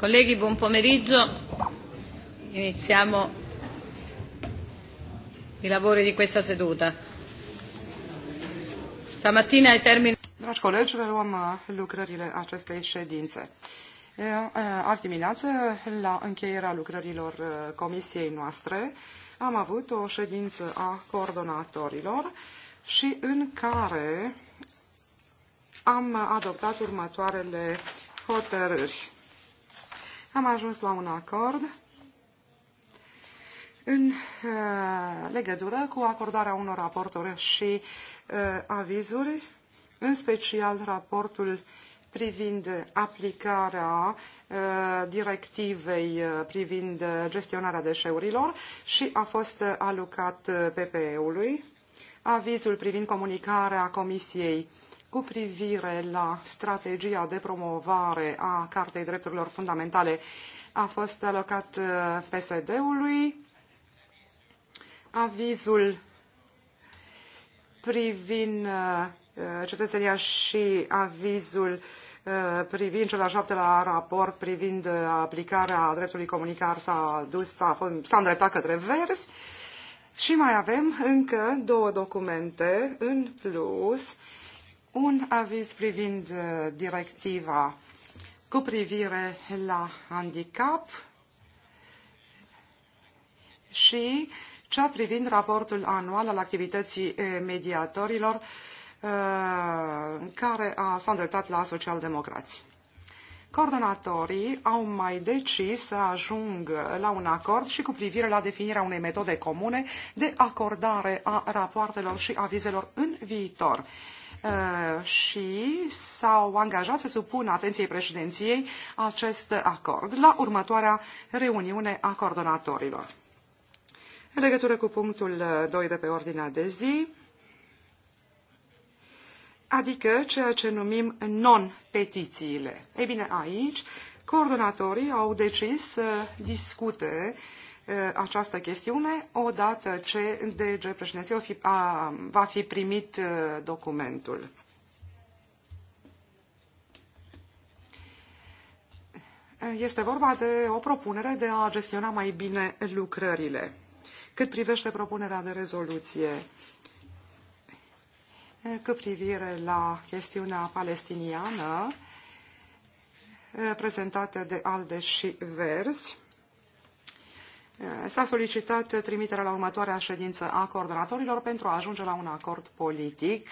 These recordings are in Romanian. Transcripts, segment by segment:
Colleghi, buon pomeriggio. Iniziamo i lavori di questa seduta. Stamattina ai termini... Dragi colegi, reluăm uh, lucrările acestei ședințe. Uh, azi dimineață, la încheierea lucrărilor uh, comisiei noastre, am avut o ședință a coordonatorilor și în care am adoptat următoarele hotărâri am ajuns la un acord în uh, legătură cu acordarea unor raporturi și uh, avizuri, în special raportul privind aplicarea uh, directivei privind gestionarea deșeurilor și a fost alocat PPE-ului, avizul privind comunicarea Comisiei cu privire la strategia de promovare a Cartei Drepturilor Fundamentale a fost alocat uh, PSD-ului. Avizul privind uh, uh, cetățenia și avizul privind cel al șaptelea raport privind aplicarea dreptului comunicar s-a dus, s-a, s-a îndreptat către vers. Și mai avem încă două documente în plus un aviz privind uh, directiva cu privire la handicap și cea privind raportul anual al activității uh, mediatorilor uh, care s-a îndreptat la socialdemocrați. Coordonatorii au mai decis să ajungă la un acord și cu privire la definirea unei metode comune de acordare a rapoartelor și avizelor în viitor. Uh, și s-au angajat să supună atenției președinției acest acord la următoarea reuniune a coordonatorilor. În legătură cu punctul 2 uh, de pe ordinea de zi, adică ceea ce numim non-petițiile. Ei bine, aici coordonatorii au decis să discute uh, Uh, această chestiune odată ce DG președinție va fi primit uh, documentul. Este vorba de o propunere de a gestiona mai bine lucrările. Cât privește propunerea de rezoluție, cât privire la chestiunea palestiniană uh, prezentată de ALDE și Verzi, Eh, s-a solicitat trimiterea la următoarea ședință a coordonatorilor pentru a ajunge la un acord politic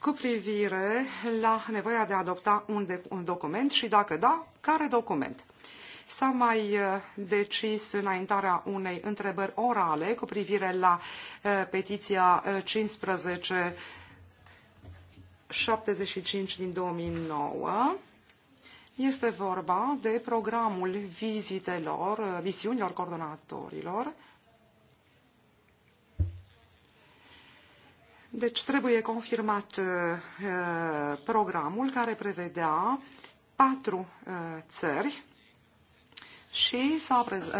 cu privire la nevoia de a adopta un, de- un document și, dacă da, care document. S-a mai eh, decis înaintarea unei întrebări orale cu privire la eh, petiția 1575 din 2009 este vorba de programul vizitelor, uh, misiunilor coordonatorilor. Deci trebuie confirmat uh, uh, programul care prevedea patru țări și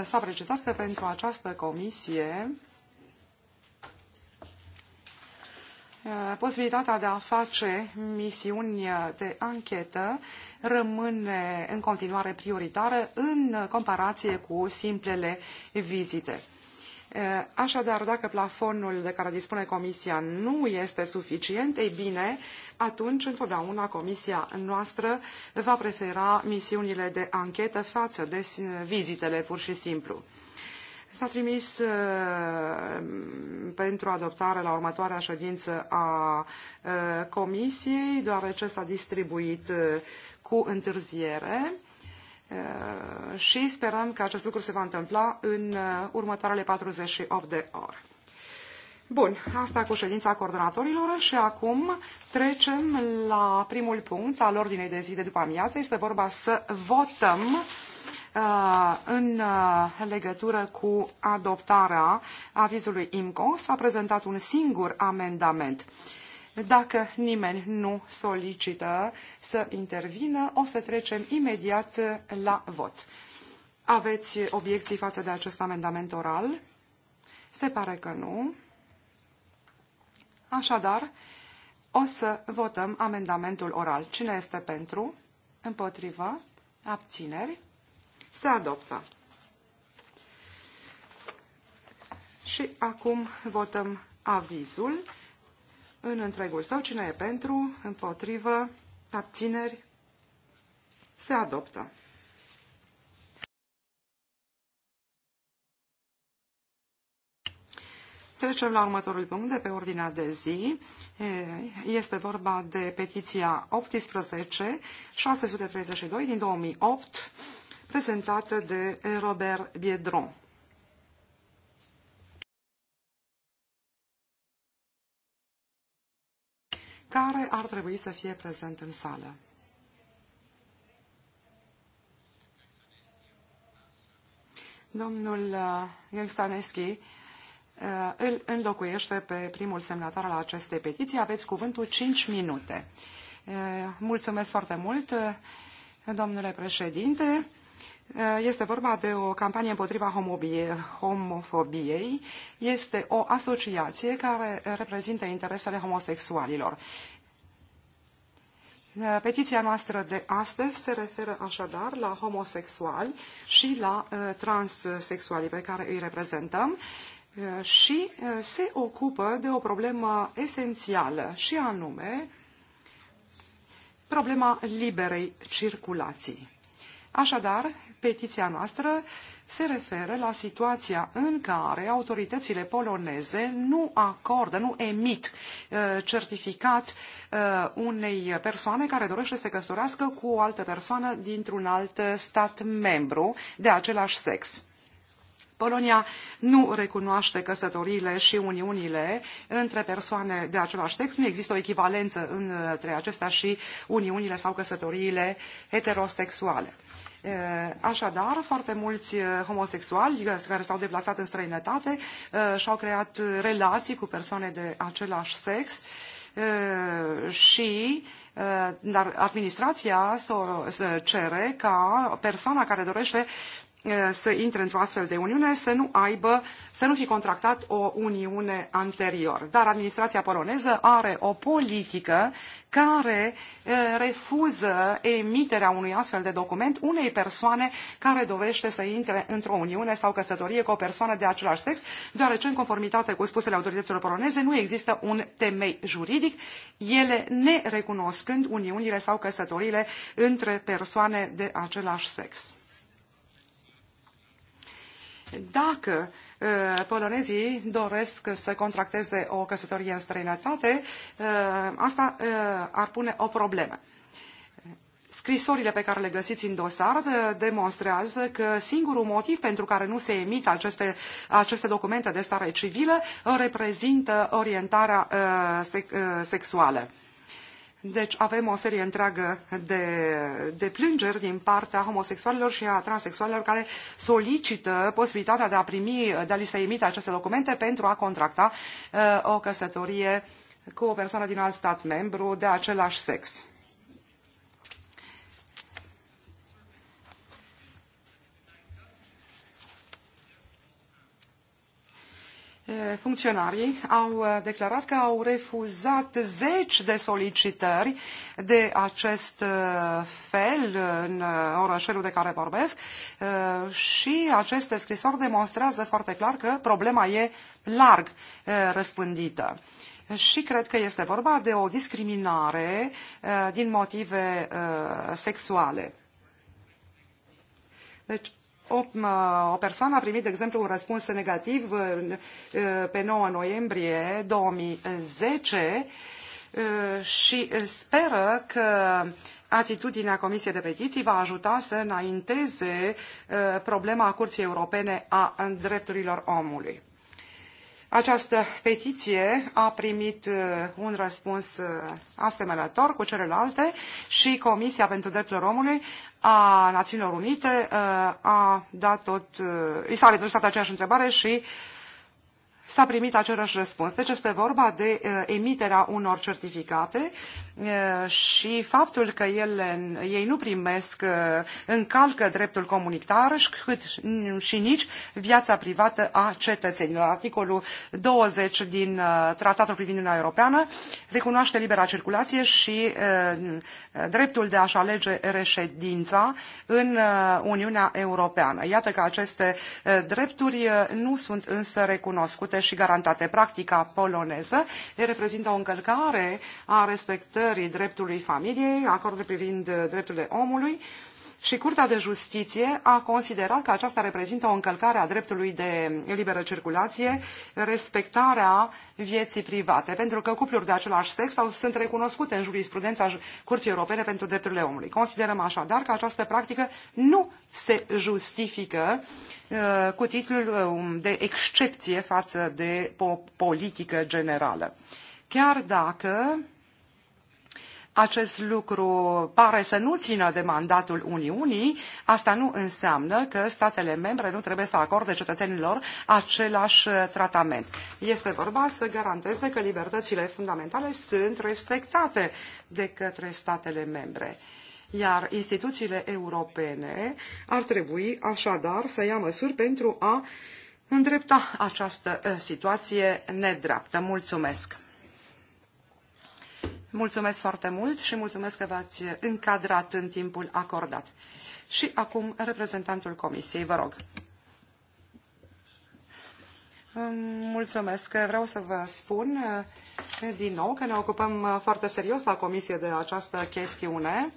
s-a precizat că pentru această comisie Uh, posibilitatea de a face misiuni de anchetă rămâne în continuare prioritară în comparație cu simplele vizite. Uh, așadar, dacă plafonul de care dispune Comisia nu este suficient, ei bine, atunci întotdeauna Comisia noastră va prefera misiunile de anchetă față de vizitele pur și simplu s-a trimis uh, pentru adoptare la următoarea ședință a uh, comisiei, deoarece s-a distribuit uh, cu întârziere și sperăm că acest lucru se va întâmpla în următoarele 48 de ore. Bun, asta cu ședința coordonatorilor și acum trecem la primul punct al ordinei de zi de după amiază. Este vorba să votăm Uh, în uh, legătură cu adoptarea avizului IMCO s-a prezentat un singur amendament. Dacă nimeni nu solicită să intervină, o să trecem imediat la vot. Aveți obiecții față de acest amendament oral? Se pare că nu. Așadar, o să votăm amendamentul oral. Cine este pentru? Împotrivă? Abțineri? se adoptă. Și acum votăm avizul în întregul său. Cine e pentru, împotrivă, abțineri, se adoptă. Trecem la următorul punct de pe ordinea de zi. Este vorba de petiția 18632 632 din 2008 prezentată de Robert Biedron. care ar trebui să fie prezent în sală. Domnul Ielsaneschi uh, uh, îl înlocuiește pe primul semnatar al acestei petiții. Aveți cuvântul 5 minute. Uh, mulțumesc foarte mult, domnule președinte. Eh, este vorba de o campanie împotriva homofobiei. Este o asociație care reprezintă interesele homosexualilor. Eh, petiția noastră de astăzi se referă așadar la homosexuali și la eh, transsexualii pe care îi reprezentăm și se ocupă de o problemă esențială și anume problema liberei circulații. Așadar, petiția noastră se referă la situația în care autoritățile poloneze nu acordă, nu emit uh, certificat uh, unei persoane care dorește să se căsătorească cu o altă persoană dintr-un alt stat membru de același sex. Polonia nu recunoaște căsătoriile și uniunile între persoane de același sex. Nu există o echivalență între acestea și uniunile sau căsătoriile heterosexuale. Eh, așadar, foarte mulți eh, homosexuali eh, care s-au deplasat în străinătate și-au creat relații cu persoane de același sex și dar administrația cere ca persoana care dorește Eh, să intre într-o astfel de uniune să nu aibă, să nu fi contractat o uniune anterior. Dar administrația poloneză are o politică care eh, refuză emiterea unui astfel de document unei persoane care dorește să intre într-o uniune sau căsătorie cu o persoană de același sex, deoarece în conformitate cu spusele autorităților poloneze nu există un temei juridic, ele nerecunoscând uniunile sau căsătorile între persoane de același sex. Dacă uh, polonezii doresc să contracteze o căsătorie în străinătate, uh, asta uh, ar pune o problemă. Scrisorile pe care le găsiți în dosar demonstrează că singurul motiv pentru care nu se emit aceste, aceste documente de stare civilă reprezintă orientarea sexuală. Deci avem o serie întreagă de, de plângeri din partea homosexualilor și a transexualilor care solicită posibilitatea de a primi, de a li se emite aceste documente pentru a contracta uh, o căsătorie cu o persoană din alt stat membru de același sex. funcționarii au declarat că au refuzat zeci de solicitări de acest fel în orășelul de care vorbesc și aceste scrisori demonstrează foarte clar că problema e larg răspândită. Și cred că este vorba de o discriminare din motive sexuale. Deci, o, o persoană a primit, de exemplu, un răspuns negativ pe 9 noiembrie 2010 și speră că atitudinea Comisiei de Petiții va ajuta să înainteze problema Curții Europene a Drepturilor Omului. Această petiție a primit uh, un răspuns uh, asemănător cu celelalte și Comisia pentru Drepturile Omului a Națiunilor Unite uh, a dat tot, i s-a adresat aceeași întrebare și uh, s-a primit același răspuns. Deci este vorba de uh, emiterea unor certificate uh, și faptul că ele, ei nu primesc, uh, încalcă dreptul comunitar cât și nici viața privată a cetățenilor. Articolul 20 din Tratatul privind Uniunea Europeană recunoaște libera circulație și dreptul de a-și alege reședința în Uniunea Europeană. Iată că aceste drepturi nu sunt însă recunoscute prevăzute și garantate. Practica poloneză reprezintă o încălcare a respectării dreptului familiei, acordul privind drepturile omului, și Curtea de Justiție a considerat că aceasta reprezintă o încălcare a dreptului de liberă circulație, respectarea vieții private, pentru că cupluri de același sex sunt recunoscute în jurisprudența Curții Europene pentru Drepturile Omului. Considerăm așadar că această practică nu se justifică uh, cu titlul um, de excepție față de o politică generală. Chiar dacă acest lucru pare să nu țină de mandatul Uniunii, asta nu înseamnă că statele membre nu trebuie să acorde cetățenilor același uh, tratament. Este vorba să garanteze că libertățile fundamentale sunt respectate de către statele membre. Iar instituțiile europene ar trebui așadar să ia măsuri pentru a îndrepta această uh, situație nedreaptă. Mulțumesc! Mulțumesc foarte mult și mulțumesc că v-ați încadrat în timpul acordat. Și acum reprezentantul Comisiei, vă rog. Mulțumesc. Vreau să vă spun eh, din nou că ne ocupăm eh, foarte serios la Comisie de această chestiune.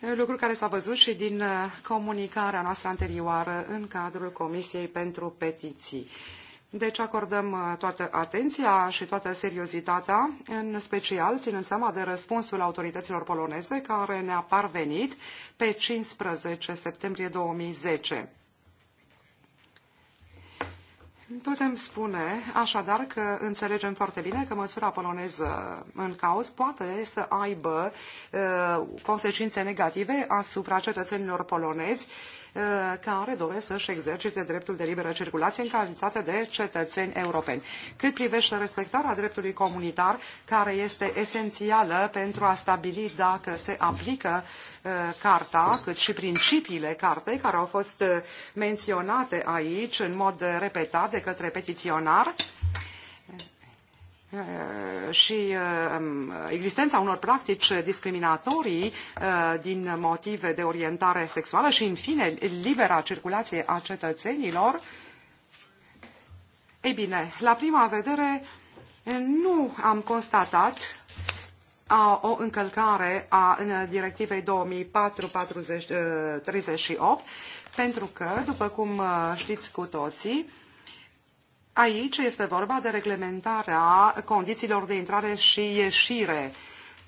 Eh, lucru care s-a văzut și din comunicarea noastră anterioară în cadrul Comisiei pentru Petiții. Deci acordăm uh, toată atenția și toată seriozitatea, în special ținând seama de răspunsul autorităților poloneze care ne-a parvenit pe 15 septembrie 2010. Putem spune așadar că înțelegem foarte bine că măsura poloneză în cauz poate să aibă uh, consecințe negative asupra cetățenilor polonezi Uh, care doresc să-și exercite dreptul de liberă circulație în calitate de cetățeni europeni. Cât privește respectarea dreptului comunitar, care este esențială pentru a stabili dacă se aplică uh, carta, cât și principiile cartei care au fost uh, menționate aici în mod repetat de către petiționar, și um, existența unor practici discriminatorii uh, din motive de orientare sexuală și, în fine, libera circulație a cetățenilor, ei bine, la prima vedere nu am constatat o încălcare a directivei 2004-38, uh, pentru că, după cum uh, știți cu toții, Aici este vorba de reglementarea condițiilor de intrare și ieșire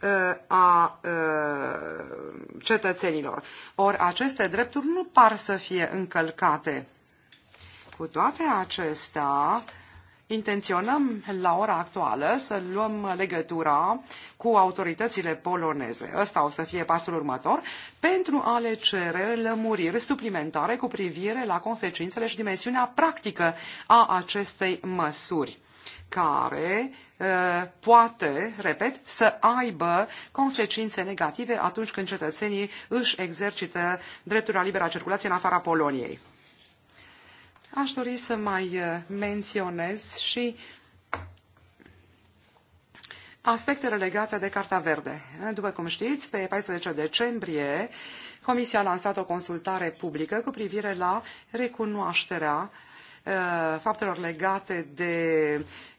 uh, a uh, cetățenilor. Ori aceste drepturi nu par să fie încălcate. Cu toate acestea, intenționăm la ora actuală să luăm legătura cu autoritățile poloneze. Ăsta o să fie pasul următor pentru a le cere lămuriri suplimentare cu privire la consecințele și dimensiunea practică a acestei măsuri care ă, poate, repet, să aibă consecințe negative atunci când cetățenii își exercită dreptul la libera circulație în afara Poloniei. Aș dori să mai uh, menționez și aspectele legate de Carta Verde. După cum știți, pe 14 decembrie Comisia a lansat o consultare publică cu privire la recunoașterea uh, faptelor legate de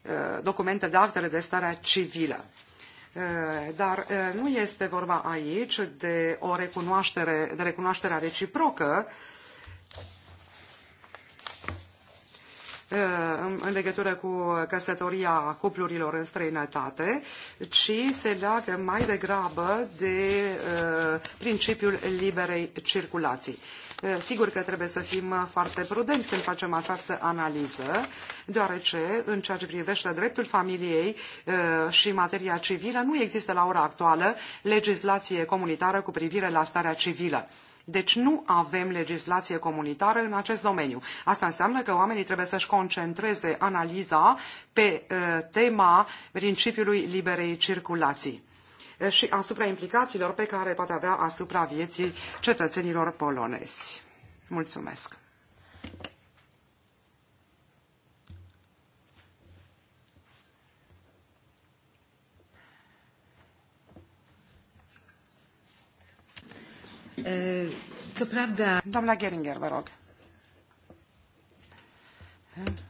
uh, documente de actele de stare civilă. Dar nu este vorba aici de o recunoaștere, de recunoașterea reciprocă Uh, în legătură cu căsătoria cuplurilor în străinătate, ci se leagă mai degrabă de uh, principiul liberei circulații. Uh, sigur că trebuie să fim foarte prudenți când facem această analiză, deoarece în ceea ce privește dreptul familiei și materia civilă nu există la ora actuală legislație comunitară cu privire la starea civilă. Deci nu avem legislație comunitară în acest domeniu. Asta înseamnă că oamenii trebuie să-și concentreze analiza pe uh, tema principiului liberei circulații uh, și asupra implicațiilor pe care poate avea asupra vieții cetățenilor polonezi. Mulțumesc! Eh, co prawda... Doamna Geringer, vă rog.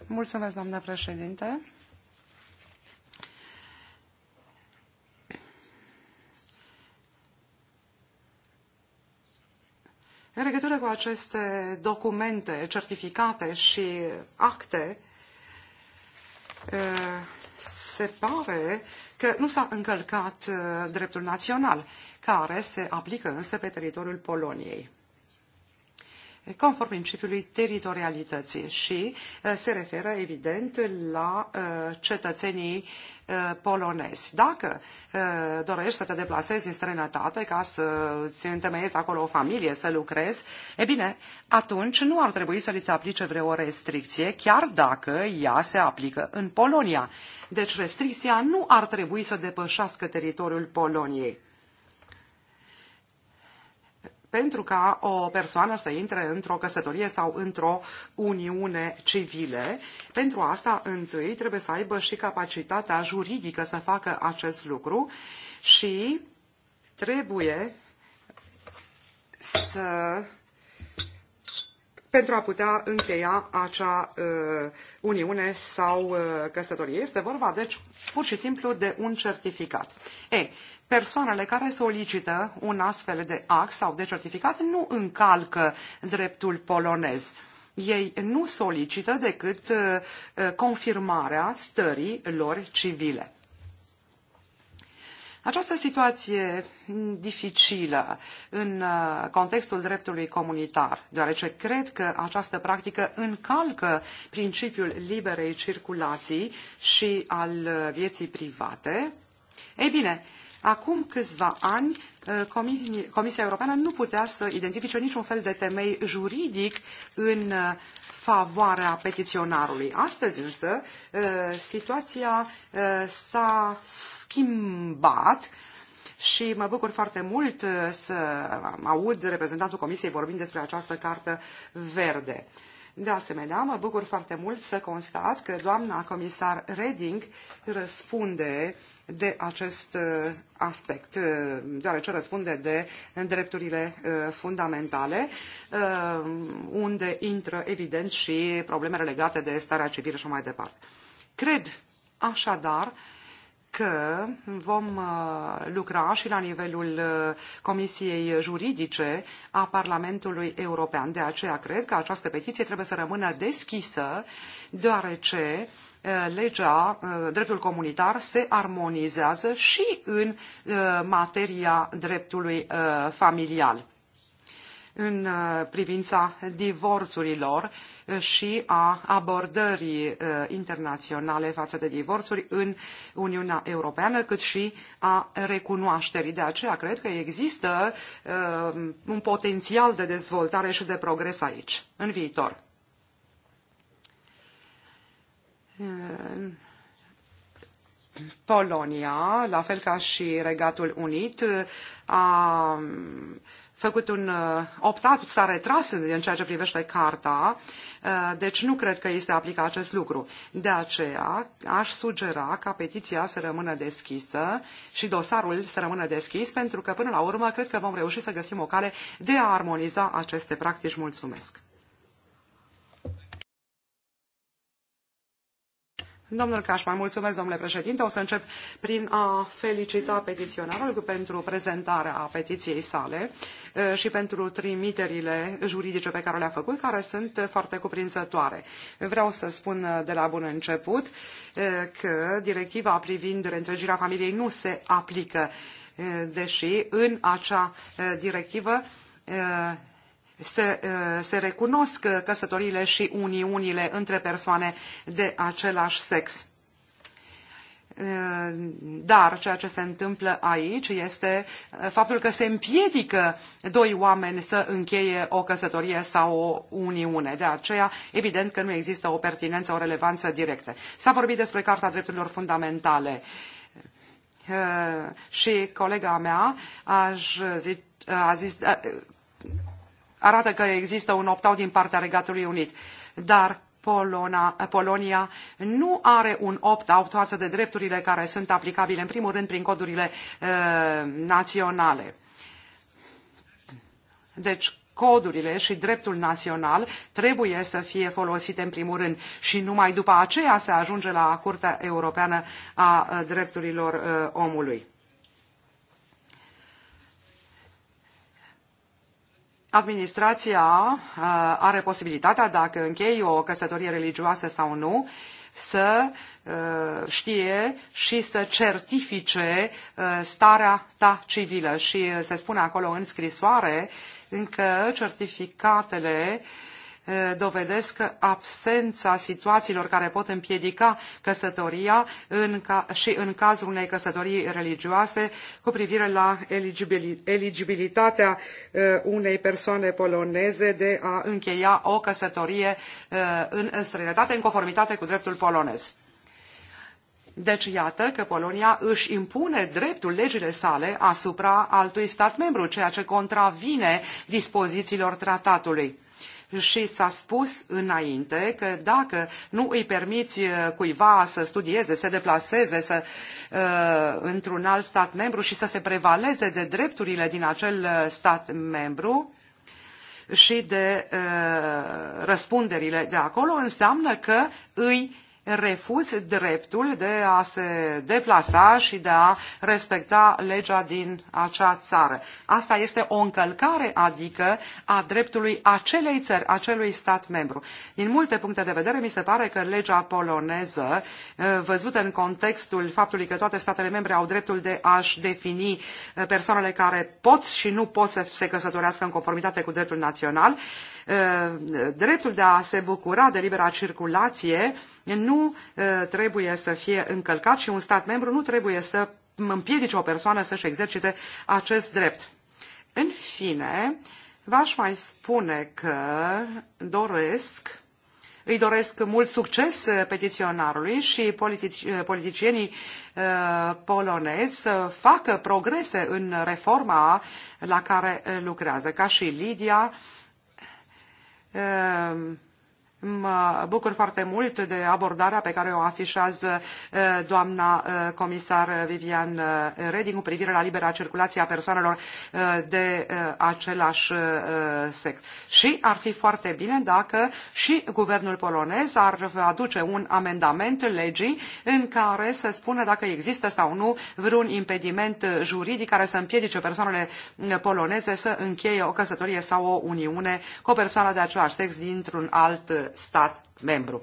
Mulțumesc, doamna președinte. În legătură cu aceste documente, certificate și acte, eh, se pare că nu s-a încălcat eh, dreptul național care se aplică însă pe teritoriul Poloniei conform principiului teritorialității și uh, se referă, evident, la uh, cetățenii uh, polonezi. Dacă dorești să te deplasezi în străinătate ca să îți întemeiezi acolo o familie, să lucrezi, e bine, atunci nu ar trebui să li se aplice vreo restricție, chiar dacă ea se aplică în Polonia. Deci restricția nu ar trebui să depășească teritoriul Poloniei pentru ca o persoană să intre într-o căsătorie sau într-o uniune civile. Pentru asta, întâi, trebuie să aibă și capacitatea juridică să facă acest lucru și trebuie să pentru a putea încheia acea uh, uniune sau uh, căsătorie. Este vorba, deci, pur și simplu de un certificat. E, persoanele care solicită un astfel de act sau de certificat nu încalcă dreptul polonez. Ei nu solicită decât uh, uh, confirmarea stării lor civile. Această situație dificilă în uh, contextul dreptului comunitar, deoarece cred că această practică încalcă principiul liberei circulații și al vieții private, ei bine, Acum câțiva ani, uh, Comisia Europeană nu putea să identifice niciun fel de temei juridic în uh, favoarea petiționarului. Astăzi însă uh, situația s-a schimbat și mă bucur foarte mult să aud reprezentantul Comisiei vorbind despre această carte verde. De asemenea, mă bucur foarte mult să constat că doamna comisar Reding răspunde de acest uh, aspect, uh, deoarece răspunde de drepturile uh, fundamentale, unde intră, evident, și problemele legate de starea civilă și mai departe. Cred, așadar, că vom uh, lucra și la nivelul uh, Comisiei Juridice a Parlamentului European. De aceea cred că această petiție trebuie să rămână deschisă, deoarece uh, legea, dreptul comunitar se armonizează și în materia dreptului familial în uh, privința divorțurilor uh, și a abordării uh, internaționale față de divorțuri în Uniunea Europeană, cât și a recunoașterii. De aceea cred că există un potențial de dezvoltare și de progres aici, în viitor. Polonia, la fel ca și Regatul Unit, a făcut un uh, opt-out, s-a retras în ceea ce privește carta, uh, deci nu cred că este aplicat acest lucru. De aceea aș sugera ca petiția să rămână deschisă și dosarul să rămână deschis, pentru că până la urmă cred că vom reuși să găsim o cale de a armoniza aceste practici. Mulțumesc! Domnul Cașman, mulțumesc, domnule președinte. O să încep prin a felicita petiționarul pentru prezentarea petiției sale eh, și pentru trimiterile juridice pe care le-a făcut, care sunt foarte cuprinzătoare. Vreau să spun eh, de la bun început eh, că directiva privind reîntregirea familiei nu se aplică, deși în acea directivă se, se recunosc căsătorile și uniunile între persoane de același sex. Dar ceea ce se întâmplă aici este faptul că se împiedică doi oameni să încheie o căsătorie sau o uniune. De aceea, evident că nu există o pertinență, o relevanță directă. S-a vorbit despre Carta Drepturilor Fundamentale și colega mea aș zice a zis, arată că există un opt-out din partea Regatului Unit. Dar Polona, Polonia nu are un opt-out față de drepturile care sunt aplicabile, în primul rând, prin codurile uh, naționale. Deci, codurile și dreptul național trebuie să fie folosite în primul rând și numai după aceea se ajunge la Curtea Europeană a Drepturilor uh, Omului. administrația uh, are posibilitatea, dacă închei o căsătorie religioasă sau nu, să uh, știe și să certifice uh, starea ta civilă. Și se spune acolo în scrisoare încă certificatele uh, dovedesc absența situațiilor care pot împiedica căsătoria în ca, și în cazul unei căsătorii religioase cu privire la eligibilitatea unei persoane poloneze de a încheia o căsătorie în străinătate în conformitate cu dreptul polonez. Deci iată că Polonia își impune dreptul legile sale asupra altui stat membru, ceea ce contravine dispozițiilor tratatului și s-a spus înainte că dacă nu îi permiți uh, cuiva să studieze, să deplaseze să, uh, într-un alt stat membru și să se prevaleze de drepturile din acel uh, stat membru, și de uh, răspunderile de acolo, înseamnă că îi refuz dreptul de a se deplasa și de a respecta legea din acea țară. Asta este o încălcare, adică a dreptului acelei țări, acelui stat membru. Din multe puncte de vedere, mi se pare că legea poloneză, eh, văzută în contextul faptului că toate statele membre au dreptul de a-și defini eh, persoanele care pot și nu pot să se căsătorească în conformitate cu dreptul național, dreptul de a se bucura de libera circulație nu uh, trebuie să fie încălcat și un stat membru nu trebuie să împiedice o persoană să-și exercite acest drept. În fine, v-aș mai spune că doresc îi doresc mult succes uh, petiționarului și politici, uh, politicienii polonezi să facă progrese în reforma la care lucrează, ca și Lidia, uh, Mă bucur foarte mult de abordarea pe care o afișează doamna comisar Vivian Reding cu privire la libera circulație a persoanelor de același sex. Și ar fi foarte bine dacă și guvernul polonez ar aduce un amendament legii în care să spună dacă există sau nu vreun impediment juridic care să împiedice persoanele poloneze să încheie o căsătorie sau o uniune cu o persoană de același sex dintr-un alt stat membru.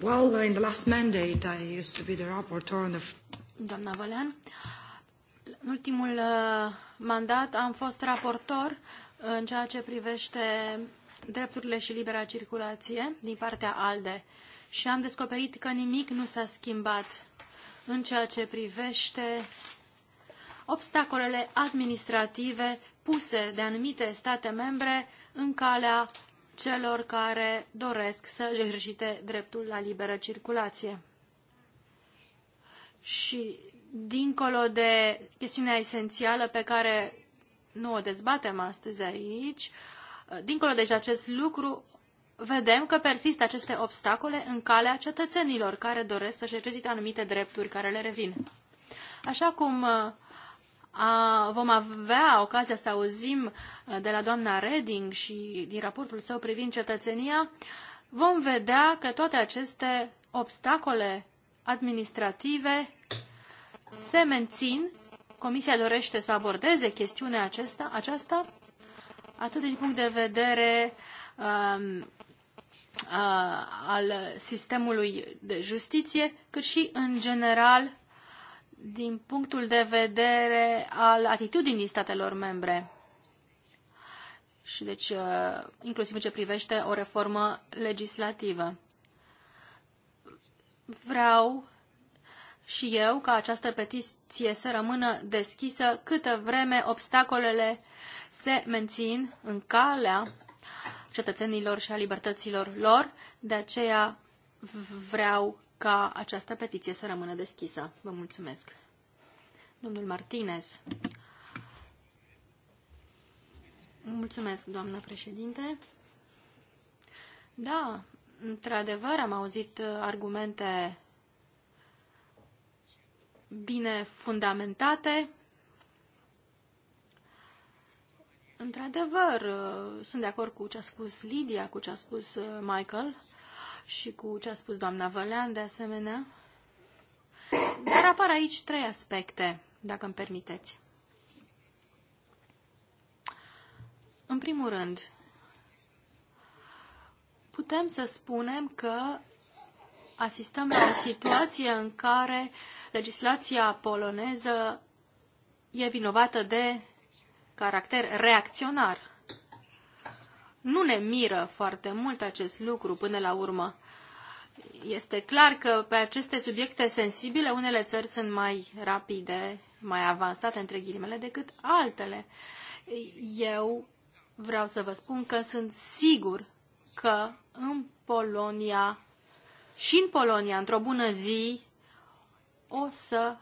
Well, in the last mandate, I used to be the rapporteur on the... Doamna Vălean, în ultimul uh, mandat am fost raportor uh, în ceea ce privește drepturile și libera circulație din partea ALDE și am descoperit că nimic nu s-a schimbat în ceea ce privește obstacolele administrative puse de anumite state membre în calea celor care doresc să își exercite dreptul la liberă circulație. Și dincolo de chestiunea esențială pe care nu o dezbatem astăzi aici, dincolo de acest lucru, vedem că persistă aceste obstacole în calea cetățenilor care doresc să-și exercite anumite drepturi care le revin. Așa cum a, vom avea ocazia să auzim uh, de la doamna Reding și din raportul său privind cetățenia, vom vedea că toate aceste obstacole administrative se mențin. Comisia dorește să abordeze chestiunea acesta, aceasta, atât din punct de vedere um, uh, al sistemului de justiție, cât și în general din punctul de vedere al atitudinii statelor membre și deci uh, inclusiv în ce privește o reformă legislativă. Vreau și eu ca această petiție să rămână deschisă câtă vreme obstacolele se mențin în calea cetățenilor și a libertăților lor, de aceea vreau ca această petiție să rămână deschisă. Vă mulțumesc. Domnul Martinez. Mulțumesc, doamnă președinte. Da, într-adevăr am auzit uh, argumente bine fundamentate. Într-adevăr, uh, sunt de acord cu ce a spus Lidia, cu ce a spus uh, Michael și cu ce a spus doamna Vălean de asemenea. Dar apar aici trei aspecte, dacă îmi permiteți. În primul rând, putem să spunem că asistăm la o situație în care legislația poloneză e vinovată de caracter reacționar nu ne miră foarte mult acest lucru până la urmă. Este clar că pe aceste subiecte sensibile unele țări sunt mai rapide, mai avansate, între ghilimele, decât altele. Eu vreau să vă spun că sunt sigur că în Polonia și în Polonia, într-o bună zi, o să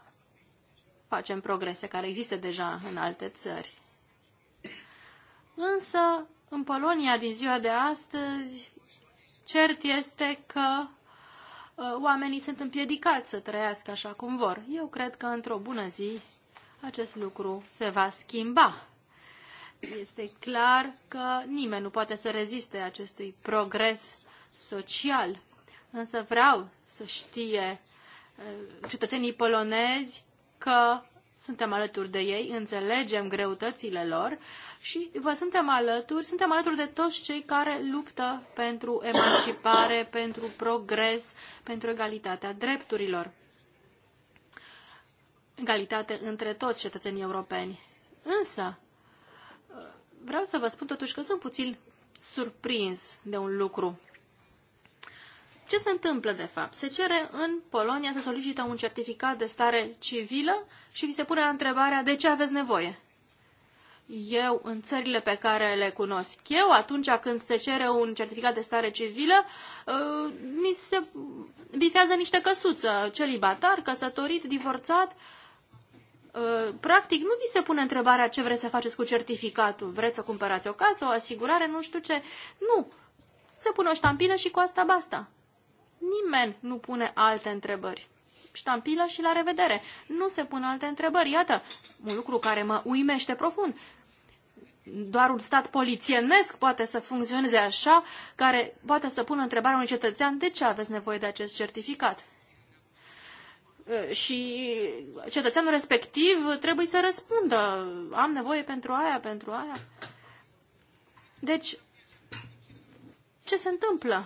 facem progrese care există deja în alte țări. Însă în Polonia, din ziua de astăzi, cert este că uh, oamenii sunt împiedicați să trăiască așa cum vor. Eu cred că într-o bună zi acest lucru se va schimba. Este clar că nimeni nu poate să reziste acestui progres social. Însă vreau să știe uh, cetățenii polonezi că suntem alături de ei, înțelegem greutățile lor și vă suntem alături, suntem alături de toți cei care luptă pentru emancipare, pentru progres, pentru egalitatea drepturilor. Egalitate între toți cetățenii europeni. Însă, vreau să vă spun totuși că sunt puțin surprins de un lucru. Ce se întâmplă, de fapt? Se cere în Polonia să solicită un certificat de stare civilă și vi se pune întrebarea de ce aveți nevoie. Eu, în țările pe care le cunosc eu, atunci când se cere un certificat de stare civilă, uh, mi se bifează niște căsuță, celibatar, căsătorit, divorțat. Uh, practic, nu vi se pune întrebarea ce vreți să faceți cu certificatul. Vreți să cumpărați o casă, o asigurare, nu știu ce. Nu. Se pune o ștampilă și cu asta basta nimeni nu pune alte întrebări. Ștampilă și la revedere. Nu se pun alte întrebări. Iată, un lucru care mă uimește profund. Doar un stat polițienesc poate să funcționeze așa, care poate să pună întrebarea unui cetățean de ce aveți nevoie de acest certificat și cetățeanul respectiv trebuie să răspundă. Am nevoie pentru aia, pentru aia. Deci, ce se întâmplă?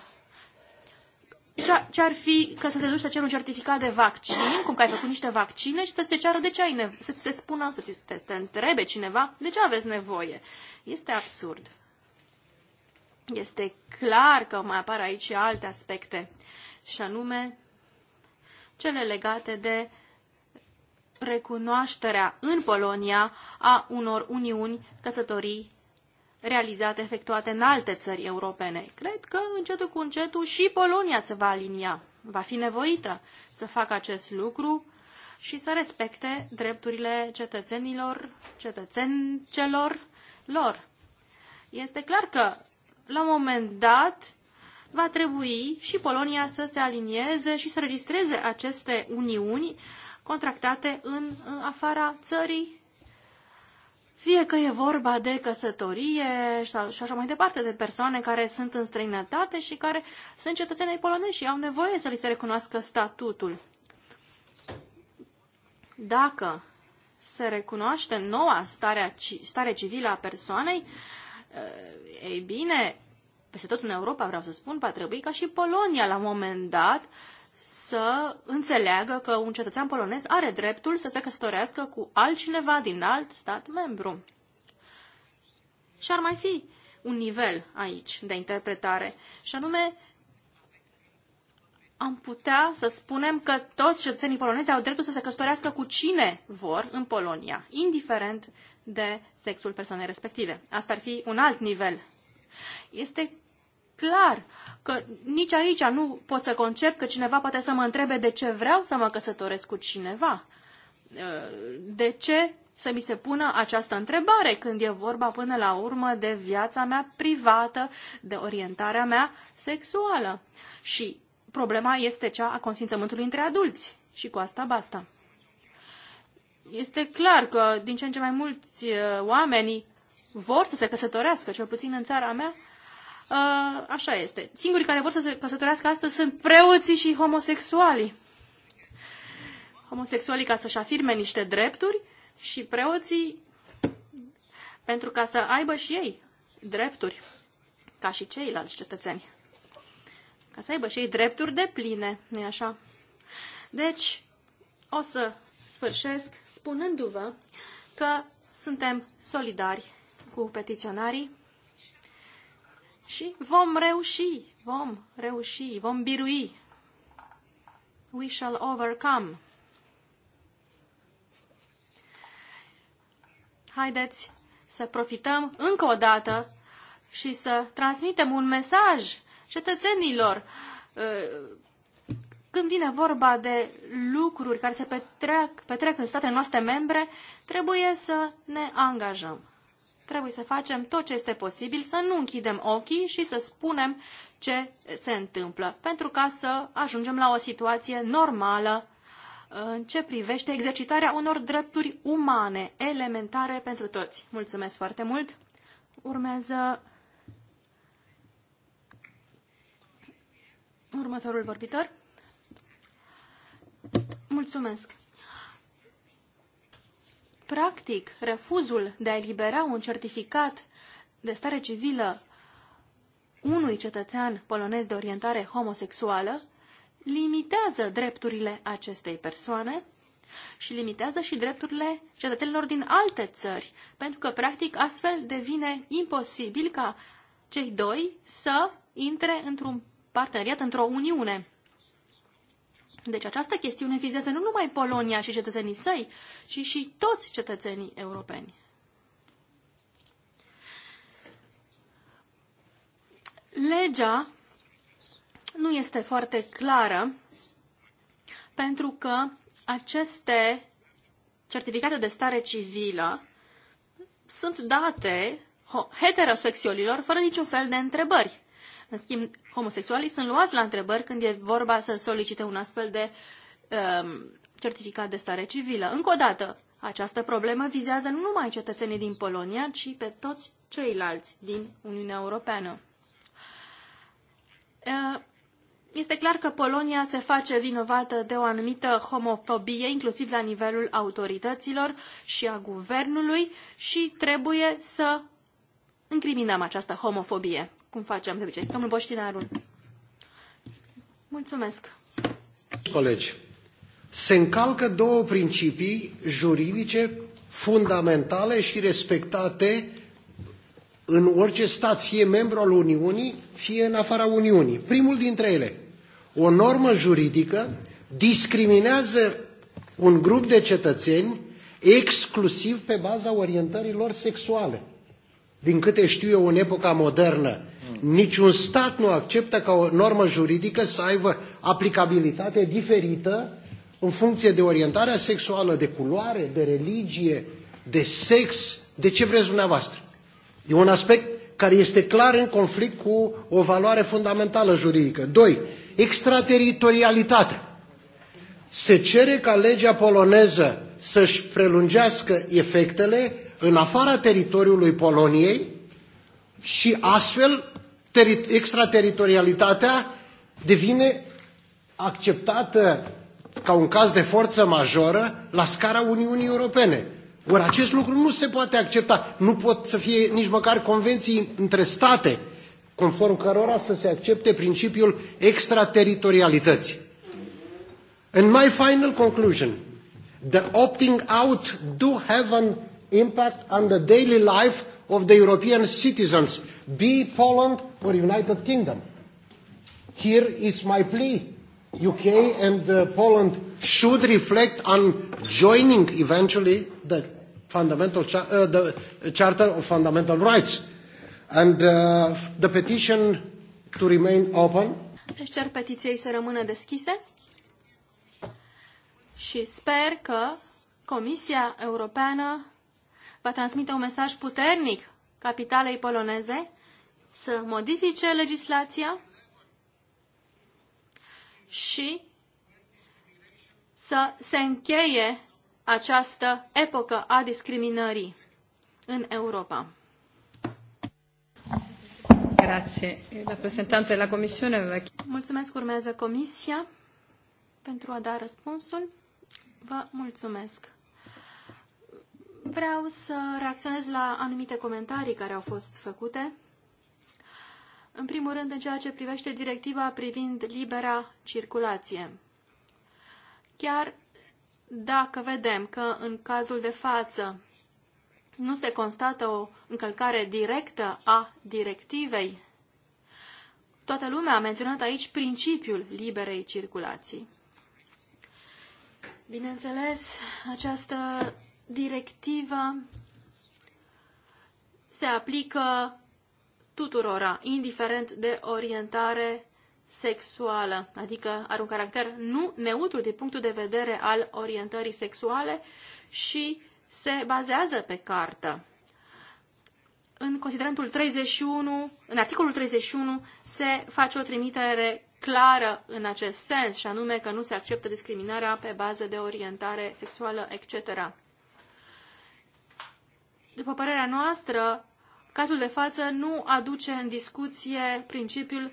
ce ar fi că să te duci să ceri un certificat de vaccin, cum că ai făcut niște vaccine și să te ceară de ce ai nevoie, să ți se spună, să ți te, te întrebe cineva de ce aveți nevoie. Este absurd. Este clar că mai apar aici alte aspecte, și anume cele legate de recunoașterea în Polonia a unor uniuni, căsătorii realizate, efectuate în alte țări europene. Cred că încetul cu încetul și Polonia se va alinia, va fi nevoită să facă acest lucru și să respecte drepturile cetățenilor, cetățencelor lor. Este clar că la un moment dat va trebui și Polonia să se alinieze și să registreze aceste uniuni contractate în afara țării fie că e vorba de căsătorie și așa mai departe, de persoane care sunt în străinătate și care sunt cetățenii polonezi și au nevoie să li se recunoască statutul. Dacă se recunoaște noua stare, stare civilă a persoanei, eh, ei bine, peste tot în Europa, vreau să spun, va trebui ca și Polonia la un moment dat să înțeleagă că un cetățean polonez are dreptul să se căsătorească cu altcineva din alt stat membru. Și ar mai fi un nivel aici de interpretare, și anume am putea să spunem că toți cetățenii polonezi au dreptul să se căsătorească cu cine vor în Polonia, indiferent de sexul persoanei respective. Asta ar fi un alt nivel. Este clar că nici aici nu pot să concep că cineva poate să mă întrebe de ce vreau să mă căsătoresc cu cineva. Uh, de ce să mi se pună această întrebare când e vorba până la urmă de viața mea privată, de orientarea mea sexuală. Și problema este cea a consimțământului între adulți. Și cu asta basta. Este clar că din ce în ce mai mulți uh, oameni vor să se căsătorească, cel puțin în țara mea, Uh, așa este. Singurii care vor să se căsătorească astăzi sunt preoții și homosexualii. Homosexualii ca să-și afirme niște drepturi și preoții pentru ca să aibă și ei drepturi, ca și ceilalți cetățeni. Ca să aibă și ei drepturi de pline, nu așa? Deci, o să sfârșesc spunându-vă că suntem solidari cu petiționarii și vom reuși, vom reuși, vom birui. We shall overcome. Haideți să profităm încă o dată și să transmitem un mesaj cetățenilor uh, când vine vorba de lucruri care se petrec, petrec în statele noastre membre, trebuie să ne angajăm Trebuie să facem tot ce este posibil, să nu închidem ochii și să spunem ce se întâmplă, pentru ca să ajungem la o situație normală uh, în ce privește exercitarea unor drepturi umane elementare pentru toți. Mulțumesc foarte mult! Urmează următorul vorbitor. Mulțumesc! Practic, refuzul de a elibera un certificat de stare civilă unui cetățean polonez de orientare homosexuală limitează drepturile acestei persoane și limitează și drepturile cetățenilor din alte țări, pentru că, practic, astfel devine imposibil ca cei doi să intre într-un parteneriat, într-o uniune. Deci această chestiune vizează nu numai Polonia și cetățenii săi, ci și toți cetățenii europeni. Legea nu este foarte clară pentru că aceste certificate de stare civilă sunt date heterosexualilor fără niciun fel de întrebări. În schimb, homosexualii sunt luați la întrebări când e vorba să solicite un astfel de um, certificat de stare civilă. Încă o dată, această problemă vizează nu numai cetățenii din Polonia, ci pe toți ceilalți din Uniunea Europeană. este clar că Polonia se face vinovată de o anumită homofobie, inclusiv la nivelul autorităților și a guvernului, și trebuie să încriminăm această homofobie cum facem de obicei. Domnul Boștinaru. Mulțumesc. Colegi, se încalcă două principii juridice fundamentale și respectate în orice stat, fie membru al Uniunii, fie în afara Uniunii. Primul dintre ele, o normă juridică discriminează un grup de cetățeni exclusiv pe baza orientărilor sexuale. Din câte știu eu în epoca modernă, niciun stat nu acceptă ca o normă juridică să aibă aplicabilitate diferită în funcție de orientarea sexuală, de culoare, de religie, de sex, de ce vreți dumneavoastră. E un aspect care este clar în conflict cu o valoare fundamentală juridică. Doi, Extraterritorialitate. Se cere ca legea poloneză să-și prelungească efectele în afara teritoriului Poloniei și astfel extrateritorialitatea devine acceptată ca un caz de forță majoră la scara Uniunii Europene. Ori acest lucru nu se poate accepta. Nu pot să fie nici măcar convenții între state, conform cărora să se accepte principiul extrateritorialității. In my final conclusion, the opting out do have an impact on the daily life of the European citizens, be Poland or United Kingdom. Here is my plea. UK and uh, Poland should reflect on joining eventually the, fundamental char uh, the Charter of Fundamental Rights. And uh, the petition to remain open. Își cer petiției să rămână deschise și sper că Comisia Europeană va transmite un mesaj puternic capitalei poloneze să modifice legislația și să se încheie această epocă a discriminării în Europa. Grazie. Rappresentante della Commissione aveva Mulțumesc, urmează Comisia pentru a da răspunsul. Vă mulțumesc. Vreau să reacționez la anumite comentarii care au fost făcute. În primul rând, în ceea ce privește directiva privind libera circulație. Chiar dacă vedem că în cazul de față nu se constată o încălcare directă a directivei, toată lumea a menționat aici principiul liberei circulații. Bineînțeles, această directivă se aplică tuturora, indiferent de orientare sexuală, adică are un caracter nu neutru din punctul de vedere al orientării sexuale și se bazează pe cartă. În considerentul 31, în articolul 31 se face o trimitere clară în acest sens, și anume că nu se acceptă discriminarea pe bază de orientare sexuală, etc. După părerea noastră, cazul de față nu aduce în discuție principiul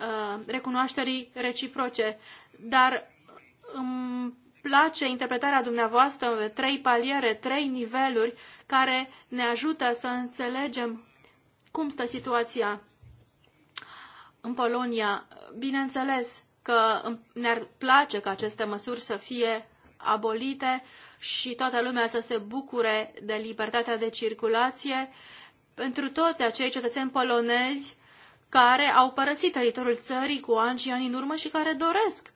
uh, recunoașterii reciproce, dar îmi place interpretarea dumneavoastră de trei paliere, trei niveluri care ne ajută să înțelegem cum stă situația în Polonia. Bineînțeles că ne-ar place ca aceste măsuri să fie abolite și toată lumea să se bucure de libertatea de circulație pentru toți acei cetățeni polonezi care au părăsit teritoriul țării cu ani și ani în urmă și care doresc,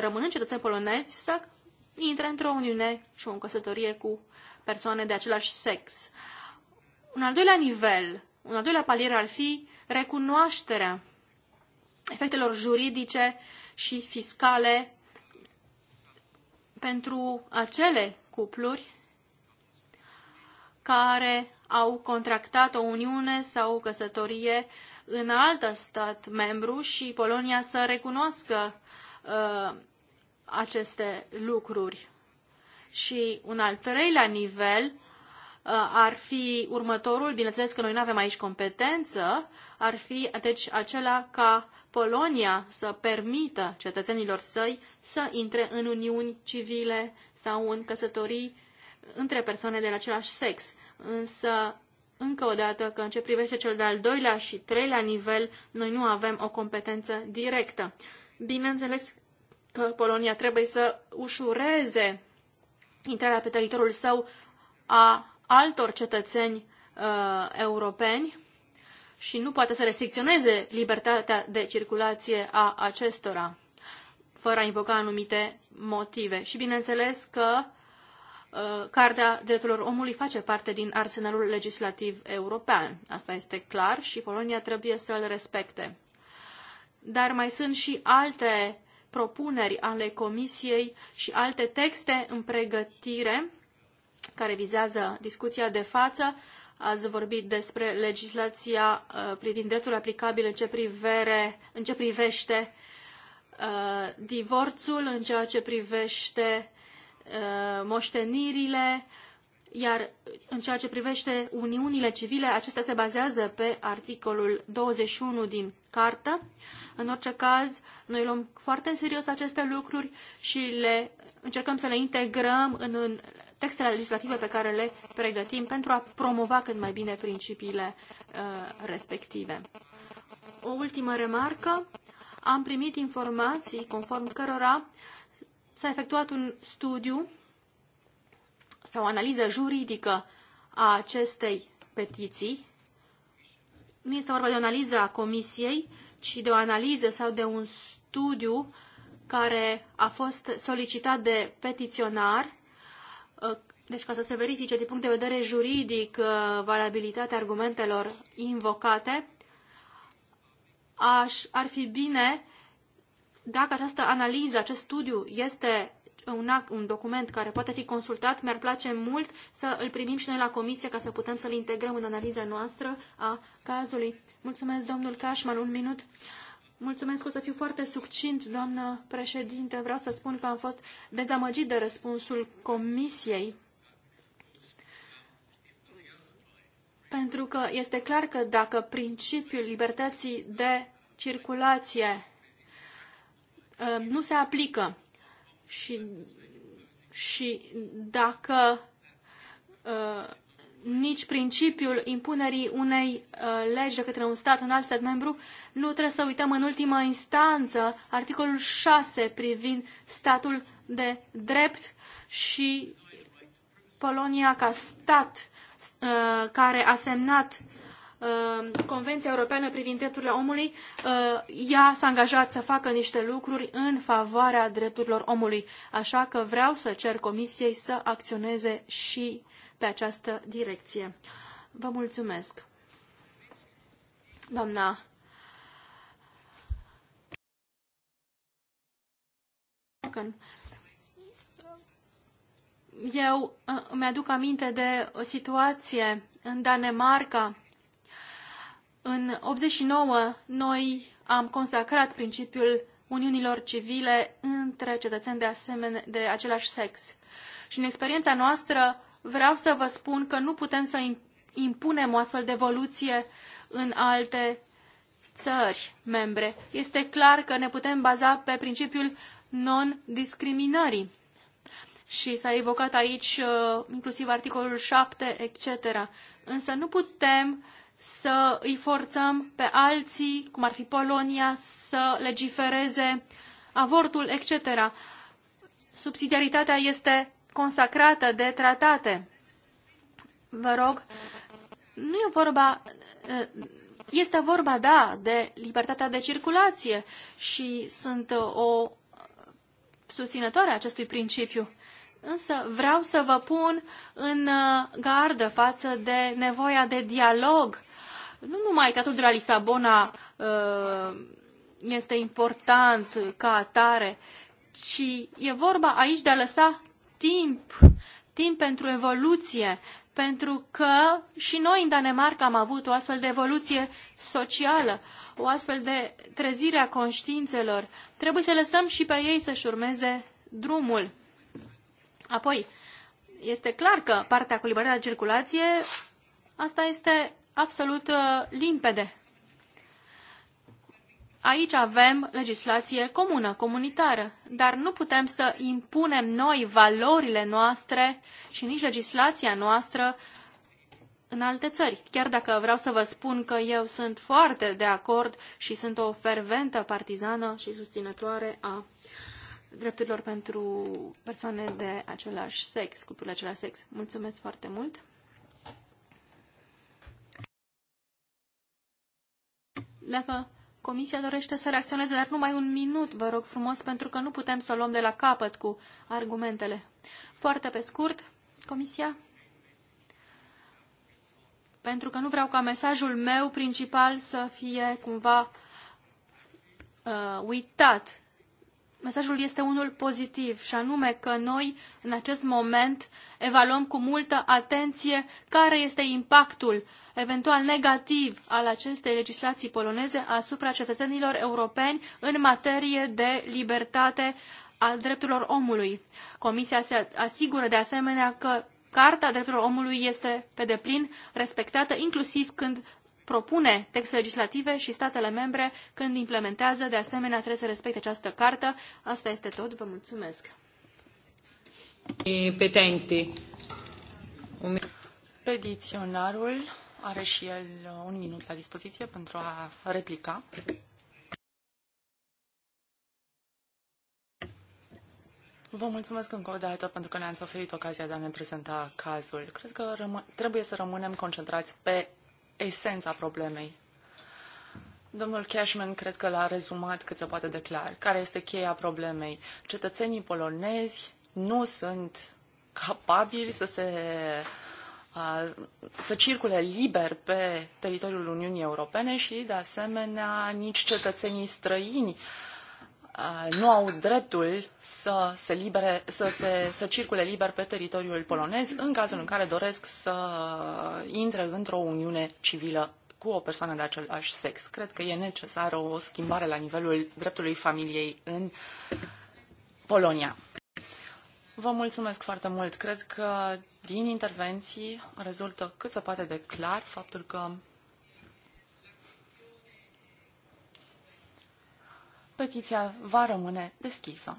rămânând cetățeni polonezi, să intre într-o uniune și o căsătorie cu persoane de același sex. Un al doilea nivel, un al doilea palier ar fi recunoașterea efectelor juridice și fiscale pentru acele cupluri care au contractat o uniune sau o căsătorie în alt stat membru și Polonia să recunoască uh, aceste lucruri. Și un al treilea nivel uh, ar fi următorul, bineînțeles că noi nu avem aici competență, ar fi deci acela ca Polonia să permită cetățenilor săi să intre în uniuni civile sau în căsătorii între persoane de același sex. Însă, încă o dată, că în ce privește cel de-al doilea și treilea nivel, noi nu avem o competență directă. Bineînțeles că Polonia trebuie să ușureze intrarea pe teritoriul său a altor cetățeni uh, europeni, și nu poate să restricționeze libertatea de circulație a acestora, fără a invoca anumite motive. Și bineînțeles că uh, Cartea Drepturilor Omului face parte din arsenalul legislativ european. Asta este clar și Polonia trebuie să îl respecte. Dar mai sunt și alte propuneri ale Comisiei și alte texte în pregătire care vizează discuția de față, Ați vorbit despre legislația uh, privind dreptul aplicabil în ce, privere, în ce privește uh, divorțul, în ceea ce privește uh, moștenirile, iar în ceea ce privește uniunile civile, acestea se bazează pe articolul 21 din cartă. În orice caz, noi luăm foarte în serios aceste lucruri și le, încercăm să le integrăm în, în textele legislative pe care le pregătim pentru a promova cât mai bine principiile uh, respective. O ultimă remarcă. Am primit informații conform cărora s-a efectuat un studiu sau analiză juridică a acestei petiții. Nu este vorba de o analiză a comisiei, ci de o analiză sau de un studiu care a fost solicitat de petiționar Uh, deci ca să se verifice din punct de vedere juridic uh, valabilitatea argumentelor invocate, aș, ar fi bine dacă această analiză, acest studiu este un, act, un document care poate fi consultat, mi-ar place mult să îl primim și noi la comisie ca să putem să-l integrăm în analiza noastră a cazului. Mulțumesc, domnul Cașman, un minut. Uh, Mulțumesc, o să fiu foarte succint, doamnă președinte. Vreau să spun că am fost dezamăgit de răspunsul comisiei. Pentru că este clar că dacă principiul libertății de circulație uh, nu se aplică și, și dacă uh, nici principiul impunerii unei uh, legi de către un stat în alt stat membru, nu trebuie să uităm în ultima instanță articolul 6 privind statul de drept și Polonia ca stat uh, care a semnat uh, Convenția Europeană privind drepturile omului, uh, ea s-a angajat să facă niște lucruri în favoarea drepturilor omului. Așa că vreau să cer Comisiei să acționeze și pe această direcție. Vă mulțumesc. Doamna Eu îmi uh, aduc aminte de o situație în Danemarca. În 89 noi am consacrat principiul uniunilor civile între cetățeni de, asemen- de același sex. Și în experiența noastră vreau să vă spun că nu putem să impunem o astfel de evoluție în alte țări membre. Este clar că ne putem baza pe principiul non-discriminării și s-a evocat aici uh, inclusiv articolul 7, etc. Însă nu putem să îi forțăm pe alții, cum ar fi Polonia, să legifereze avortul, etc. Subsidiaritatea este consacrată de tratate. Vă rog, nu e vorba, uh, este vorba, da, de libertatea de circulație și sunt uh, o susținătoare a acestui principiu. Însă vreau să vă pun în uh, gardă față de nevoia de dialog. Nu numai tratatul de la Lisabona este important ca atare, ci e vorba aici de a lăsa timp, timp pentru evoluție, pentru că și noi în Danemarca am avut o astfel de evoluție socială, o astfel de trezire a conștiințelor. Trebuie să lăsăm și pe ei să-și urmeze drumul. Apoi, este clar că partea cu libertatea de circulație, asta este absolut uh, limpede. Aici avem legislație comună, comunitară, dar nu putem să impunem noi valorile noastre și nici legislația noastră în alte țări. Chiar dacă vreau să vă spun că eu sunt foarte de acord și sunt o ferventă partizană și susținătoare a drepturilor pentru persoane de același sex, cuplul de același sex. Mulțumesc foarte mult! Dacă Comisia dorește să reacționeze, dar numai un minut, vă rog frumos, pentru că nu putem să o luăm de la capăt cu argumentele. Foarte pe scurt, Comisia? Pentru că nu vreau ca mesajul meu principal să fie cumva uh, uitat. Mesajul este unul pozitiv și anume că noi în acest moment evaluăm cu multă atenție care este impactul eventual negativ al acestei legislații poloneze asupra cetățenilor europeni în materie de libertate al drepturilor omului. Comisia se asigură de asemenea că Carta drepturilor omului este pe deplin respectată, inclusiv când propune texte legislative și statele membre când implementează, de asemenea trebuie să respecte această cartă. Asta este tot, vă mulțumesc. Petenti. Petiționarul are și el un minut la dispoziție pentru a replica. Vă mulțumesc încă o dată pentru că ne-ați oferit ocazia de a ne prezenta cazul. Cred că trebuie să rămânem concentrați pe esența problemei. Domnul Cashman cred că l-a rezumat cât se poate de clar. Care este cheia problemei? Cetățenii polonezi nu sunt capabili să se să circule liber pe teritoriul Uniunii Europene și, de asemenea, nici cetățenii străini uh, Uh, nu au dreptul să se, libere, să, se, să circule liber pe teritoriul polonez în cazul în care doresc să intre într-o uniune civilă cu o persoană de același sex. Cred că e necesară o schimbare la nivelul dreptului familiei în Polonia. Vă mulțumesc foarte mult. Cred că din intervenții rezultă cât se poate de clar faptul că petiția va rămâne deschisă.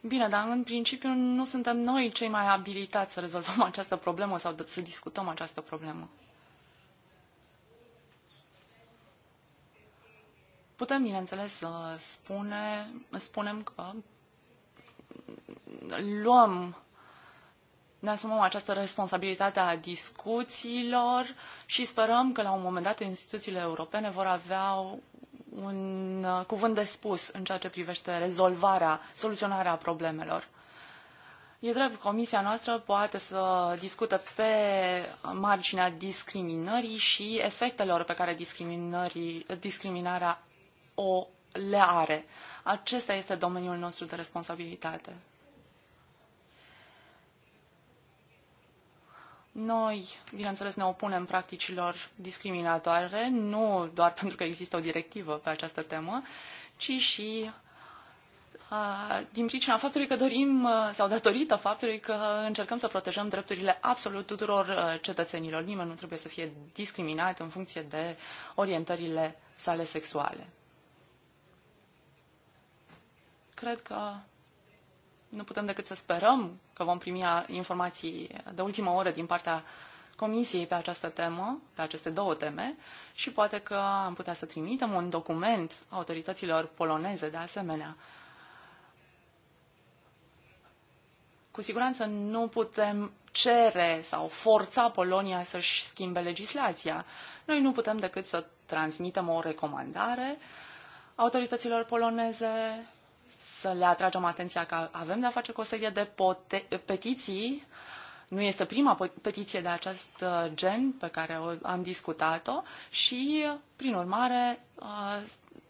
Bine, dar în principiu nu suntem noi cei mai abilitați să rezolvăm această problemă sau să discutăm această problemă. Putem, bineînțeles, să spune, spunem că luăm ne asumăm această responsabilitate a discuțiilor și sperăm că la un moment dat instituțiile europene vor avea un uh, cuvânt de spus în ceea ce privește rezolvarea, soluționarea problemelor. E drept, comisia noastră poate să discute pe marginea discriminării și efectelor pe care discriminarea o le are. Acesta este domeniul nostru de responsabilitate. Noi, bineînțeles, ne opunem practicilor discriminatoare, nu doar pentru că există o directivă pe această temă, ci și din pricina faptului că dorim, sau datorită faptului că încercăm să protejăm drepturile absolut tuturor cetățenilor. Nimeni nu trebuie să fie discriminat în funcție de orientările sale sexuale. Cred că nu putem decât să sperăm că vom primi informații de ultimă oră din partea Comisiei pe această temă, pe aceste două teme și poate că am putea să trimitem un document autorităților poloneze de asemenea. Cu siguranță nu putem cere sau forța Polonia să-și schimbe legislația. Noi nu putem decât să transmitem o recomandare autorităților poloneze să le atragem atenția că avem de-a face cu o serie de petiții. Nu este prima petiție de acest uh, gen pe care o am discutat-o și, prin urmare, uh,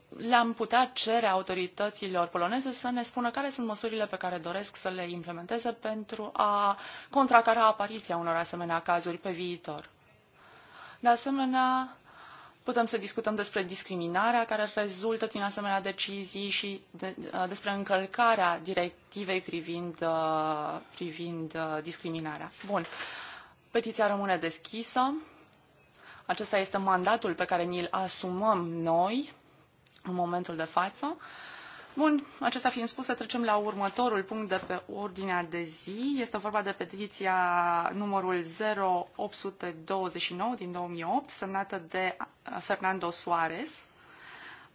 le-am putea cere autorităților poloneze să ne spună care sunt măsurile pe care doresc să le implementeze pentru a contracara apariția unor asemenea cazuri pe viitor. De asemenea, Putem să discutăm despre discriminarea care rezultă din asemenea decizii și de, uh, despre încălcarea directivei privind, uh, privind uh, discriminarea. Bun. Petiția rămâne deschisă. Acesta este mandatul pe care ni-l asumăm noi în momentul de față. Uh, Bun, acesta fiind spus, să trecem la următorul punct de pe ordinea de zi. Este vorba de petiția numărul 0829 din 2008, semnată de uh, Fernando Suarez.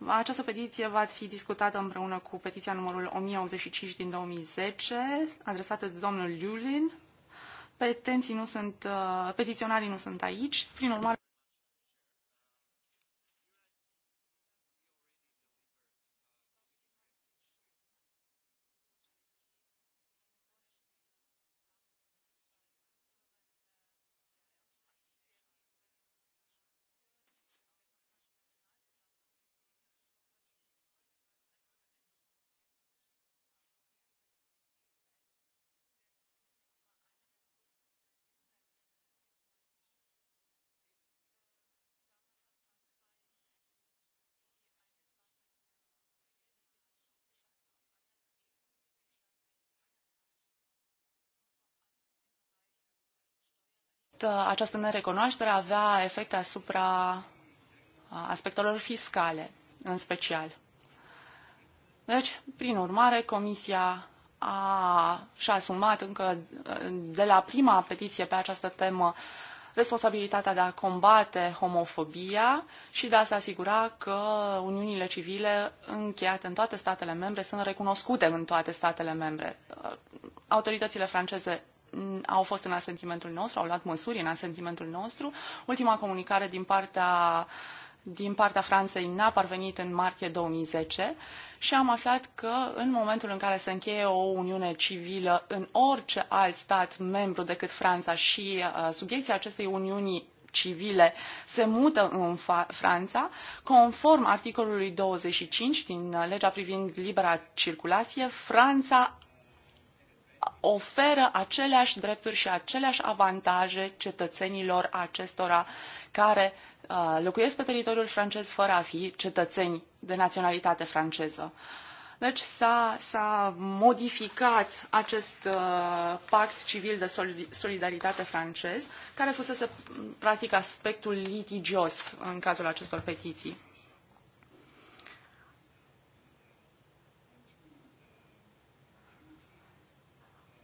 Această petiție va fi discutată împreună cu petiția numărul 1085 din 2010, adresată de domnul Liulin. Petenții nu sunt, uh, petiționarii nu sunt aici, prin urmare Uh, această nerecunoaștere avea efecte asupra uh, aspectelor fiscale, în special. Deci, prin urmare, Comisia a, și-a asumat încă uh, de la prima petiție pe această temă responsabilitatea de a combate homofobia și de a se asigura că uniunile civile încheiate în toate statele membre sunt recunoscute în toate statele membre. Autoritățile franceze au fost în asentimentul nostru, au luat măsuri în asentimentul nostru. Ultima comunicare din partea din partea Franței n-a parvenit în martie 2010 și am aflat că în momentul în care se încheie o uniune civilă în orice alt stat membru decât Franța și uh, subiecția acestei uniuni civile se mută în Franța, conform articolului 25 din uh, legea privind libera circulație, Franța oferă aceleași drepturi și aceleași avantaje cetățenilor acestora care uh, locuiesc pe teritoriul francez fără a fi cetățeni de naționalitate franceză. Deci s-a, s-a modificat acest uh, pact civil de solidaritate francez, care fusese practic aspectul litigios în cazul acestor petiții.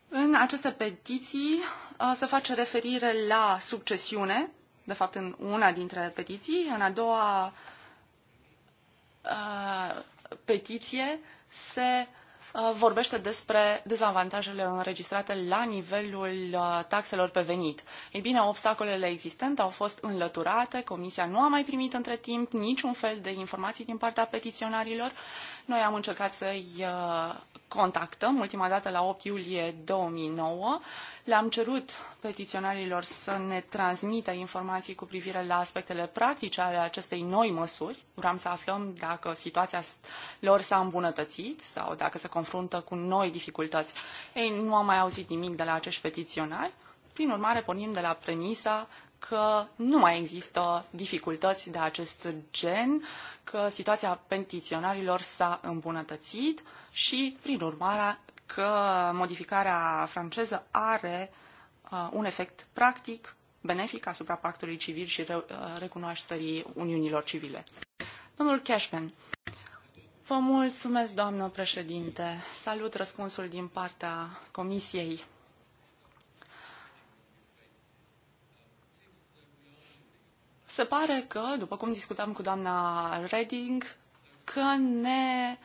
În aceste petiții uh, se face referire la succesiune, de fapt în una dintre petiții, în a doua uh, petiție se uh, vorbește despre dezavantajele înregistrate la nivelul taxelor pe venit. Ei bine, obstacolele existente au fost înlăturate, Comisia nu a mai primit între timp niciun fel de informații din partea petiționarilor, noi am încercat să-i uh, contactăm ultima dată la 8 iulie 2009. Le-am cerut petiționarilor să ne transmită informații cu privire la aspectele practice ale acestei noi măsuri. Vreau să aflăm dacă situația lor s-a îmbunătățit sau dacă se confruntă cu noi dificultăți. Ei, nu am mai auzit nimic de la acești petiționari. Prin urmare, pornim de la premisa că nu mai există dificultăți de acest gen, că situația petiționarilor s-a îmbunătățit și, prin urmare, că modificarea franceză are uh, un efect practic benefic asupra pactului civil și uh, recunoașterii uniunilor civile. Domnul Cashman, vă mulțumesc, doamnă președinte. Salut răspunsul din partea Comisiei Se pare că, după cum discutam cu doamna Reding, că ne,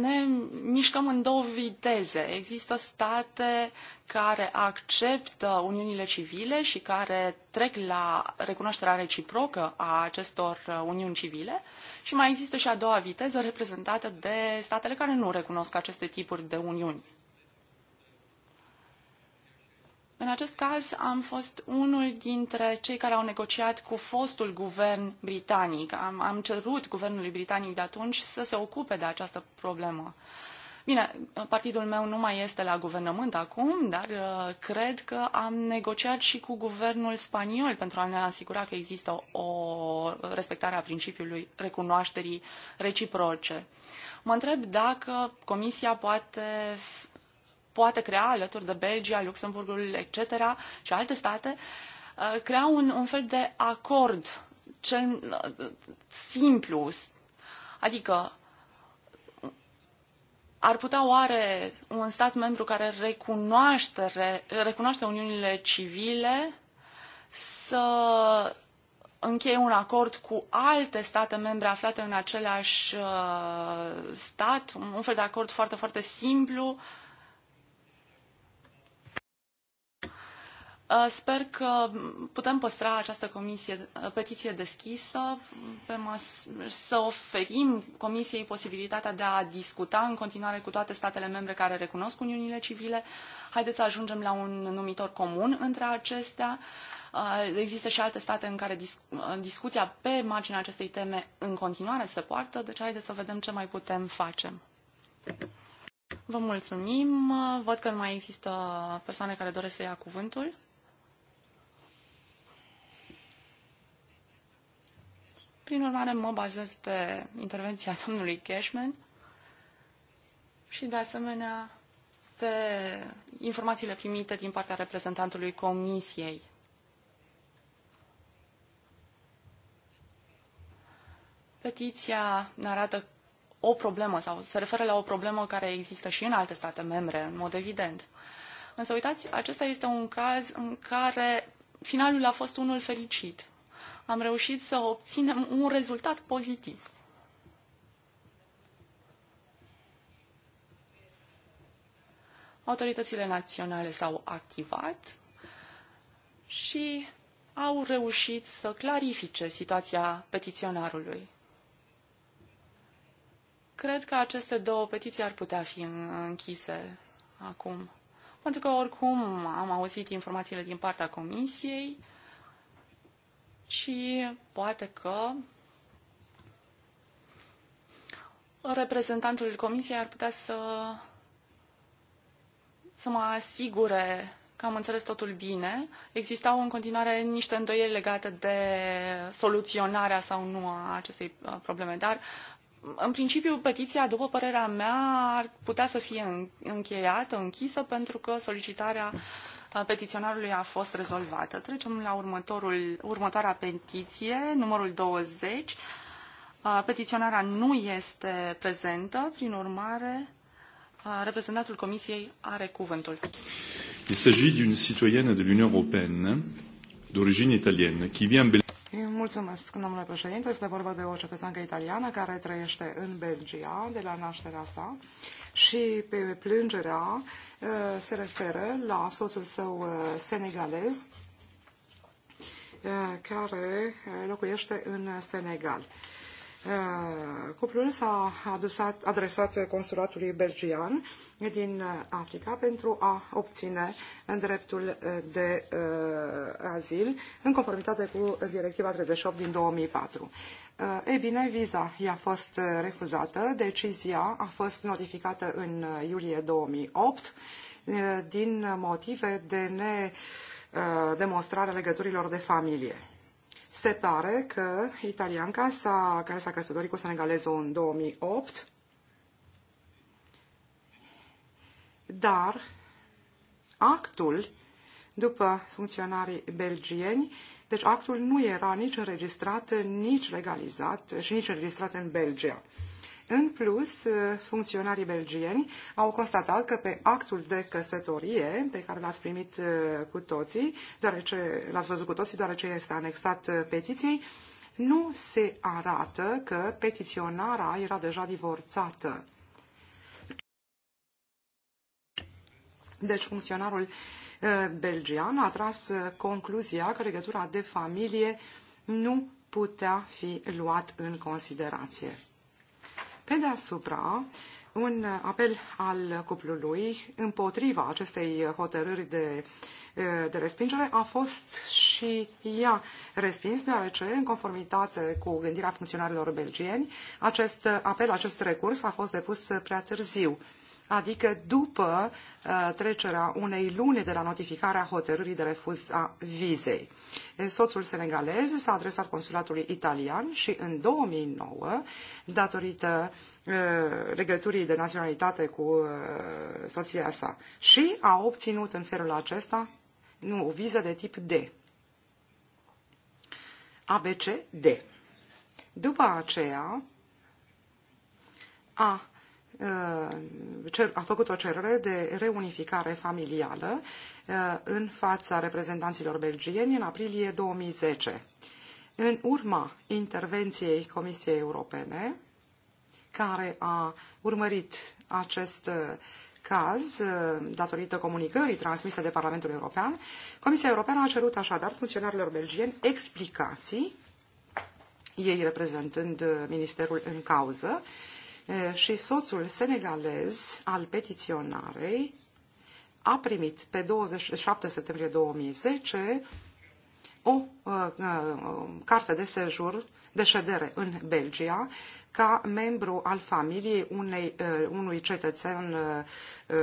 ne mișcăm în două viteze. Există state care acceptă uniunile civile și care trec la recunoașterea reciprocă a acestor uniuni civile și mai există și a doua viteză reprezentată de statele care nu recunosc aceste tipuri de uniuni. În acest caz am fost unul dintre cei care au negociat cu fostul guvern britanic. Am, am cerut guvernului britanic de atunci să se ocupe de această problemă. Bine, partidul meu nu mai este la guvernământ acum, dar uh, cred că am negociat și cu guvernul spaniol pentru a ne asigura că există o respectare a principiului recunoașterii reciproce. Mă întreb dacă Comisia poate poate crea alături de Belgia, Luxemburgul, etc. și alte state, uh, crea un, un fel de acord cel simplu, adică ar putea oare un stat membru care recunoaște, recunoaște uniunile civile să încheie un acord cu alte state membre aflate în același uh, stat, un fel de acord foarte, foarte simplu Uh, sper că putem păstra această comisie, uh, petiție deschisă, pe mas- să oferim comisiei posibilitatea de a discuta în continuare cu toate statele membre care recunosc uniunile civile. Haideți să ajungem la un numitor comun între acestea. Uh, există și alte state în care discuția pe marginea acestei teme în continuare se poartă, deci haideți să vedem ce mai putem face. Vă mulțumim. Văd că nu mai există persoane care doresc să ia cuvântul. Prin urmare, mă bazez pe intervenția domnului Cashman și, de asemenea, pe informațiile primite din partea reprezentantului Comisiei. Petiția ne arată o problemă sau se referă la o problemă care există și în alte state membre, în mod evident. Însă, uitați, acesta este un caz în care finalul a fost unul fericit am reușit să obținem un rezultat pozitiv. Autoritățile naționale s-au activat și au reușit să clarifice situația petiționarului. Cred că aceste două petiții ar putea fi închise acum. Pentru că oricum am auzit informațiile din partea comisiei și poate că reprezentantul Comisiei ar putea să, să mă asigure că am înțeles totul bine. Existau în continuare niște îndoieli legate de soluționarea sau nu a acestei uh, probleme, dar în principiu, petiția, după părerea mea, ar putea să fie încheiată, închisă, pentru că solicitarea uh, petiționarului a fost rezolvată. Trecem la următorul, următoarea petiție, numărul 20. Petiționarea nu este prezentă, prin urmare, reprezentantul Comisiei are cuvântul. Il s'agit d'une citoyenne de l'Union européenne d'origine italienne qui vient en Belgique. Mulțumesc, domnule președinte. Este vorba de o cetățeancă italiană care trăiește în Belgia de la nașterea sa și pe plângerea uh, se referă la soțul său uh, senegalez uh, care locuiește în Senegal. Cuplul s-a adresat consulatului belgian din Africa pentru a obține dreptul de azil în conformitate cu Directiva 38 din 2004. Ei bine, viza i-a fost uh, refuzată, decizia a fost notificată în uh, iulie 2008 uh, din motive de ne legăturilor de familie. Se pare că italianca s-a, care s-a căsătorit cu senegalezul în 2008, dar actul, după funcționarii belgieni, deci actul nu era nici înregistrat, nici legalizat și nici înregistrat în Belgia. În plus, funcționarii belgieni au constatat că pe actul de căsătorie pe care l-ați primit uh, cu toții, deoarece l-ați văzut cu toții, deoarece este anexat uh, petiției, nu se arată că petiționara era deja divorțată. Deci funcționarul uh, belgian a tras uh, concluzia că legătura de familie nu putea fi luat în considerație. Pe deasupra, un apel al cuplului împotriva acestei hotărâri de, uh, de respingere a fost și ea respins, deoarece, în conformitate cu gândirea funcționarilor belgieni, acest apel, acest recurs a fost depus prea târziu adică după uh, trecerea unei luni de la notificarea hotărârii de refuz a vizei. Soțul senegalez s-a adresat consulatului italian și în 2009, datorită uh, legăturii de naționalitate cu uh, soția sa, și a obținut în felul acesta nu, o viză de tip D. ABCD. După aceea a Uh, a făcut o cerere de reunificare familială uh, în fața reprezentanților belgieni în aprilie 2010. În urma intervenției Comisiei Europene, care a urmărit acest uh, caz, datorită comunicării transmise de Parlamentul European, Comisia Europeană a cerut așadar funcționarilor belgieni explicații, ei reprezentând ministerul în cauză, și soțul senegalez al petiționarei a primit pe 27 septembrie 2010 o uh, uh, carte de sejur de ședere în Belgia ca membru al familiei unei, uh, unui cetățean uh,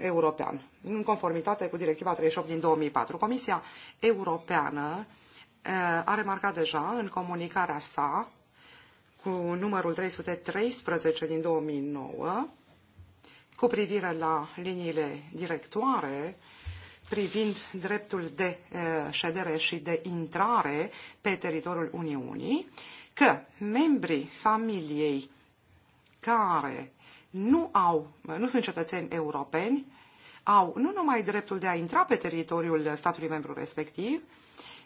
european, în conformitate cu Directiva 38 din 2004. Comisia Europeană uh, a remarcat deja în comunicarea sa cu numărul 313 din 2009 cu privire la liniile directoare privind dreptul de ședere și de intrare pe teritoriul Uniunii, că membrii familiei care nu, au, nu sunt cetățeni europeni au nu numai dreptul de a intra pe teritoriul statului membru respectiv,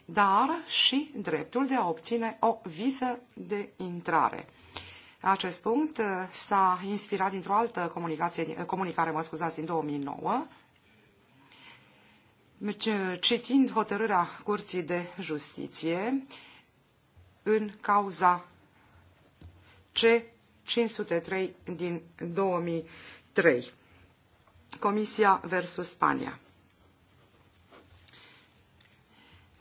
dar și dreptul de a obține o viză de intrare. Acest punct uh, s-a inspirat dintr-o altă comunicare mă scuzați, din 2009, citind hotărârea Curții de Justiție în cauza C503 din 2003, Comisia versus Spania.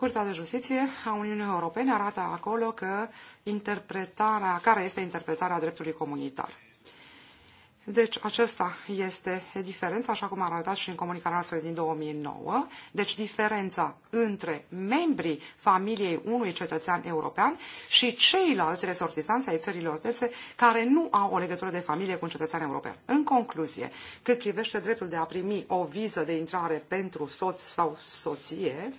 Curtea de Justiție a Uniunii Europene arată acolo că interpretarea, care este interpretarea dreptului comunitar. Deci aceasta este diferența, așa cum am arătat și în comunicarea noastră din 2009, deci diferența între membrii familiei unui cetățean european și ceilalți resortizanți ai țărilor terțe care nu au o legătură de familie cu un cetățean european. În concluzie, cât privește dreptul de a primi o viză de intrare pentru soț sau soție,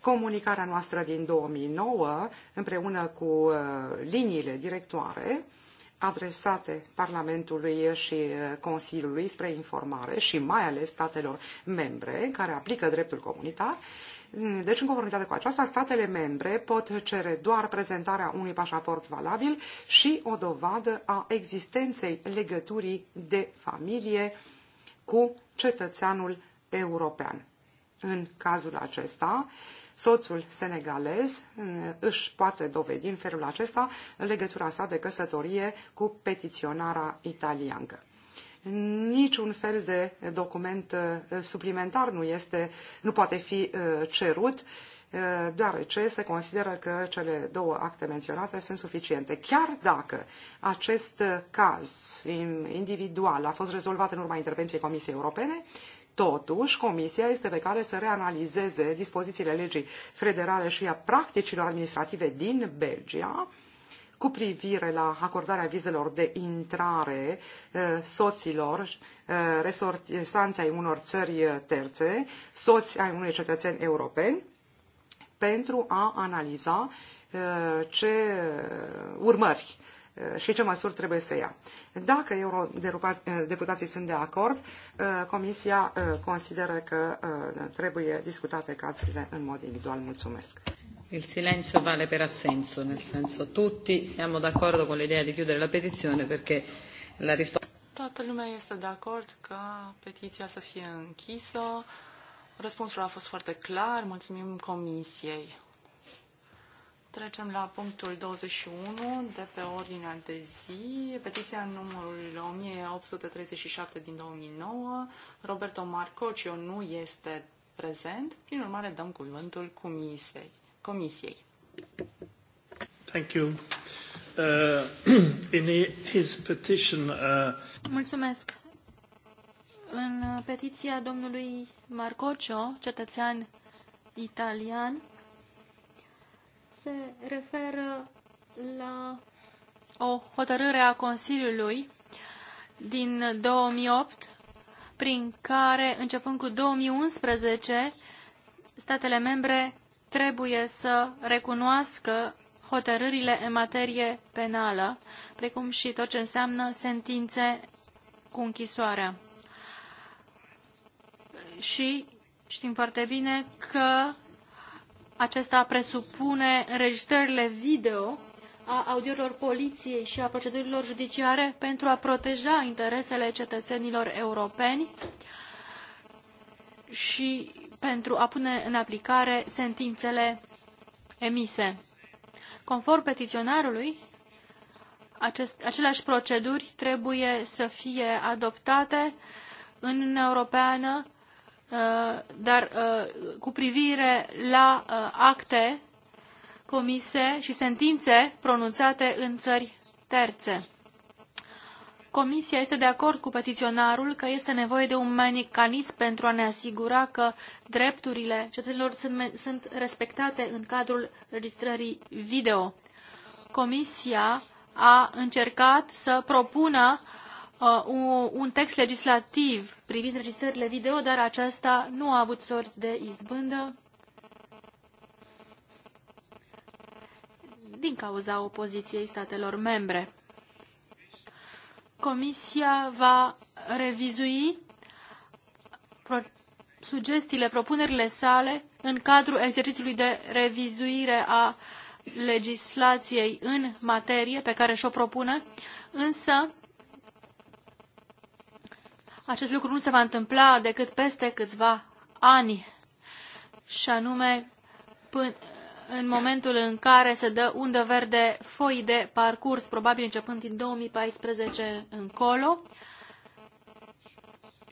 comunicarea noastră din 2009, împreună cu uh, liniile directoare adresate Parlamentului și uh, Consiliului spre informare și mai ales statelor membre care aplică dreptul comunitar, mm, deci, în conformitate cu aceasta, statele membre pot cere doar prezentarea unui pașaport valabil și o dovadă a existenței legăturii de familie cu cetățeanul european. În cazul acesta, Soțul senegalez își poate dovedi în felul acesta legătura sa de căsătorie cu petiționara italiancă. Niciun fel de document uh, suplimentar nu, este, nu poate fi uh, cerut uh, deoarece se consideră că cele două acte menționate sunt suficiente. Chiar dacă acest caz individual a fost rezolvat în urma intervenției Comisiei Europene, Totuși, Comisia este pe care să reanalizeze dispozițiile legii federale și a practicilor administrative din Belgia cu privire la acordarea vizelor de intrare eh, soților eh, resortisanți ai unor țări eh, terțe, soți ai unui cetățeni europeni, pentru a analiza ce urmări și ce măsuri trebuie să ia. Dacă eurodeputații sunt de acord, uh, Comisia uh, consideră că uh, trebuie discutate cazurile în mod individual. Mulțumesc. Il silenzio vale per assenso, nel senso tutti siamo d'accordo con l'idea di chiudere la petizione perché la risposta... Toată lumea este de acord ca petiția să fie închisă. Răspunsul a fost foarte clar. Mulțumim Comisiei. Trecem la punctul 21 de pe ordinea de zi, petiția numărul 1837 din 2009. Roberto Marcocio nu este prezent, prin urmare dăm cuvântul comisiei. comisiei. Thank you. Uh, in his petition, uh... Mulțumesc. În petiția domnului Marcocio, cetățean italian, se referă la o hotărâre a Consiliului din 2008, prin care, începând cu 2011, statele membre trebuie să recunoască hotărârile în materie penală, precum și tot ce înseamnă sentințe cu închisoarea. Și știm foarte bine că acesta presupune înregistrările video a audierilor poliției și a procedurilor judiciare pentru a proteja interesele cetățenilor europeni și pentru a pune în aplicare sentințele emise. Conform petiționarului, acest, aceleași proceduri trebuie să fie adoptate în Uniunea Europeană Uh, dar uh, cu privire la uh, acte comise și sentințe pronunțate în țări terțe. Comisia este de acord cu petiționarul că este nevoie de un mecanism pentru a ne asigura că drepturile cetățenilor sunt, sunt respectate în cadrul registrării video. Comisia a încercat să propună uh, uh, un text legislativ privind registrările video, dar aceasta nu a avut sorți de izbândă din cauza opoziției statelor membre. Comisia va revizui sugestiile, propunerile sale în cadrul exercițiului de revizuire a legislației în materie pe care și-o propune, însă acest lucru nu se va întâmpla decât peste câțiva ani, și anume până în momentul în care se dă undă verde foi de parcurs, probabil începând din 2014 încolo.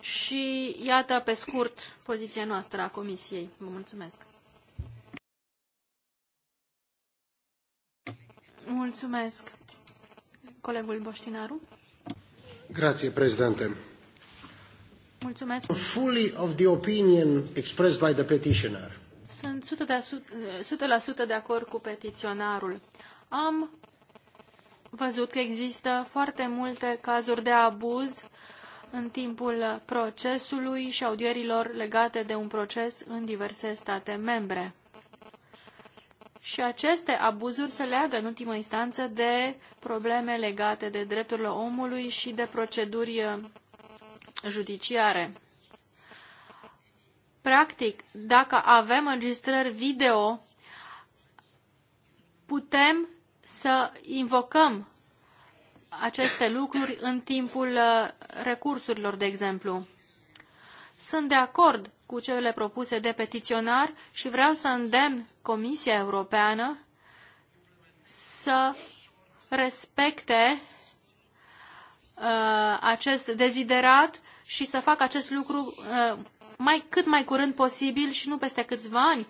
Și iată, pe scurt, poziția noastră a Comisiei. Vă mulțumesc! Mulțumesc, colegul Boștinaru. Grație, președinte. Mulțumesc. Fully of the opinion expressed by the petitioner. Sunt 100% de acord cu petiționarul. Am văzut că există foarte multe cazuri de abuz în timpul procesului și audierilor legate de un proces în diverse state membre. Și aceste abuzuri se leagă în ultimă instanță de probleme legate de drepturile omului și de proceduri judiciare. Practic, dacă avem înregistrări video, putem să invocăm aceste lucruri în timpul uh, recursurilor, de exemplu. Sunt de acord cu cele propuse de petiționar și vreau să îndemn Comisia Europeană să respecte uh, acest deziderat și să facă acest lucru uh, mai, cât mai curând posibil și nu peste câțiva ani,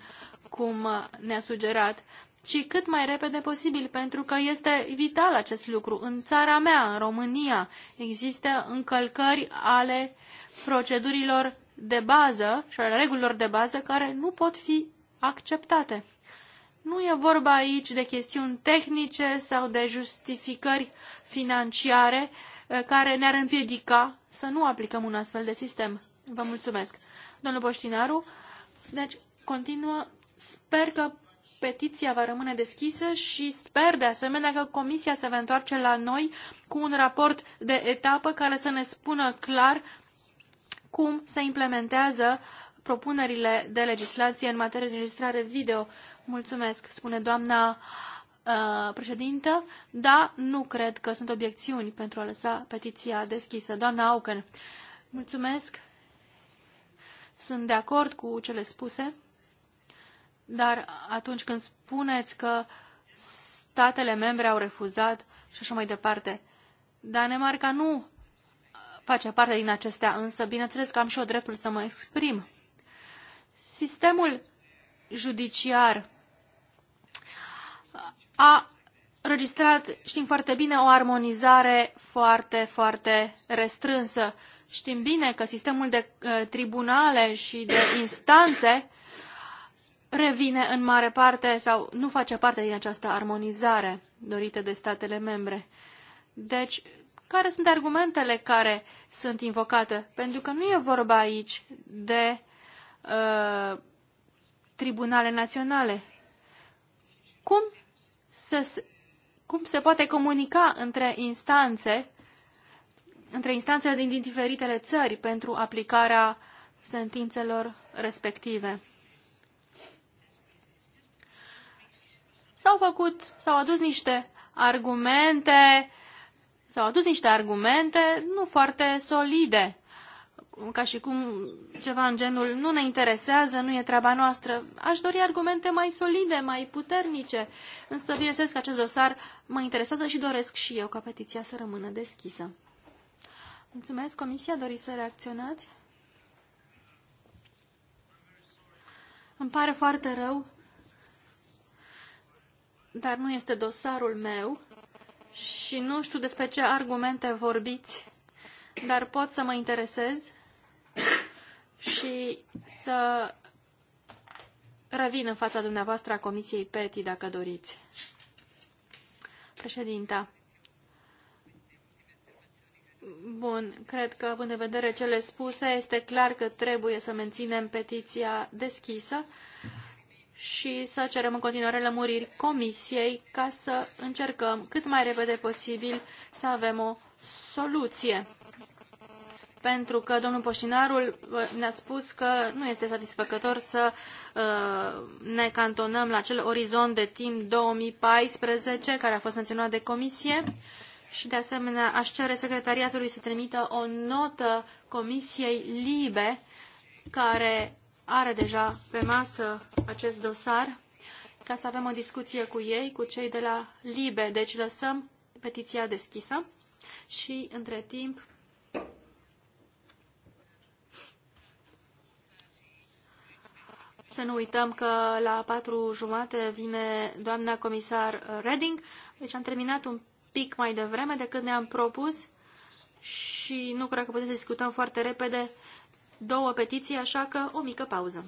cum uh, ne-a sugerat, ci cât mai repede posibil, pentru că este vital acest lucru. În țara mea, în România, există încălcări ale procedurilor de bază și ale regulilor de bază care nu pot fi acceptate. Nu e vorba aici de chestiuni tehnice sau de justificări financiare, Eh, care ne-ar împiedica să nu aplicăm un astfel de sistem. Vă mulțumesc. Domnul Boștinaru, deci continuă, sper că petiția va rămâne deschisă și sper de asemenea că Comisia se va întoarce la noi cu un raport de etapă care să ne spună clar cum se implementează propunerile de legislație în materie de înregistrare video. Mulțumesc, spune doamna Uh, președintă, da, nu cred că sunt obiecțiuni pentru a lăsa petiția deschisă. Doamna Auken, mulțumesc. Sunt de acord cu cele spuse, dar atunci când spuneți că statele membre au refuzat și așa mai departe, Danemarca nu face parte din acestea, însă bineînțeles că am și eu dreptul să mă exprim. Sistemul judiciar a registrat, știm foarte bine, o armonizare foarte, foarte restrânsă. Știm bine că sistemul de uh, tribunale și de instanțe revine în mare parte sau nu face parte din această armonizare dorită de statele membre. Deci, care sunt argumentele care sunt invocate? Pentru că nu e vorba aici de uh, tribunale naționale. Cum se, cum se poate comunica între instanțe, între instanțele din, din diferitele țări pentru aplicarea sentințelor respective. S-au făcut, s-au adus niște argumente, s-au adus niște argumente nu foarte solide ca și cum ceva în genul nu ne interesează, nu e treaba noastră. Aș dori argumente mai solide, mai puternice, însă bineînțeles că acest dosar mă interesează și doresc și eu ca petiția să rămână deschisă. Mulțumesc. Comisia, doriți să reacționați? Îmi pare foarte rău, dar nu este dosarul meu și nu știu despre ce argumente vorbiți, dar pot să mă interesez și să revin în fața dumneavoastră a Comisiei PETI, dacă doriți. Președinta. Bun, cred că, având în vedere cele spuse, este clar că trebuie să menținem petiția deschisă și să cerem în continuare lămuriri comisiei ca să încercăm cât mai repede posibil să avem o soluție pentru că domnul Poșinarul ne-a spus că nu este satisfăcător să uh, ne cantonăm la acel orizont de timp 2014 care a fost menționat de comisie și de asemenea aș cere secretariatului să trimită o notă comisiei libe care are deja pe masă acest dosar ca să avem o discuție cu ei, cu cei de la LIBE. Deci lăsăm petiția deschisă și între timp Să nu uităm că la patru jumate vine doamna comisar Reding, deci am terminat un pic mai devreme decât ne-am propus și nu cred că putem să discutăm foarte repede două petiții, așa că o mică pauză.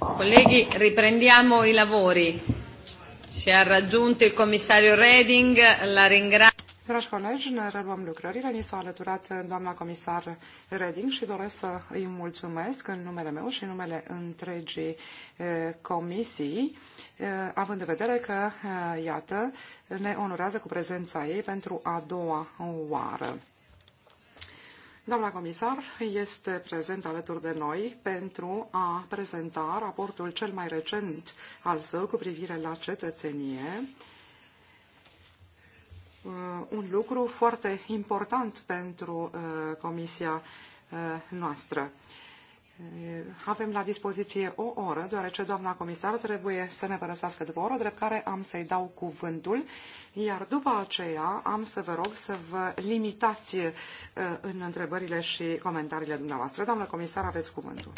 Colleghi, riprendiamo i lavori. Ci ha raggiunto il commissario Reding, la ringrazio. Dragi colegi, ne reluăm lucrările. Ni s-a alăturat doamna comisar Reding și doresc să îi mulțumesc în numele meu și în numele întregii eh, comisii, eh, având în vedere că, eh, iată, ne onorează cu prezența ei pentru a doua oară. Doamna comisar este prezent alături de noi pentru a prezenta raportul cel mai recent al său cu privire la cetățenie, uh, un lucru foarte important pentru uh, comisia uh, noastră. Avem la dispoziție o oră, deoarece doamna comisar trebuie să ne părăsească după o oră, drept care am să-i dau cuvântul, iar după aceea am să vă rog să vă limitați uh, în întrebările și comentariile dumneavoastră. Doamna comisar, aveți cuvântul.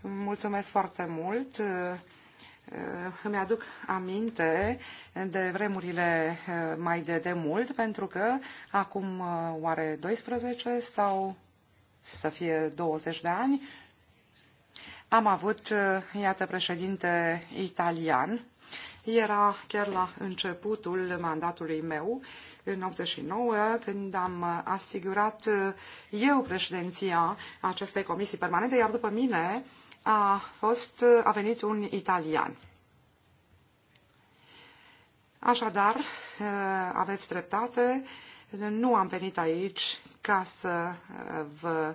Mulțumesc foarte mult. Uh, uh, îmi aduc aminte de vremurile mai de demult, pentru că acum oare 12 sau să fie 20 de ani, am avut, uh, iată, președinte italian. Era chiar la începutul mandatului meu, în 89, când am asigurat uh, eu președinția acestei comisii permanente, iar după mine a, fost, a venit un italian. Așadar, uh, aveți dreptate, nu am venit aici ca să vă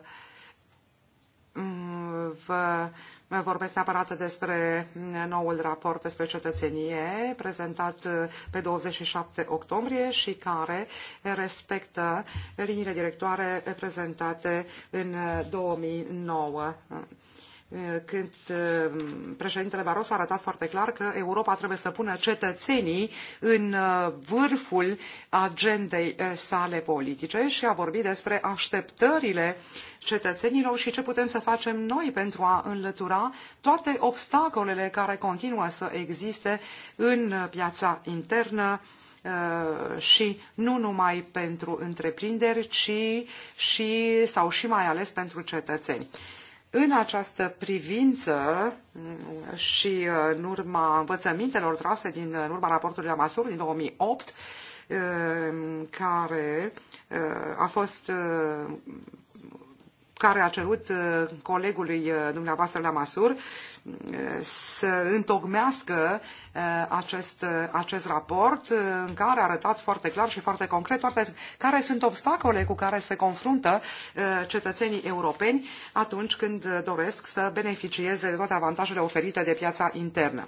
vă vorbesc neapărat despre noul raport despre cetățenie prezentat uh, pe 27 octombrie și care respectă liniile directoare prezentate în 2009. Uh, când uh, președintele Barroso a arătat foarte clar că Europa trebuie să pună cetățenii în uh, vârful agendei uh, sale politice și a vorbit despre așteptările cetățenilor și ce putem să facem noi pentru a înlătura toate obstacolele care continuă să existe în piața internă și nu numai pentru întreprinderi, ci și sau și mai ales pentru cetățeni. În această privință și în urma învățămintelor trase din în urma raportului la Masur din 2008, care a fost care a cerut uh, colegului uh, dumneavoastră la Masur uh, să întocmească acest, acest raport în care a arătat foarte clar și foarte concret toate, care sunt obstacole cu care se confruntă cetățenii europeni atunci când doresc să beneficieze de toate avantajele oferite de piața internă.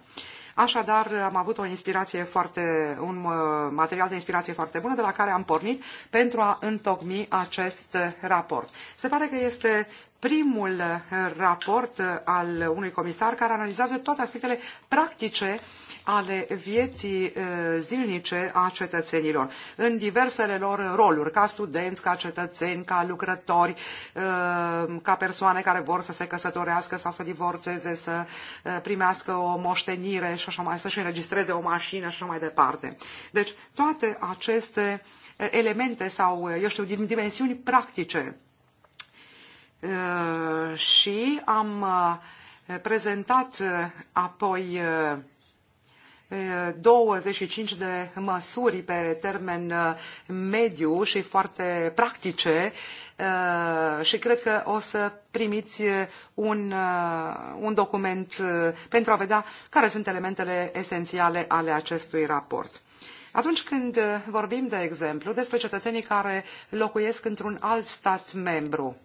Așadar, am avut o inspirație foarte, un uh, material de inspirație foarte bună de la care am pornit pentru a întocmi acest raport. Se pare că este primul uh, raport uh, al unui comisar care analizează toate aspectele practice uh, ale vieții zilnice a cetățenilor, în diversele lor roluri, ca studenți, ca cetățeni, ca lucrători, ca persoane care vor să se căsătorească sau să divorțeze, să primească o moștenire și așa mai, să-și înregistreze o mașină și așa mai departe. Deci toate aceste elemente sau, eu știu, din dimensiuni practice. Și am prezentat apoi 25 uh, de măsuri pe termen uh, mediu și foarte practice uh, și cred că o să primiți un, un document pentru a vedea care sunt elementele esențiale ale acestui raport. Atunci când vorbim, de exemplu, despre cetățenii care locuiesc într-un alt stat membru,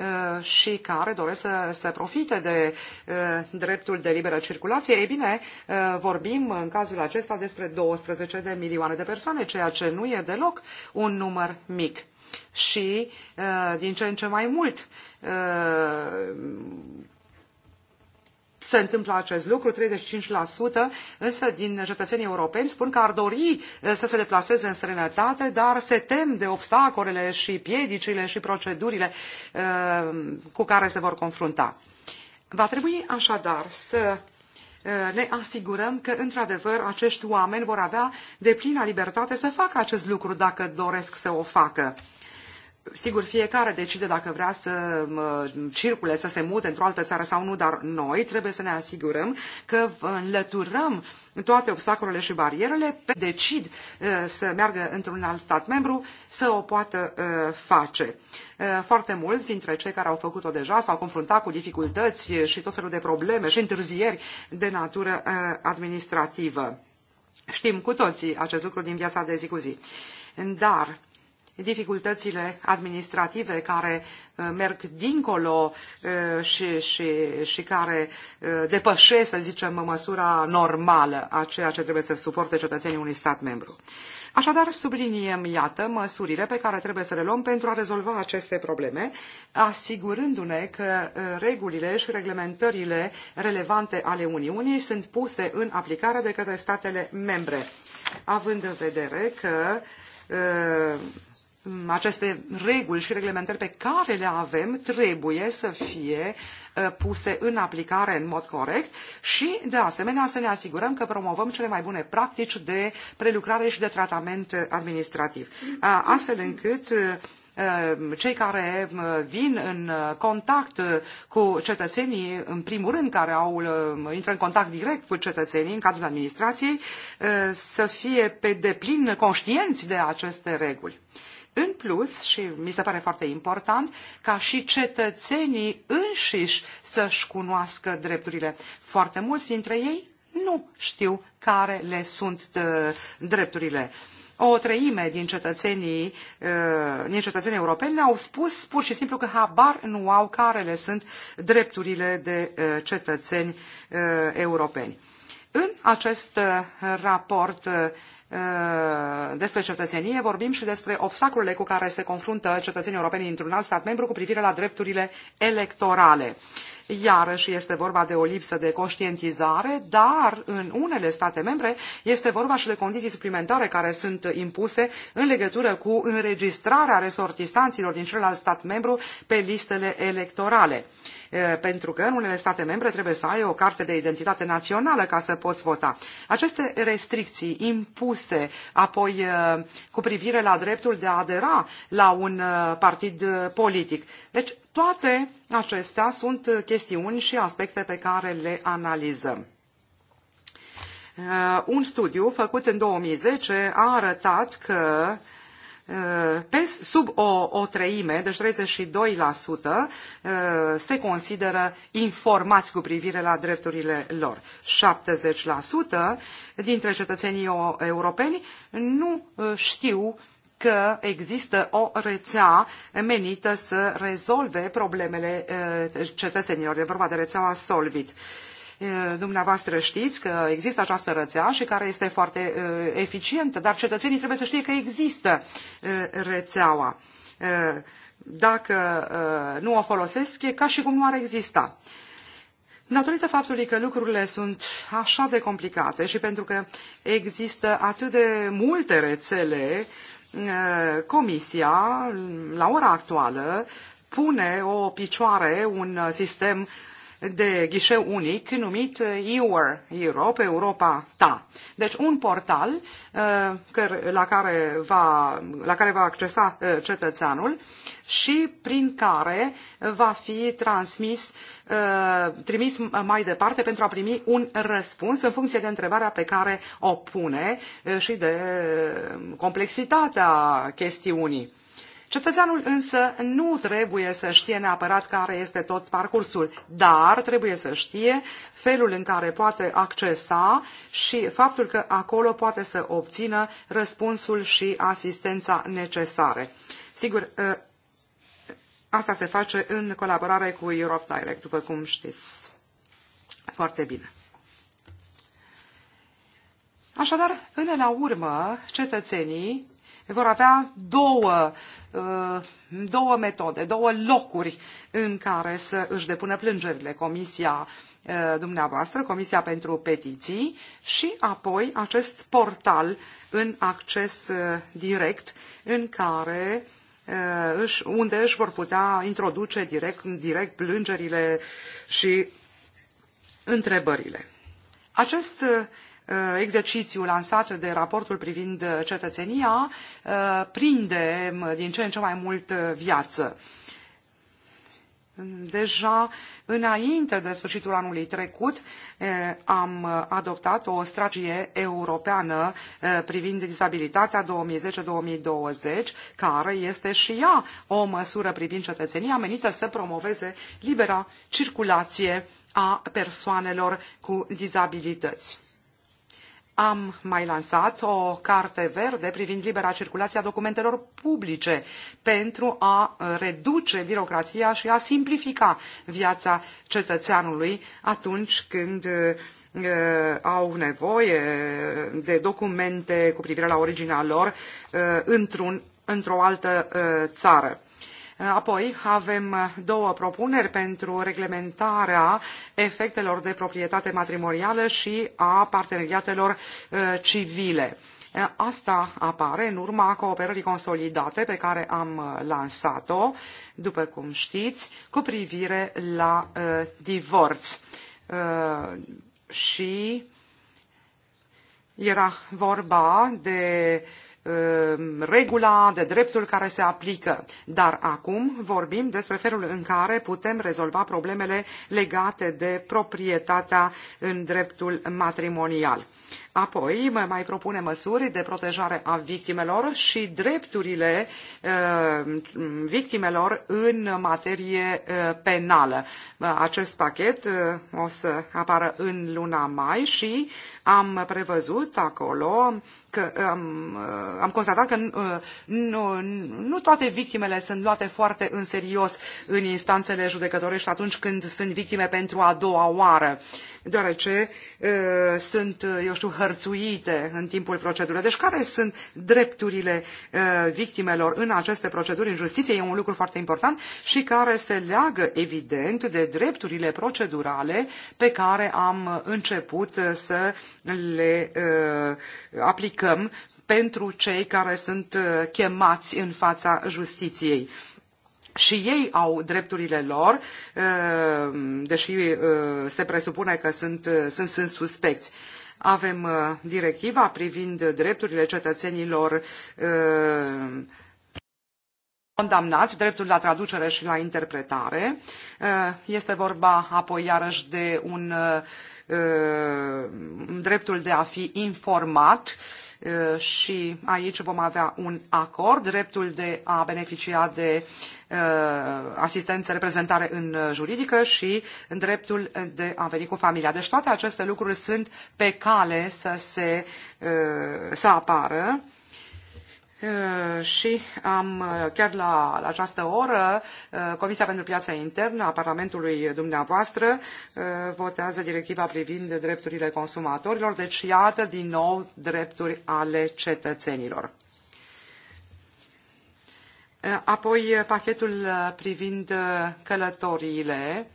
Uh, și care doresc să, să profite de uh, dreptul de liberă circulație, ei bine, uh, vorbim în cazul acesta despre 12 de milioane de persoane, ceea ce nu e deloc un număr mic. Și din ce în ce mai mult se întâmplă acest lucru, 35%, însă din cetățenii europeni spun că ar dori eh, să se deplaseze în străinătate, dar se tem de obstacolele și piedicile și procedurile eh, cu care se vor confrunta. Va trebui așadar să eh, ne asigurăm că, într-adevăr, acești oameni vor avea deplină libertate să facă acest lucru dacă doresc să o facă. Sigur, fiecare decide dacă vrea să circule, să se mute într-o altă țară sau nu, dar noi trebuie să ne asigurăm că înlăturăm toate obstacolele și barierele, decid uh, să meargă într-un alt stat membru, să o poată uh, face. Uh, foarte mulți dintre cei care au făcut-o deja s-au confruntat cu dificultăți și tot felul de probleme și întârzieri de natură administrativă. Știm cu toții acest lucru din viața de zi cu zi. Dar dificultățile administrative care uh, merg dincolo uh, și, și, și care uh, depășesc, să zicem, măsura normală a ceea ce trebuie să suporte cetățenii unui stat membru. Așadar, subliniem, iată, măsurile pe care trebuie să le luăm pentru a rezolva aceste probleme, asigurându-ne că regulile și reglementările relevante ale Uniunii sunt puse în aplicare de către statele membre, având în vedere că aceste reguli și reglementări pe care le avem trebuie să fie uh, puse în aplicare în mod corect și, de asemenea, să ne asigurăm că promovăm cele mai bune practici de prelucrare și de tratament uh, administrativ, uh, astfel încât cei care vin în contact cu cetățenii, în primul rând care au, intră în contact direct cu cetățenii în cadrul administrației, să fie pe deplin conștienți de aceste reguli. În plus, și mi se pare foarte important, ca și cetățenii înșiși să-și cunoască drepturile. Foarte mulți dintre ei nu știu care le sunt uh, drepturile. O treime din cetățenii, uh, din cetățenii europeni ne-au spus pur și simplu că habar nu au care le sunt drepturile de uh, cetățeni europeni. În acest raport Uh, despre cetățenie, vorbim și despre obstacolele cu care se confruntă cetățenii europeni într-un alt stat membru cu privire la drepturile electorale. Iarăși este vorba de o lipsă de conștientizare, dar în unele state membre este vorba și de condiții suplimentare care sunt impuse în legătură cu înregistrarea resortisanților din celălalt stat membru pe listele electorale pentru că în unele state membre trebuie să ai o carte de identitate națională ca să poți vota. Aceste restricții impuse apoi cu privire la dreptul de a adera la un partid politic. Deci toate acestea sunt chestiuni și aspecte pe care le analizăm. Un studiu făcut în 2010 a arătat că pe, sub o, o treime, deci 32%, eh, se consideră informați cu privire la drepturile lor. 70% dintre cetățenii europeni nu eh, știu că există o rețea menită să rezolve problemele eh, cetățenilor. E vorba de rețeaua Solvit. Eh, dumneavoastră știți că există această rețea și care este foarte eh, eficientă, dar cetățenii trebuie să știe că există eh, rețeaua. Dacă nu o folosesc, e ca și cum nu ar exista. Datorită faptului că lucrurile sunt așa de complicate și pentru că există atât de multe rețele, Comisia, la ora actuală, pune o picioare, un sistem de ghișeu unic numit Your uh, Europe, Europa ta. Deci un portal uh, la care va, la care va accesa uh, cetățeanul și prin care va fi transmis, trimis mai departe pentru a primi un răspuns în funcție de întrebarea pe care o pune și de complexitatea chestiunii. Cetățeanul însă nu trebuie să știe neapărat care este tot parcursul, dar trebuie să știe felul în care poate accesa și faptul că acolo poate să obțină răspunsul și asistența necesare. Sigur, ă, asta se face în colaborare cu Europe Direct, după cum știți foarte bine. Așadar, până la urmă, cetățenii vor avea două Uh, două metode, două locuri în care să își depună plângerile Comisia uh, dumneavoastră, Comisia pentru Petiții și apoi acest portal în acces uh, direct în care își, unde își vor putea introduce direct, direct plângerile și întrebările. Acest Uh, exercițiul lansat de raportul privind uh, cetățenia uh, prinde din ce în ce mai mult viață. Deja înainte de sfârșitul anului trecut am adoptat o strategie europeană privind dizabilitatea 2010-2020, care este și ea o măsură privind cetățenia menită să promoveze libera circulație a persoanelor cu dizabilități am mai lansat o carte verde privind libera circulație a documentelor publice pentru a reduce birocrația și a simplifica viața cetățeanului atunci când uh, au nevoie de documente cu privire la originea lor uh, într-un, într-o altă uh, țară. Apoi avem uh, două propuneri pentru reglementarea efectelor de proprietate matrimonială și a parteneriatelor uh, civile. Uh, asta apare în urma cooperării consolidate pe care am lansat-o, după cum știți, cu privire la uh, divorț. Uh, și era vorba de uh, Um, regula de dreptul care se aplică. Dar acum vorbim despre felul în care putem rezolva problemele legate de proprietatea în dreptul matrimonial. Apoi mai propune măsuri de protejare a victimelor și drepturile uh, victimelor în materie uh, penală. Acest pachet uh, o să apară în luna mai și am prevăzut acolo că am, am constatat că nu, nu toate victimele sunt luate foarte în serios în instanțele judecătorești atunci când sunt victime pentru a doua oară, deoarece sunt, eu știu, hărțuite în timpul procedurii. Deci care sunt drepturile uh, victimelor în aceste proceduri în justiție? E un lucru foarte important și care se leagă evident de drepturile procedurale pe care am început uh, să le uh, aplicăm pentru cei care sunt chemați în fața justiției și ei au drepturile lor, deși se presupune că sunt, sunt, sunt suspecți. Avem uh, directiva privind drepturile cetățenilor uh, condamnați, dreptul la traducere și la interpretare. Uh, este vorba apoi iarăși de un dreptul de a fi informat și aici vom avea un acord, dreptul de a beneficia de uh, Uh, asistență, reprezentare în uh, juridică și în dreptul de a veni cu familia. Deci toate aceste lucruri sunt pe cale să, se, uh, să apară și am chiar la, la această oră Comisia pentru Piața Internă a Parlamentului dumneavoastră votează directiva privind drepturile consumatorilor, deci iată din nou drepturi ale cetățenilor. Apoi pachetul uh, privind uh, călătoriile,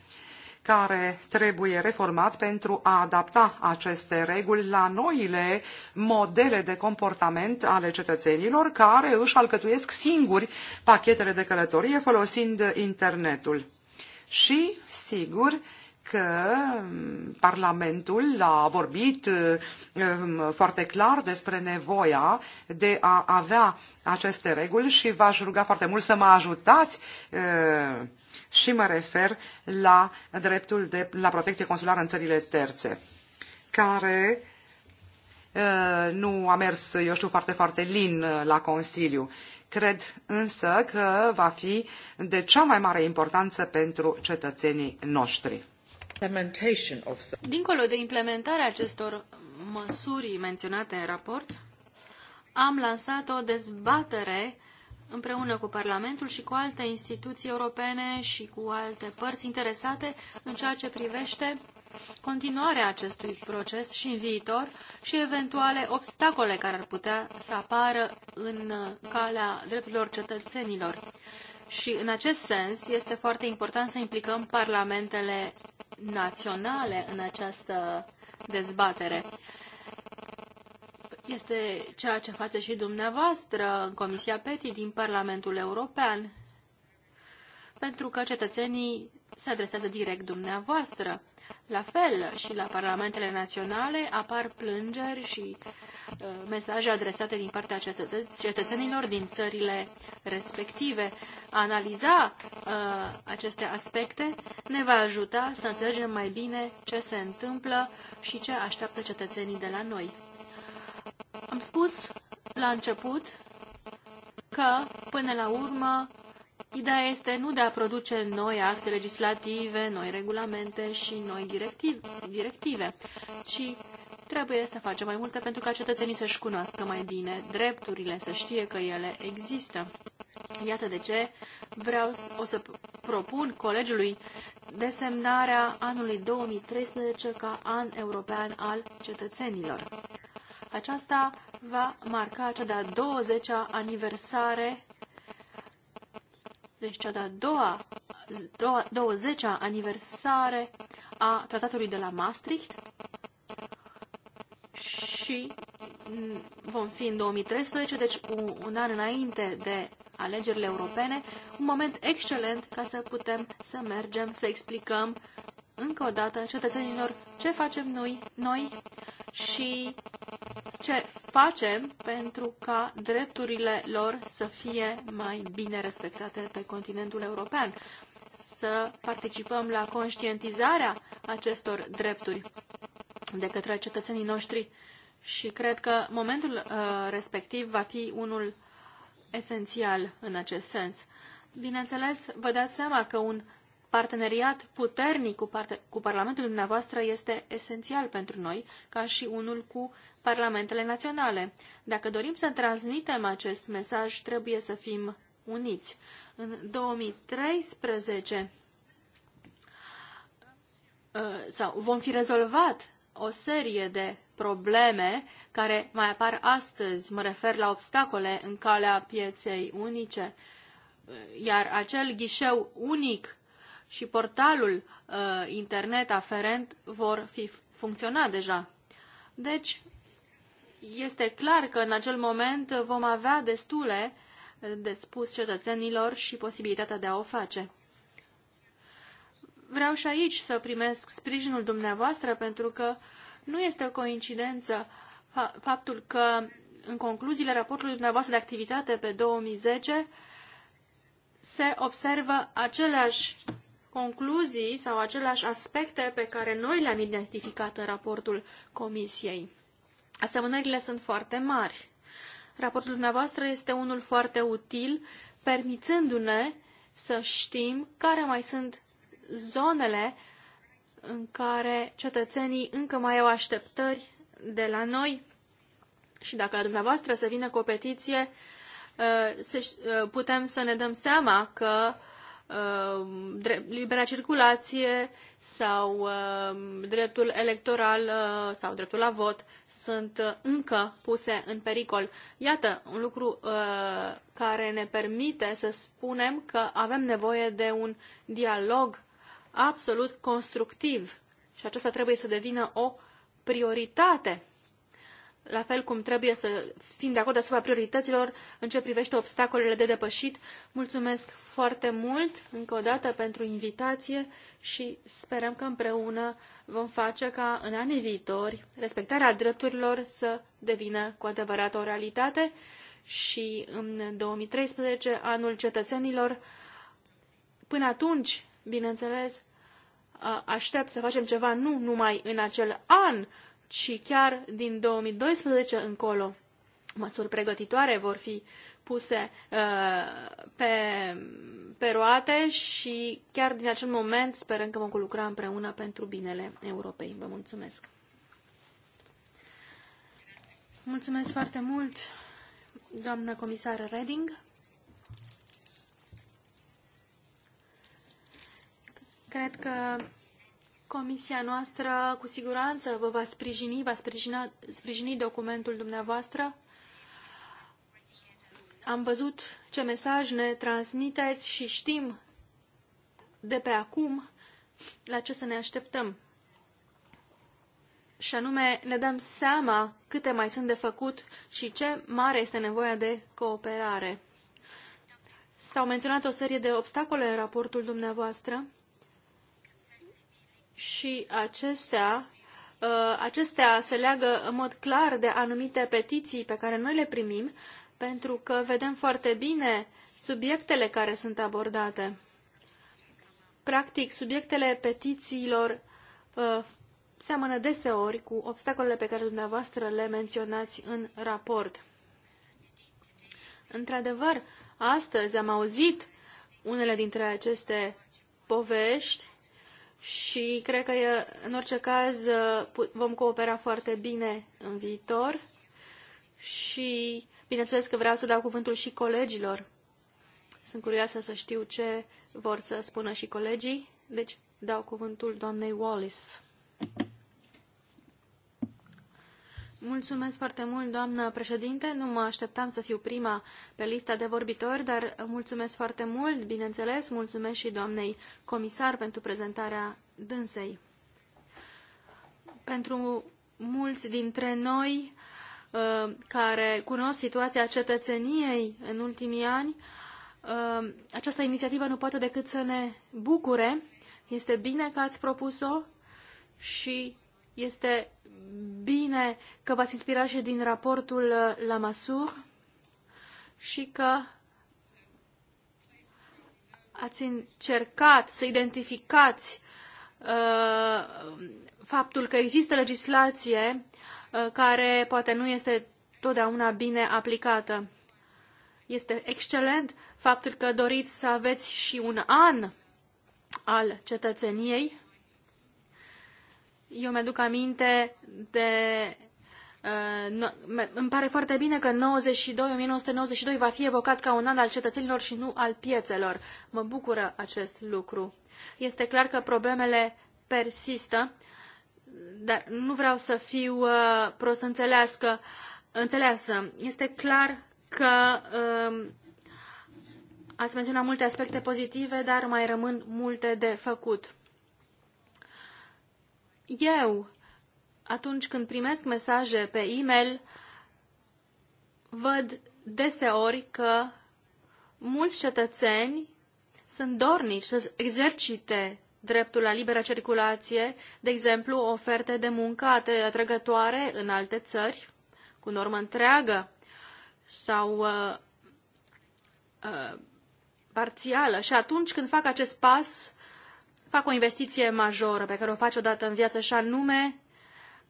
care trebuie reformat pentru a adapta aceste reguli la noile modele de comportament ale cetățenilor care își alcătuiesc singuri pachetele de călătorie folosind internetul. Și, sigur, că Parlamentul a vorbit um, foarte clar despre nevoia de a avea aceste reguli și v-aș ruga foarte mult să mă ajutați uh, și mă refer la dreptul de, la protecție consulară în țările terțe, care uh, nu a mers, eu știu, foarte, foarte lin uh, la Consiliu. Cred însă că va fi de cea mai mare importanță pentru cetățenii noștri. Dincolo de implementarea acestor măsuri menționate în raport, am lansat o dezbatere împreună cu Parlamentul și cu alte instituții europene și cu alte părți interesate în ceea ce privește continuarea acestui proces și în viitor și eventuale obstacole care ar putea să apară în calea drepturilor cetățenilor. Și în acest sens este foarte important să implicăm parlamentele naționale în această dezbatere. Este ceea ce face și dumneavoastră în Comisia PETI din Parlamentul European, pentru că cetățenii se adresează direct dumneavoastră. La fel și la parlamentele naționale apar plângeri și uh, Uh, mesaje adresate din partea cetățenilor din țările respective. A analiza uh, aceste aspecte ne va ajuta să înțelegem mai bine ce se întâmplă și ce așteaptă cetățenii de la noi. Am spus la început că, până la urmă, Ideea este nu de a produce noi acte legislative, noi regulamente și noi directive, directive ci Trebuie să facem mai multe pentru ca cetățenii să-și cunoască mai bine drepturile, să știe că ele există. Iată de ce vreau o să propun colegiului desemnarea anului 2013 ca an european al cetățenilor. Aceasta va marca cea de-a 20-a aniversare, deci cea de-a doua, doua 20-a aniversare a tratatului de la Maastricht și mm, vom fi în 2013, deci un, an înainte de alegerile europene, un moment excelent ca să putem să mergem, să explicăm încă o dată cetățenilor ce facem noi, noi și ce facem pentru ca drepturile lor să fie mai bine respectate pe continentul european, să participăm la conștientizarea acestor drepturi de către cetățenii noștri și cred că momentul uh, respectiv va fi unul esențial în acest sens. Bineînțeles, vă dați seama că un parteneriat puternic cu, parte, cu Parlamentul dumneavoastră este esențial pentru noi, ca și unul cu parlamentele naționale. Dacă dorim să transmitem acest mesaj, trebuie să fim uniți. În 2013 uh, sau vom fi rezolvat o serie de probleme care mai apar astăzi. Mă refer la obstacole în calea pieței unice, iar acel ghișeu unic și portalul uh, internet aferent vor fi funcționa deja. Deci, este clar că în acel moment vom avea destule de spus cetățenilor și posibilitatea de a o face vreau și aici să primesc sprijinul dumneavoastră, pentru că nu este o coincidență faptul că în concluziile raportului dumneavoastră de activitate pe 2010 se observă aceleași concluzii sau aceleași aspecte pe care noi le-am identificat în raportul Comisiei. Asemănările sunt foarte mari. Raportul dumneavoastră este unul foarte util, permițându-ne să știm care mai sunt zonele în care cetățenii încă mai au așteptări de la noi și dacă la dumneavoastră se vine cu o petiție, uh, uh, putem să ne dăm seama că uh, libera circulație sau dreptul electoral sau dreptul la vot sunt încă puse în pericol. Iată un lucru care ne permite să spunem că avem nevoie de un dialog absolut constructiv și acesta trebuie să devină o prioritate. La fel cum trebuie să fim de acord asupra priorităților în ce privește obstacolele de depășit. Mulțumesc foarte mult încă o dată pentru invitație și sperăm că împreună vom face ca în anii viitori respectarea drepturilor să devină cu adevărat o realitate și în 2013, anul cetățenilor, Până atunci, bineînțeles, aștept să facem ceva nu numai în acel an, ci chiar din 2012 încolo. Măsuri pregătitoare vor fi puse pe, pe roate și chiar din acel moment sperăm că vom lucra împreună pentru binele Europei. Vă mulțumesc! Mulțumesc foarte mult, doamnă comisară Reding. Cred că comisia noastră cu siguranță vă va sprijini, va sprijina, sprijini documentul dumneavoastră. Am văzut ce mesaj ne transmiteți și știm de pe acum la ce să ne așteptăm. Și anume, ne dăm seama câte mai sunt de făcut și ce mare este nevoia de cooperare. S-au menționat o serie de obstacole în raportul dumneavoastră și acestea, uh, acestea se leagă în mod clar de anumite petiții pe care noi le primim, pentru că vedem foarte bine subiectele care sunt abordate. Practic, subiectele petițiilor uh, seamănă deseori cu obstacolele pe care dumneavoastră le menționați în raport. Într-adevăr, astăzi am auzit unele dintre aceste povești și cred că, în orice caz, uh, vom coopera foarte bine în viitor și, bineînțeles că vreau să dau cuvântul și colegilor. Sunt curioasă să știu ce vor să spună și colegii, deci dau cuvântul doamnei Wallis. Mulțumesc foarte mult, doamnă președinte. Nu mă așteptam să fiu prima pe lista de vorbitori, dar mulțumesc foarte mult, bineînțeles, mulțumesc și doamnei comisar pentru prezentarea dânsei. Pentru mulți dintre noi uh, care cunosc situația cetățeniei în ultimii ani, uh, această inițiativă nu poate decât să ne bucure. Este bine că ați propus-o și este bine că v-ați inspirat și din raportul uh, la Masur și că ați încercat să identificați uh, faptul că există legislație uh, care poate nu este totdeauna bine aplicată. Este excelent faptul că doriți să aveți și un an al cetățeniei eu mi-aduc aminte de... Uh, îmi pare foarte bine că 92, 1992 va fi evocat ca un an al cetățenilor și nu al piețelor. Mă bucură acest lucru. Este clar că problemele persistă, dar nu vreau să fiu uh, prost înțelească. înțeleasă. Este clar că uh, ați menționat multe aspecte pozitive, dar mai rămân multe de făcut. Eu, atunci când primesc mesaje pe e-mail, văd deseori că mulți cetățeni sunt dornici să exercite dreptul la liberă circulație, de exemplu, oferte de muncă atrăgătoare în alte țări, cu normă întreagă sau uh, uh, parțială. Și atunci când fac acest pas, fac o investiție majoră pe care o faci odată în viață și anume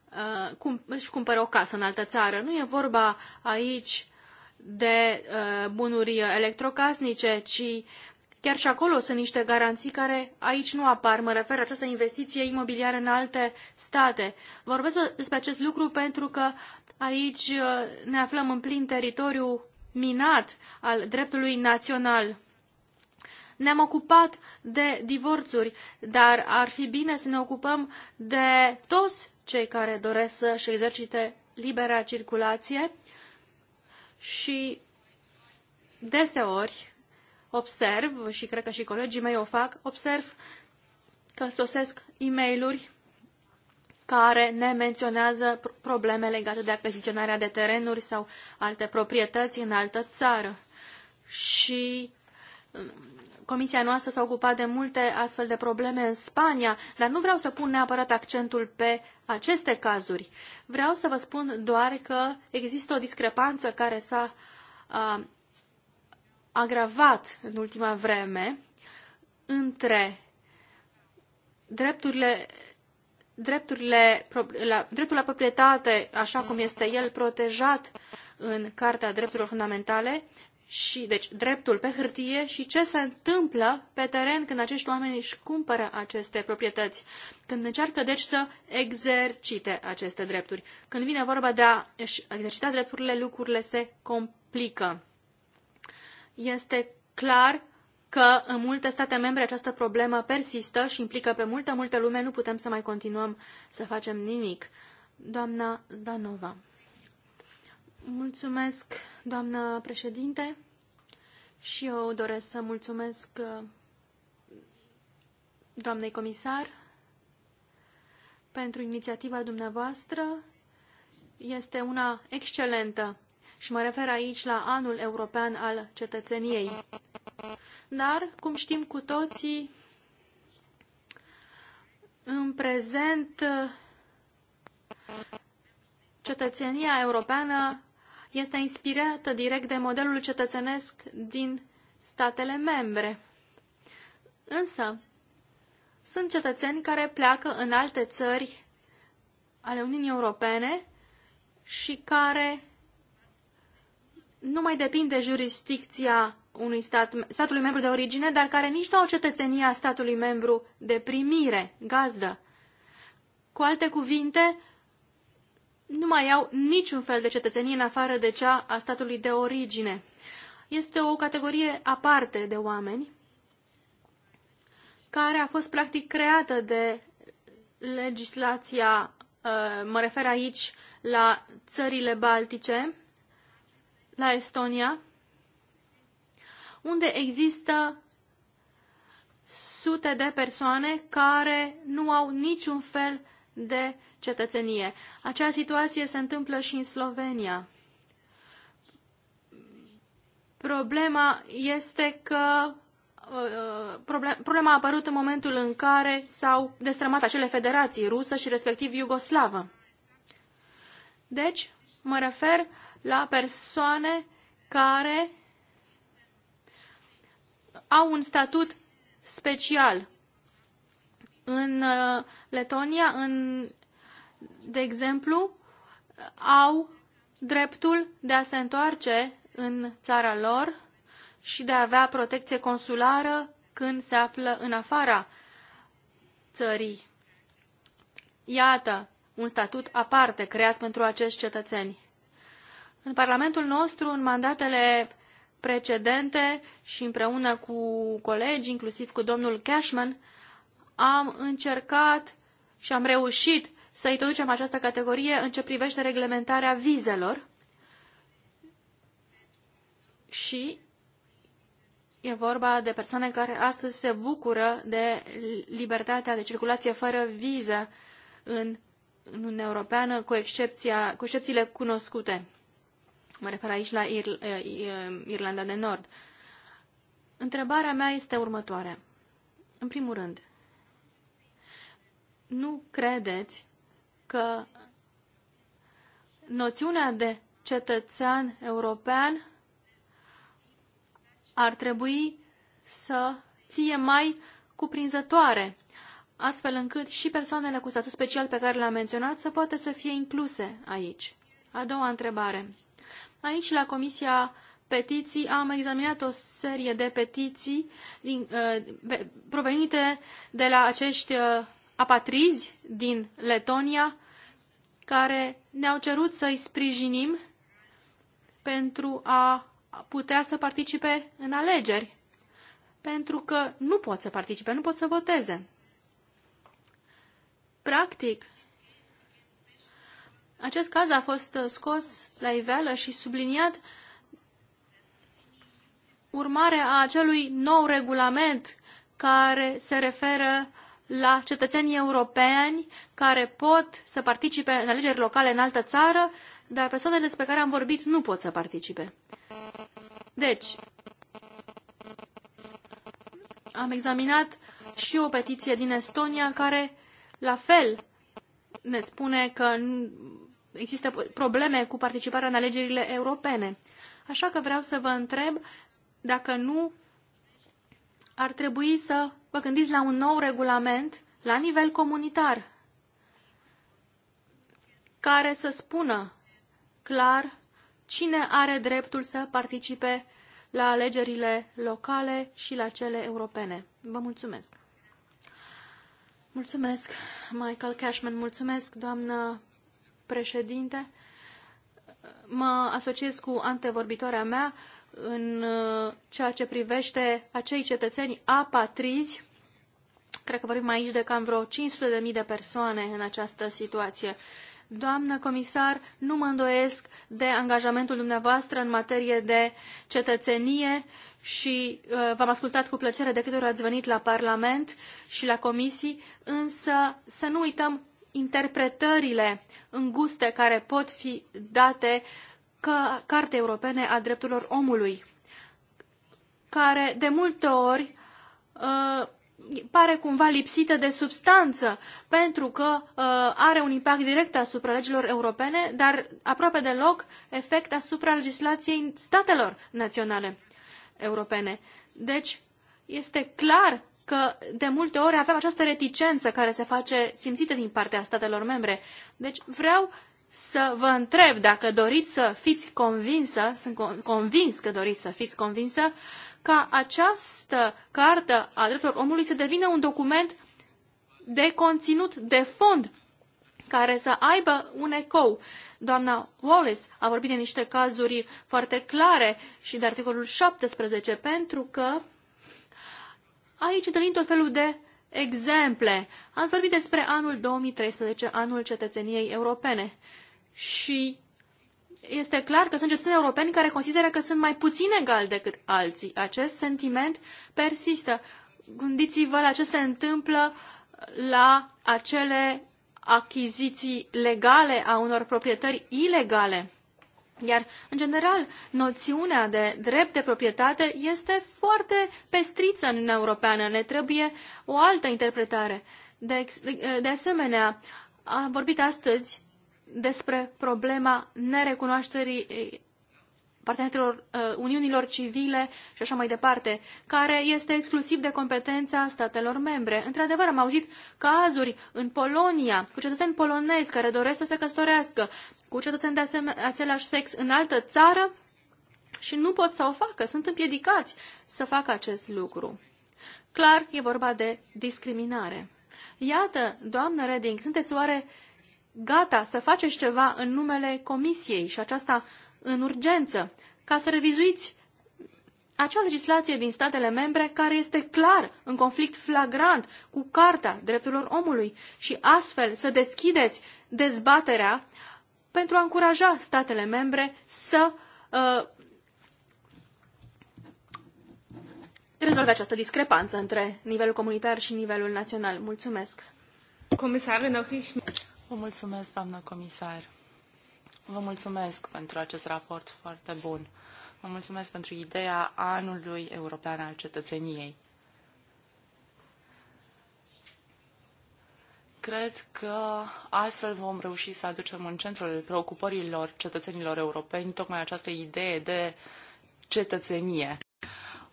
uh, cum, își cumpără o casă în altă țară. Nu e vorba aici de uh, bunuri electrocasnice, ci chiar și acolo sunt niște garanții care aici nu apar. Mă refer această investiție imobiliară în alte state. Vorbesc despre acest lucru pentru că aici uh, ne aflăm în plin teritoriu minat al dreptului național. Ne-am ocupat de divorțuri, dar ar fi bine să ne ocupăm de toți cei care doresc să-și exercite libera circulație și deseori observ, și cred că și colegii mei o fac, observ că sosesc e mail care ne menționează probleme legate de achiziționarea de terenuri sau alte proprietăți în altă țară. Și Comisia noastră s-a ocupat de multe astfel de probleme în Spania, dar nu vreau să pun neapărat accentul pe aceste cazuri. Vreau să vă spun doar că există o discrepanță care s-a agravat în ultima vreme între drepturile drepturile, la, dreptul la proprietate, așa cum este el protejat în Carta Drepturilor Fundamentale, și, deci, dreptul pe hârtie și ce se întâmplă pe teren când acești oameni își cumpără aceste proprietăți, când încearcă, deci, să exercite aceste drepturi. Când vine vorba de a exercita drepturile, lucrurile se complică. Este clar că în multe state membre această problemă persistă și implică pe multă, multă lume, nu putem să mai continuăm să facem nimic. Doamna Zdanova. Mulțumesc, doamnă președinte, și eu doresc să mulțumesc uh, doamnei comisar pentru inițiativa dumneavoastră. Este una excelentă și mă refer aici la anul european al cetățeniei. Dar, cum știm cu toții, în prezent uh, cetățenia europeană este inspirată direct de modelul cetățenesc din statele membre. Însă, sunt cetățeni care pleacă în alte țări ale Uniunii Europene și care nu mai depind de jurisdicția unui stat, statului membru de origine, dar care nici nu au cetățenia statului membru de primire, gazdă. Cu alte cuvinte, nu mai au niciun fel de cetățenie în afară de cea a statului de origine. Este o categorie aparte de oameni care a fost practic creată de legislația, uh, mă refer aici la țările baltice, la Estonia, unde există sute de persoane care nu au niciun fel de cetățenie. Acea situație se întâmplă și în Slovenia. Problema este că uh, problema a apărut în momentul în care s-au destrămat acele federații rusă și respectiv iugoslavă. Deci, mă refer la persoane care au un statut special. În uh, Letonia, în de exemplu, au dreptul de a se întoarce în țara lor și de a avea protecție consulară când se află în afara țării. Iată un statut aparte creat pentru acești cetățeni. În Parlamentul nostru, în mandatele precedente și împreună cu colegi, inclusiv cu domnul Cashman, am încercat și am reușit să introducem această categorie în ce privește reglementarea vizelor și e vorba de persoane care astăzi se bucură de libertatea de circulație fără viză în Uniunea Europeană, cu, excepția, cu excepțiile cunoscute. Mă refer aici la Ir Irlanda de Nord. Întrebarea mea este următoarea. În primul rând, nu credeți că noțiunea de cetățean european ar trebui să fie mai cuprinzătoare, astfel încât și persoanele cu statut special pe care le am menționat să poată să fie incluse aici. A doua întrebare. Aici, la Comisia Petiții, am examinat o serie de petiții din, uh, provenite de la acești uh, apatrizi din Letonia care ne-au cerut să-i sprijinim pentru a putea să participe în alegeri, pentru că nu pot să participe, nu pot să voteze. Practic, acest caz a fost scos la iveală și subliniat urmare a acelui nou regulament care se referă la cetățenii europeni care pot să participe în alegeri locale în altă țară, dar persoanele despre care am vorbit nu pot să participe. Deci, am examinat și o petiție din Estonia care, la fel, ne spune că există probleme cu participarea în alegerile europene. Așa că vreau să vă întreb dacă nu ar trebui să vă gândiți la un nou regulament la nivel comunitar care să spună clar cine are dreptul să participe la alegerile locale și la cele europene. Vă mulțumesc! Mulțumesc, Michael Cashman, mulțumesc, doamnă președinte. Mă asociez cu antevorbitoarea mea în uh, ceea ce privește acei cetățeni apatrizi Cred că vorbim aici de cam vreo 500.000 de persoane în această situație. Doamnă comisar, nu mă îndoiesc de angajamentul dumneavoastră în materie de cetățenie și uh, v-am ascultat cu plăcere de câte ori ați venit la Parlament și la comisii, însă să nu uităm interpretările înguste care pot fi date că Cartea Europene a Drepturilor Omului, care de multe ori uh, pare cumva lipsită de substanță, pentru că uh, are un impact direct asupra legilor europene, dar aproape deloc efect asupra legislației statelor naționale europene. Deci, este clar că de multe ori avem această reticență care se face simțită din partea statelor membre. Deci, vreau să vă întreb dacă doriți să fiți convinsă, sunt convins că doriți să fiți convinsă, ca această cartă a drepturilor omului să devină un document de conținut, de fond, care să aibă un ecou. Doamna Wallace a vorbit de niște cazuri foarte clare și de articolul 17, pentru că aici întâlnim tot felul de exemple. Ați vorbit despre anul 2013, anul cetățeniei europene. Și este clar că sunt cetățeni europeni care consideră că sunt mai puțin egali decât alții. Acest sentiment persistă. Gândiți-vă la ce se întâmplă la acele achiziții legale a unor proprietări ilegale. Iar, în general, noțiunea de drept de proprietate este foarte pestriță în Uniunea Europeană. Ne trebuie o altă interpretare. De, de, de asemenea, a vorbit astăzi despre problema nerecunoașterii partenerilor Uniunilor Civile și așa mai departe, care este exclusiv de competența statelor membre. Într-adevăr, am auzit cazuri în Polonia cu cetățeni polonezi care doresc să se căsătorească cu cetățeni de același sex în altă țară și nu pot să o facă, sunt împiedicați să facă acest lucru. Clar, e vorba de discriminare. Iată, doamnă Reding, sunteți oare uh, gata să faceți ceva în numele Comisiei și aceasta în urgență, ca să revizuiți acea legislație din statele membre care este clar în conflict flagrant cu Carta Drepturilor Omului și astfel să deschideți dezbaterea pentru a încuraja statele membre să uh, rezolve această discrepanță între nivelul comunitar și nivelul național. Mulțumesc! Comisar, Vă mulțumesc, doamnă comisar. Vă mulțumesc pentru acest raport foarte bun. Vă mulțumesc pentru ideea anului european al cetățeniei. Cred că astfel vom reuși să aducem în centrul preocupărilor cetățenilor europeni tocmai această idee de cetățenie.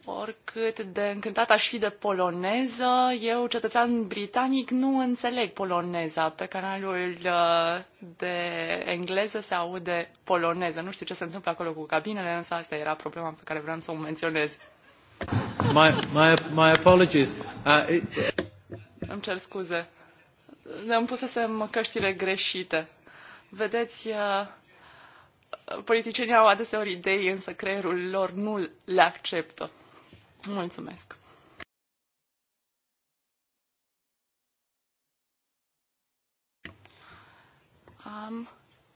Oricât de încântat aș fi de poloneză, eu, cetățean britanic, nu înțeleg poloneza. Pe canalul uh, de engleză se aude poloneză. Nu știu ce se întâmplă acolo cu cabinele, însă asta era problema pe care vreau să o menționez. My, my, my apologies. Uh, it... Îmi cer scuze. Îmi pusesem căștile greșite. Vedeți, uh, politicienii au adeseori idei, însă creierul lor nu le acceptă. Mulțumesc! Am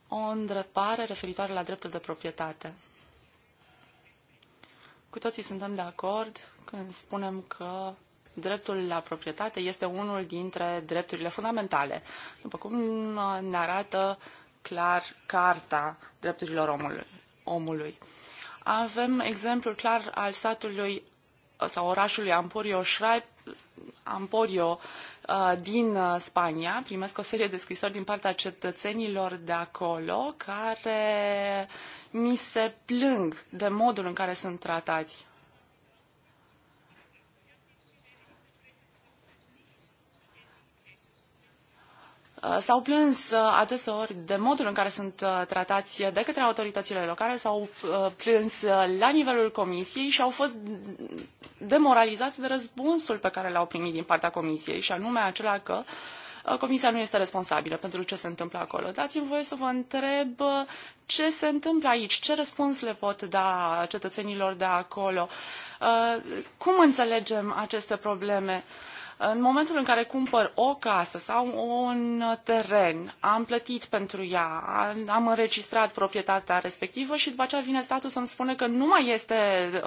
o îndrăpare referitoare la dreptul de proprietate. Cu toții suntem de acord când spunem că dreptul la proprietate este unul dintre drepturile fundamentale, după cum ne arată clar Carta Drepturilor Omului. Avem exemplul clar al statului sau orașului Amporio, Shrai, Amporio uh, din uh, Spania. Primesc o serie de scrisori din partea cetățenilor de acolo care mi se plâng de modul în care sunt tratați Uh, s-au plâns uh, adeseori de modul în care sunt uh, tratați de către autoritățile locale, s-au plâns la nivelul comisiei și au fost demoralizați de răspunsul pe care l-au primit din partea comisiei, și anume acela că Comisia nu este responsabilă pentru ce se întâmplă acolo. Dați-mi voie să vă întreb ce se întâmplă aici, ce răspuns le pot da cetățenilor de acolo, cum înțelegem aceste probleme. Uh, în momentul în care cumpăr o casă sau un teren, am plătit pentru ea, am înregistrat proprietatea respectivă și după aceea vine statul să-mi spune că nu mai este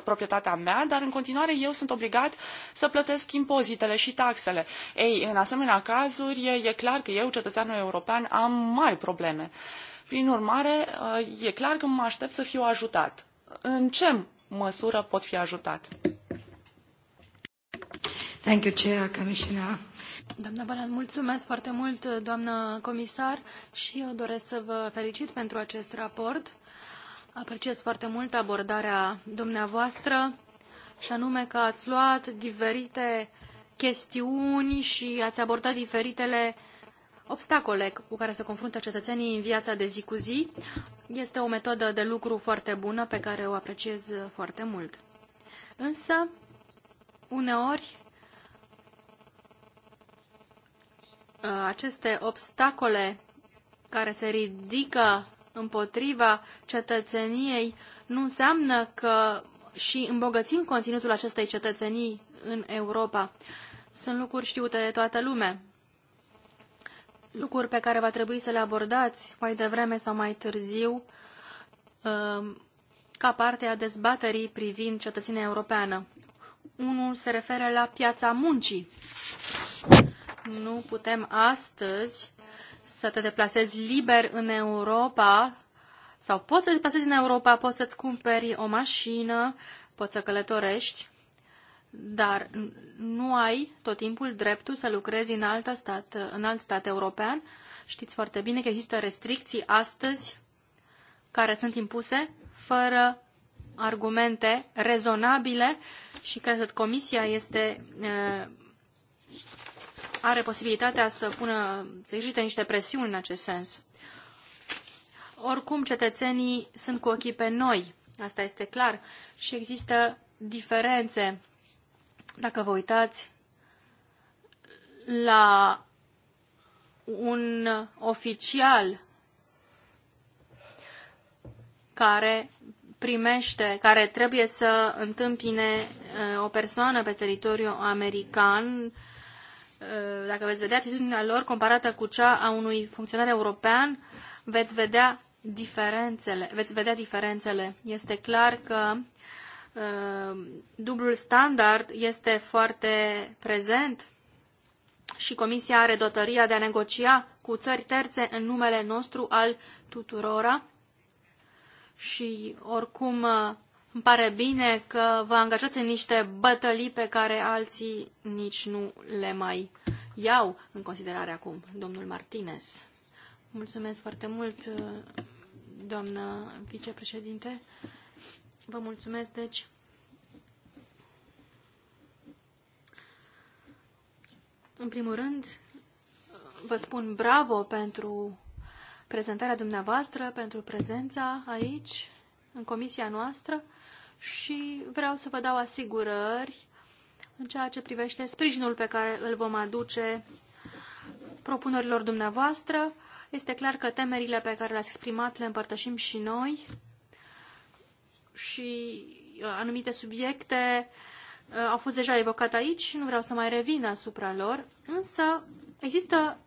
proprietatea mea, dar în continuare eu sunt obligat să plătesc impozitele și taxele. Ei, în asemenea cazuri, e clar că eu, cetățeanul european, am mari probleme. Prin urmare, e clar că mă aștept să fiu ajutat. În ce măsură pot fi ajutat? doamnă you, mulțumesc foarte mult, doamnă comisar, și eu doresc să vă felicit pentru acest raport. Apreciez foarte mult abordarea dumneavoastră și anume că ați luat diferite chestiuni și ați abordat diferitele obstacole cu care se confruntă cetățenii în viața de zi cu zi. Este o metodă de lucru foarte bună pe care o apreciez foarte mult. Însă, uneori, aceste obstacole care se ridică împotriva cetățeniei nu înseamnă că și îmbogățim conținutul acestei cetățenii în Europa. Sunt lucruri știute de toată lumea, lucruri pe care va trebui să le abordați mai devreme sau mai târziu um, ca parte a dezbaterii privind cetățenia europeană. Unul se referă la piața muncii nu putem astăzi să te deplasezi liber în Europa sau poți să te deplasezi în Europa, poți să-ți cumperi o mașină, poți să călătorești, dar nu ai tot timpul dreptul să lucrezi în, altă stat, în alt stat european. Știți foarte bine că există restricții astăzi care sunt impuse fără argumente rezonabile și cred că Comisia este eh, are posibilitatea să pună, să existe niște presiuni în acest sens. Oricum, cetățenii sunt cu ochii pe noi, asta este clar, și există diferențe. Dacă vă uitați la un oficial care primește, care trebuie să întâmpine uh, o persoană pe teritoriul american Uh, dacă veți vedea atitudinea lor comparată cu cea a unui funcționar european, veți vedea diferențele. Veți vedea diferențele. Este clar că uh, dublul standard este foarte prezent și Comisia are dotăria de a negocia cu țări terțe în numele nostru al tuturora și oricum uh, îmi pare bine că vă angajați în niște bătălii pe care alții nici nu le mai iau în considerare acum, domnul Martinez. Mulțumesc foarte mult, doamnă vicepreședinte. Vă mulțumesc, deci. În primul rând, vă spun bravo pentru prezentarea dumneavoastră, pentru prezența aici în comisia noastră și vreau să vă dau asigurări în ceea ce privește sprijinul pe care îl vom aduce propunerilor dumneavoastră. Este clar că temerile pe care le-ați exprimat le împărtășim și noi și uh, anumite subiecte uh, au fost deja evocate aici și nu vreau să mai revin asupra lor, însă există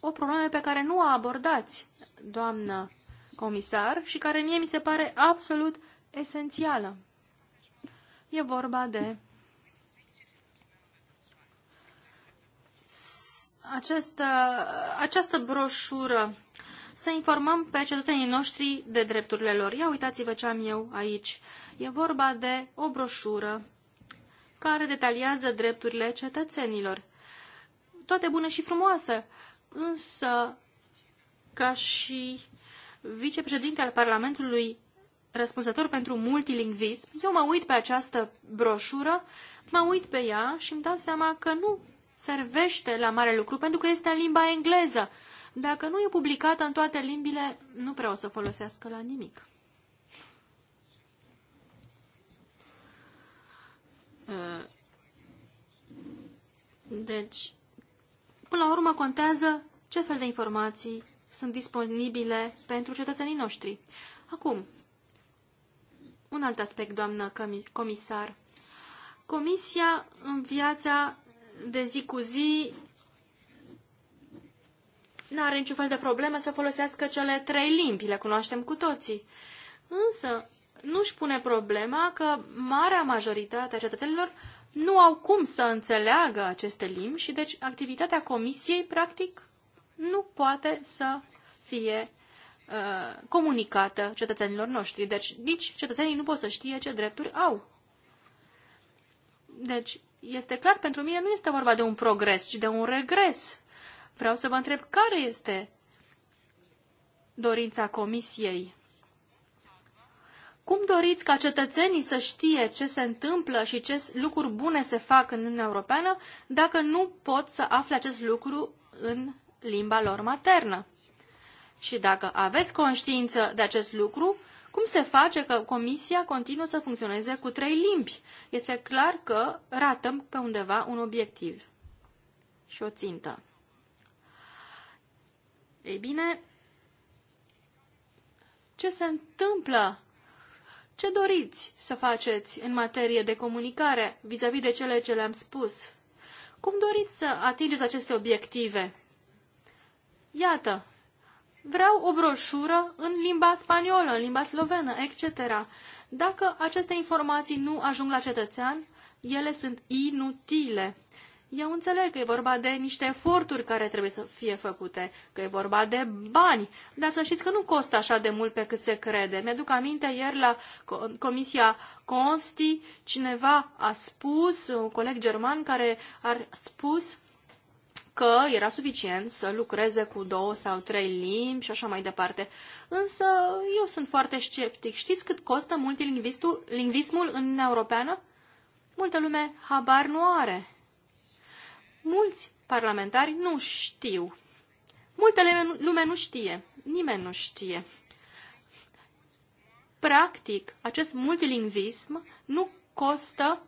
o problemă pe care nu o abordați, doamnă comisar și care mie mi se pare absolut esențială. E vorba de această, această broșură să informăm pe cetățenii noștri de drepturile lor. Ia uitați-vă ce am eu aici. E vorba de o broșură care detaliază drepturile cetățenilor. Toate bune și frumoase, însă ca și vicepreședinte al Parlamentului răspunzător pentru multilingvism, eu mă uit pe această broșură, mă uit pe ea și îmi dau seama că nu servește la mare lucru pentru că este în limba engleză. Dacă nu e publicată în toate limbile, nu prea o să folosească la nimic. Deci, până la urmă contează ce fel de informații sunt disponibile pentru cetățenii noștri. Acum, un alt aspect, doamnă comisar. Comisia în viața de zi cu zi nu are niciun fel de problemă să folosească cele trei limbi, le cunoaștem cu toții. Însă, nu își pune problema că marea majoritate a cetățenilor nu au cum să înțeleagă aceste limbi și deci activitatea comisiei, practic, nu poate să fie uh, comunicată cetățenilor noștri. Deci nici cetățenii nu pot să știe ce drepturi au. Deci este clar, pentru mine nu este vorba de un progres, ci de un regres. Vreau să vă întreb care este dorința Comisiei. Cum doriți ca cetățenii să știe ce se întâmplă și ce lucruri bune se fac în Uniunea Europeană dacă nu pot să afle acest lucru în limba lor maternă. Și dacă aveți conștiință de acest lucru, cum se face că comisia continuă să funcționeze cu trei limbi? Este clar că ratăm pe undeva un obiectiv și o țintă. Ei bine, ce se întâmplă? Ce doriți să faceți în materie de comunicare vis-a-vis -vis de cele ce le-am spus? Cum doriți să atingeți aceste obiective? Iată, vreau o broșură în limba spaniolă, în limba slovenă, etc. Dacă aceste informații nu ajung la cetățean, ele sunt inutile. Eu înțeleg că e vorba de niște eforturi care trebuie să fie făcute, că e vorba de bani, dar să știți că nu costă așa de mult pe cât se crede. Mi-aduc aminte ieri la Comisia Consti, cineva a spus, un coleg german care a spus că era suficient să lucreze cu două sau trei limbi și așa mai departe. Însă eu sunt foarte sceptic. Știți cât costă multilingvismul în Uniunea Europeană? Multă lume habar nu are. Mulți parlamentari nu știu. Multă lume nu știe. Nimeni nu știe. Practic, acest multilingvism nu costă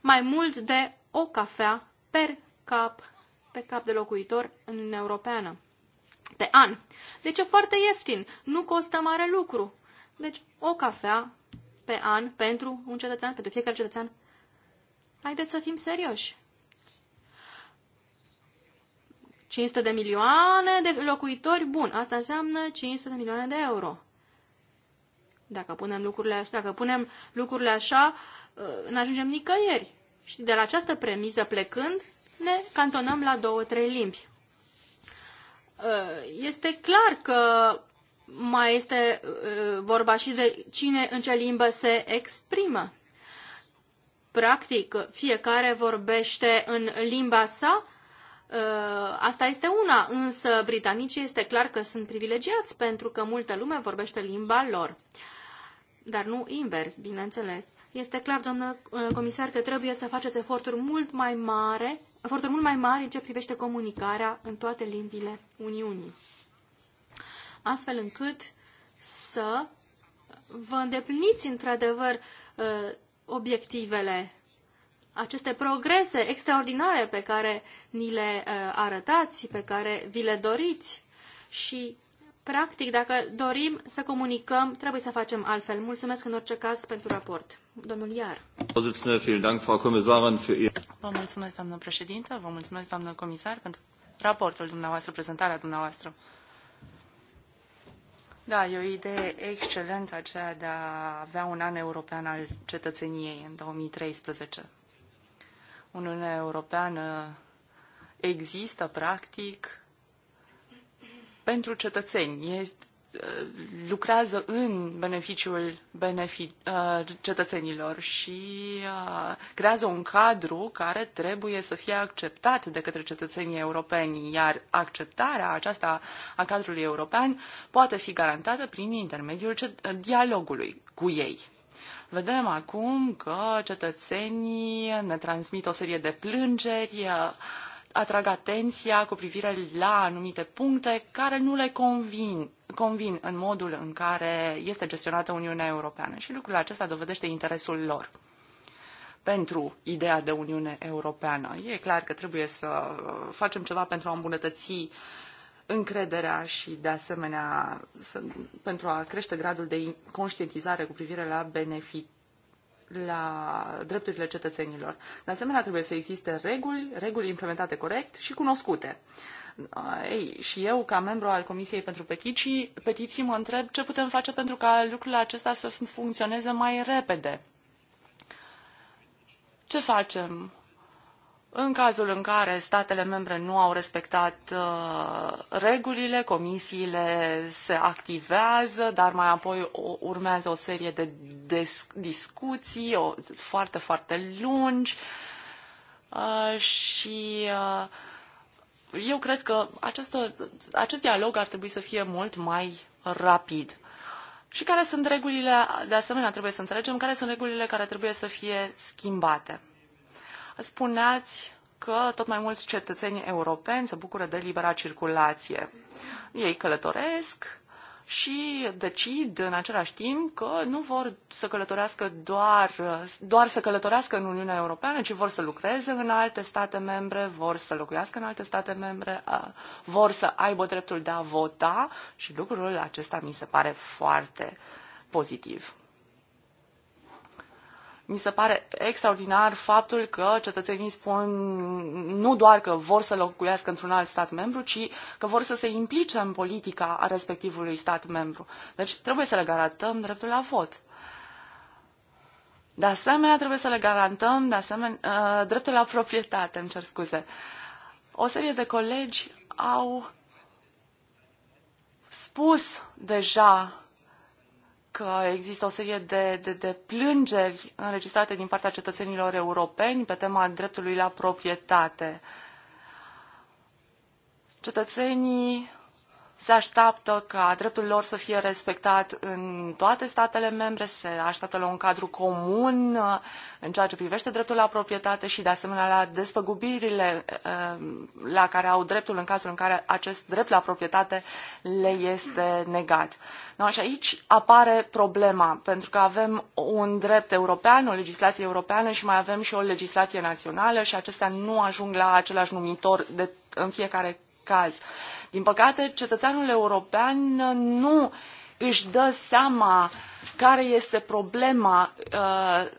mai mult de o cafea per cap pe cap de locuitor în Uniunea Europeană pe an. Deci e foarte ieftin, nu costă mare lucru. Deci o cafea pe an pentru un cetățean, pentru fiecare cetățean. Haideți să fim serioși. 500 de milioane de locuitori, bun, asta înseamnă 500 de milioane de euro. Dacă punem lucrurile așa, dacă punem lucrurile așa, ne ajungem nicăieri. Și de la această premiză plecând, ne cantonăm la două, trei limbi. Ă, este clar că mai este ă, vorba și de cine în ce limbă se exprimă. Practic, fiecare vorbește în limba sa, ă, Asta este una, însă britanicii este clar că sunt privilegiați pentru că multă lume vorbește limba lor dar nu invers, bineînțeles. Este clar, doamnă uh, comisar, că trebuie să faceți eforturi mult mai mare, eforturi mult mai mari în ce privește comunicarea în toate limbile Uniunii. Astfel încât să vă îndepliniți într-adevăr uh, obiectivele, aceste progrese extraordinare pe care ni le uh, arătați, pe care vi le doriți și practic, dacă dorim să comunicăm, trebuie să facem altfel. Mulțumesc în orice caz pentru raport. Domnul Iar. Vă mulțumesc, doamnă președintă, vă mulțumesc, doamnă comisar, pentru raportul dumneavoastră, prezentarea dumneavoastră. Da, e o idee excelentă aceea de a avea un an european al cetățeniei în 2013. Uniunea Europeană există, practic, pentru cetățeni. Este, uh, lucrează în beneficiul benefic, uh, cetățenilor și uh, creează un cadru care trebuie să fie acceptat de către cetățenii europeni, iar acceptarea aceasta a cadrului european poate fi garantată prin intermediul dialogului cu ei. Vedem acum că cetățenii ne transmit o serie de plângeri, atrag atenția cu privire la anumite puncte care nu le convin, convin în modul în care este gestionată Uniunea Europeană și lucrul acesta dovedește interesul lor pentru ideea de Uniune Europeană. E clar că trebuie să facem ceva pentru a îmbunătăți încrederea și, de asemenea, să, pentru a crește gradul de conștientizare cu privire la beneficii la drepturile cetățenilor. De asemenea, trebuie să existe reguli, reguli implementate corect și cunoscute. Ei, și eu, ca membru al Comisiei pentru petiții, petiții, mă întreb ce putem face pentru ca lucrurile acestea să funcționeze mai repede. Ce facem? În cazul în care statele membre nu au respectat uh, regulile, comisiile se activează, dar mai apoi o, urmează o serie de discuții o, foarte, foarte lungi uh, și uh, eu cred că acest dialog ar trebui să fie mult mai rapid. Și care sunt regulile, de asemenea trebuie să înțelegem, care sunt regulile care trebuie să fie schimbate. Spuneați că tot mai mulți cetățeni europeni se bucură de libera circulație. Ei călătoresc și decid în același timp că nu vor să călătorească doar, doar să călătorească în Uniunea Europeană, ci vor să lucreze în alte state membre, vor să locuiască în alte state membre, vor să aibă dreptul de a vota și lucrul acesta mi se pare foarte pozitiv. Mi se pare extraordinar faptul că cetățenii spun nu doar că vor să locuiască într-un alt stat membru, ci că vor să se implice în politica a respectivului stat membru. Deci trebuie să le garantăm dreptul la vot. De asemenea, trebuie să le garantăm de asemenea, uh, dreptul la proprietate, îmi cer scuze. O serie de colegi au spus deja că există o serie de, de, de plângeri înregistrate din partea cetățenilor europeni pe tema dreptului la proprietate. Cetățenii se așteaptă ca dreptul lor să fie respectat în toate statele membre, se așteaptă la un cadru comun uh, în ceea ce privește dreptul la proprietate și, de asemenea, la despăgubirile uh, la care au dreptul în cazul în care acest drept la proprietate le este negat. No, și aici apare problema, pentru că avem un drept european, o legislație europeană și mai avem și o legislație națională și acestea nu ajung la același numitor de, în fiecare caz. Din păcate, cetățeanul european nu își dă seama care este problema uh,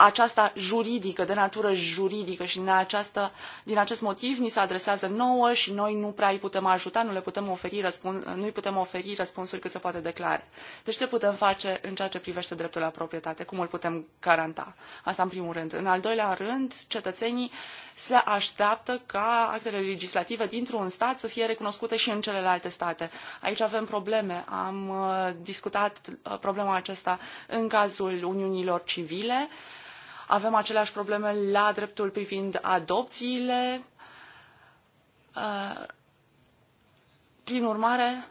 aceasta juridică, de natură juridică și din, această, din acest motiv ni se adresează nouă și noi nu prea îi putem ajuta, nu le putem oferi, răspun, nu îi putem oferi răspunsuri cât se poate declare. Deci ce putem face în ceea ce privește dreptul la proprietate? Cum îl putem garanta? Asta în primul rând. În al doilea rând, cetățenii se așteaptă ca actele legislative dintr-un stat să fie recunoscute și în celelalte state. Aici avem probleme. Am uh, discutat uh, problema aceasta în cazul Uniunilor Civile. Uh, avem aceleași probleme la dreptul privind adopțiile. Uh, prin urmare,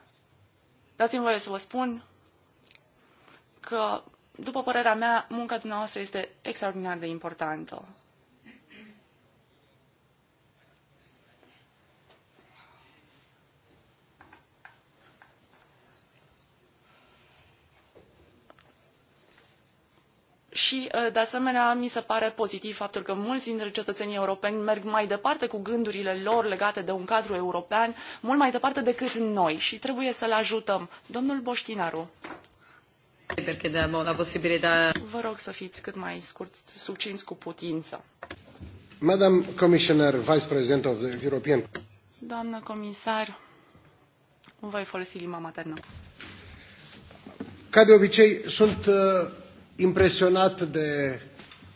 dați-mi voie să vă spun că, după părerea mea, munca dumneavoastră este extraordinar de importantă. Și, uh, de asemenea, mi se pare pozitiv faptul că mulți dintre cetățenii europeni merg mai departe cu gândurile lor legate de un cadru european, mult mai departe decât noi și trebuie să-l ajutăm. Domnul Boștinaru. Vă rog să fiți cât mai scurt, succinți cu putință. Madam Commissioner, Vice President of the European... Doamnă comisar, voi folosi limba maternă. Ca de obicei, sunt uh impresionat de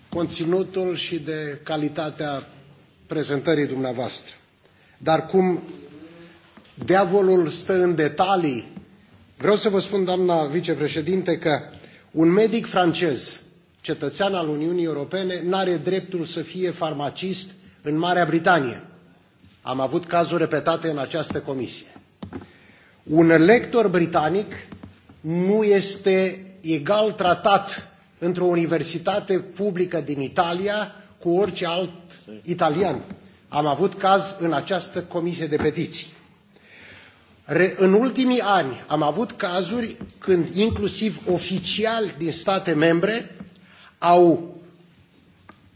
conținutul și de calitatea prezentării dumneavoastră. Dar cum diavolul stă în detalii, vreau să vă spun, doamna vicepreședinte, că un medic francez, cetățean al Uniunii Europene, nu are dreptul să fie farmacist în Marea Britanie. Am avut cazuri repetate în această comisie. Un lector britanic nu este egal tratat într-o universitate publică din Italia cu orice alt italian. Am avut caz în această comisie de petiții. Re, în ultimii ani am avut cazuri când inclusiv oficiali din state membre au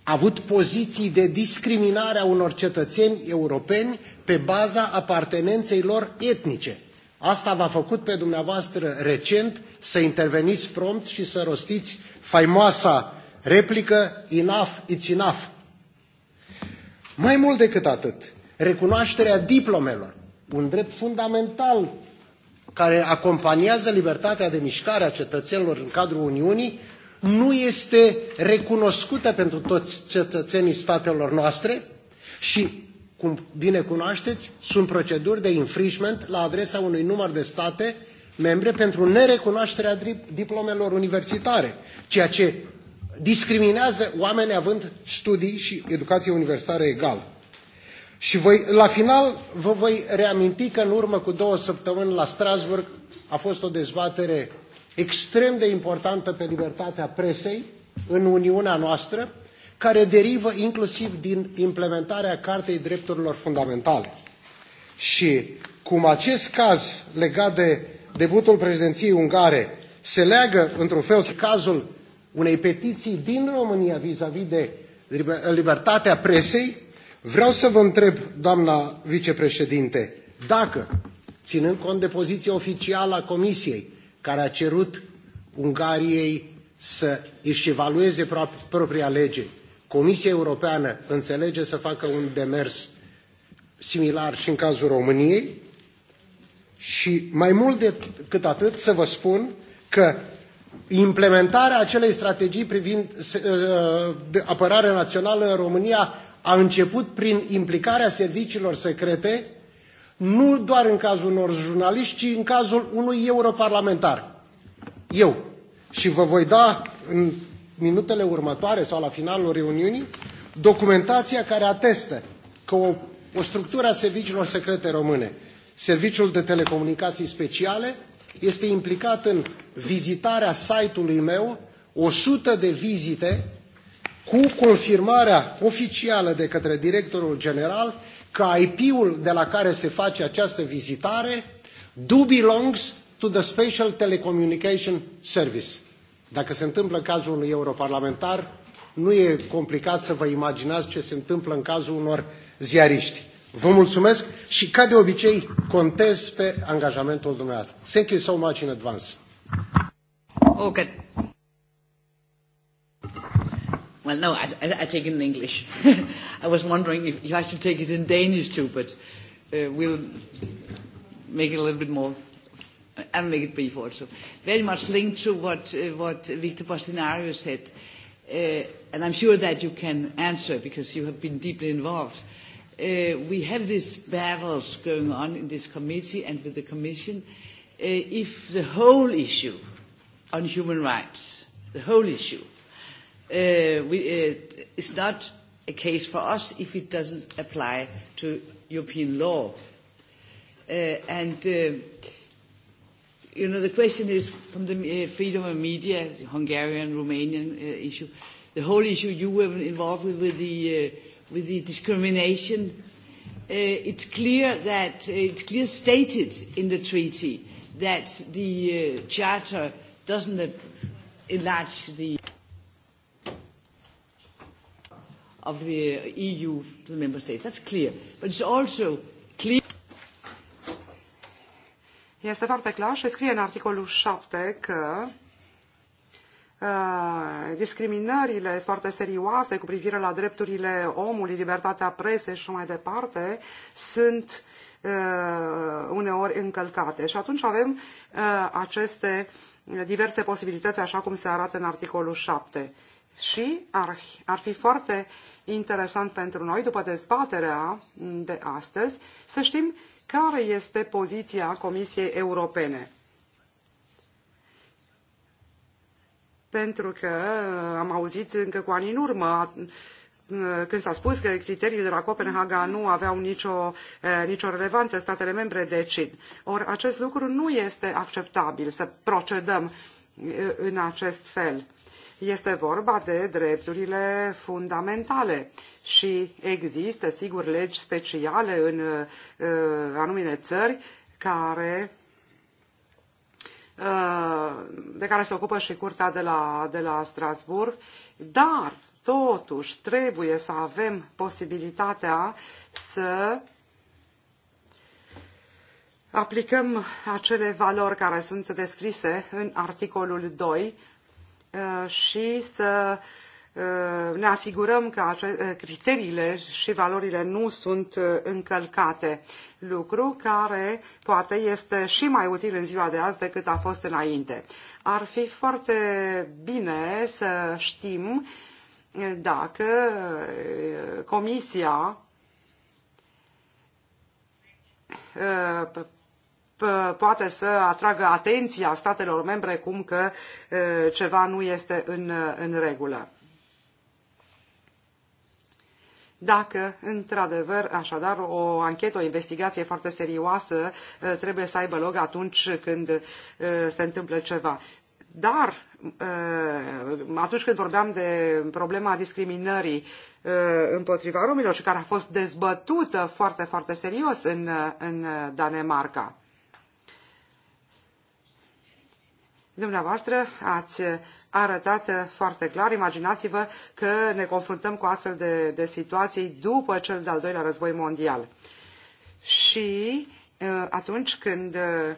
avut poziții de discriminare a unor cetățeni europeni pe baza apartenenței lor etnice. Asta v-a făcut pe dumneavoastră recent să interveniți prompt și să rostiți faimoasa replică Enough, it's enough. Mai mult decât atât, recunoașterea diplomelor, un drept fundamental care acompaniază libertatea de mișcare a cetățenilor în cadrul Uniunii, nu este recunoscută pentru toți cetățenii statelor noastre și cum bine cunoașteți, sunt proceduri de infringement la adresa unui număr de state membre pentru nerecunoașterea diplomelor universitare, ceea ce discriminează oameni având studii și educație universitară egală. Și voi, la final vă voi reaminti că în urmă cu două săptămâni la Strasburg a fost o dezbatere extrem de importantă pe libertatea presei în Uniunea noastră care derivă inclusiv din implementarea Cartei Drepturilor Fundamentale. Și cum acest caz legat de debutul președinției ungare se leagă într-un fel și cazul unei petiții din România vis-a-vis -vis de libertatea presei, vreau să vă întreb, doamna vicepreședinte, dacă, ținând cont de poziția oficială a Comisiei, care a cerut Ungariei să își evalueze propria lege, Comisia Europeană înțelege să facă un demers similar și în cazul României și mai mult decât atât să vă spun că implementarea acelei strategii privind uh, apărarea națională în România a început prin implicarea serviciilor secrete, nu doar în cazul unor jurnaliști, ci în cazul unui europarlamentar. Eu. Și vă voi da în minutele următoare sau la finalul reuniunii documentația care atestă că o, o structură a serviciilor secrete române, Serviciul de Telecomunicații Speciale, este implicat în vizitarea site-ului meu 100 de vizite cu confirmarea oficială de către directorul general că IP-ul de la care se face această vizitare do belongs to the Special Telecommunication Service. Dacă se întâmplă în cazul unui europarlamentar, nu e complicat să vă imaginați ce se întâmplă în cazul unor ziariști. Vă mulțumesc și, ca de obicei, contez pe angajamentul dumneavoastră. Thank you so much in advance. Okay. Oh, well, no, I, I, I take it in English. I was wondering if, if I should take it in Danish too, but uh, we'll make it a little bit more I'll make it brief also. Very much linked to what, uh, what Victor Bostinario said, uh, and I'm sure that you can answer because you have been deeply involved. Uh, we have these battles going on in this committee and with the Commission. Uh, if the whole issue on human rights, the whole issue, uh, we, uh, is not a case for us if it doesn't apply to European law. Uh, and uh, you know, the question is from the uh, freedom of media, the Hungarian, Romanian uh, issue, the whole issue you were involved with, with the, uh, with the discrimination. Uh, it's clear that uh, it's clear stated in the treaty that the uh, charter doesn't enlarge the of the uh, EU to the member states. That's clear. But it's also Este foarte clar și scrie în articolul 7 că uh, discriminările foarte serioase cu privire la drepturile omului, libertatea presei și mai departe, sunt uh, uneori încălcate. Și atunci avem uh, aceste diverse posibilități, așa cum se arată în articolul 7. Și ar, ar fi foarte interesant pentru noi, după dezbaterea de astăzi, să știm care este poziția Comisiei Europene? Pentru că uh, am auzit încă cu ani în urmă uh, când s-a spus că criteriile de la Copenhaga nu aveau nicio, uh, nicio relevanță, statele membre decid. Or, acest lucru nu este acceptabil, să procedăm în acest fel. Este vorba de drepturile fundamentale și există, sigur, legi speciale în uh, anumite țări care uh, de care se ocupă și curtea de la, de la Strasburg, dar totuși trebuie să avem posibilitatea să aplicăm acele valori care sunt descrise în articolul 2 Uh, și să uh, ne asigurăm că uh, criteriile și valorile nu sunt încălcate, lucru care poate este și mai util în ziua de azi decât a fost înainte. Ar fi foarte bine să știm dacă Comisia poate să atragă atenția statelor membre cum că ceva nu este în, în regulă. Dacă, într-adevăr, așadar, o anchetă, o investigație foarte serioasă trebuie să aibă loc atunci când se întâmplă ceva. Dar, atunci când vorbeam de problema discriminării împotriva romilor și care a fost dezbătută foarte, foarte serios în, în Danemarca, Dumneavoastră ați arătat foarte clar, imaginați-vă că ne confruntăm cu astfel de, de situații după cel de-al doilea război mondial. Și uh, atunci când uh,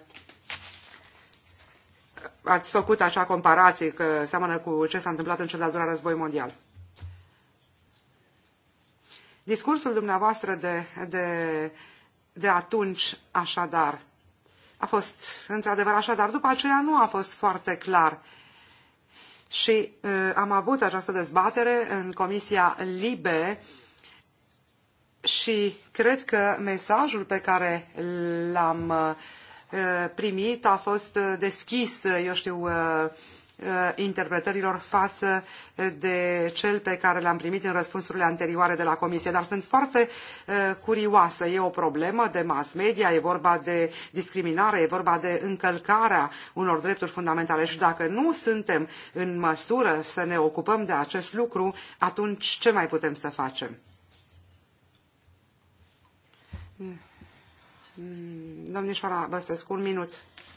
ați făcut așa comparații, că seamănă cu ce s-a întâmplat în cel de-al doilea război mondial. Discursul dumneavoastră de, de, de atunci, așadar, a fost într-adevăr așa, dar după aceea nu a fost foarte clar. Și uh, am avut această dezbatere în Comisia Libe și cred că mesajul pe care l-am uh, primit a fost uh, deschis, uh, eu știu, uh, Uh, interpretărilor față uh, de cel pe care l-am primit în răspunsurile anterioare de la Comisie. Dar sunt foarte uh, curioasă. E o problemă de mass media, e vorba de discriminare, e vorba de încălcarea unor drepturi fundamentale și dacă nu suntem în măsură să ne ocupăm de acest lucru, atunci ce mai putem să facem? Mm, Domnișoara Băsescu, un minut.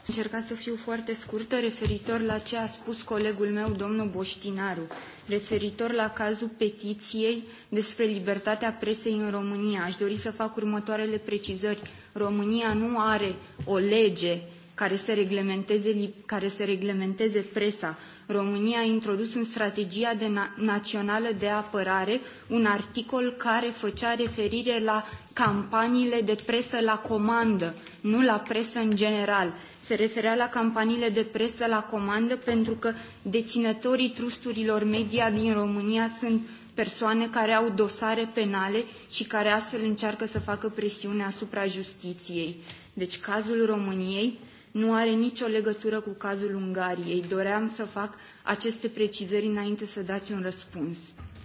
Încerca să fiu foarte scurtă referitor la ce a spus colegul meu, domnul Boștinaru, referitor la cazul petiției despre libertatea presei în România. Aș dori să fac următoarele precizări. România nu are o lege care să reglementeze, care să reglementeze presa. România a introdus în strategia de na națională de apărare un articol care făcea referire la campaniile de presă la comandă, nu la presă în general. Se referea la campaniile de presă la comandă pentru că deținătorii trusturilor media din România sunt persoane care au dosare penale și care astfel încearcă să facă presiune asupra justiției. Deci cazul României nu are nicio legătură cu cazul Ungariei. Doream să fac aceste precizări înainte să dați un răspuns.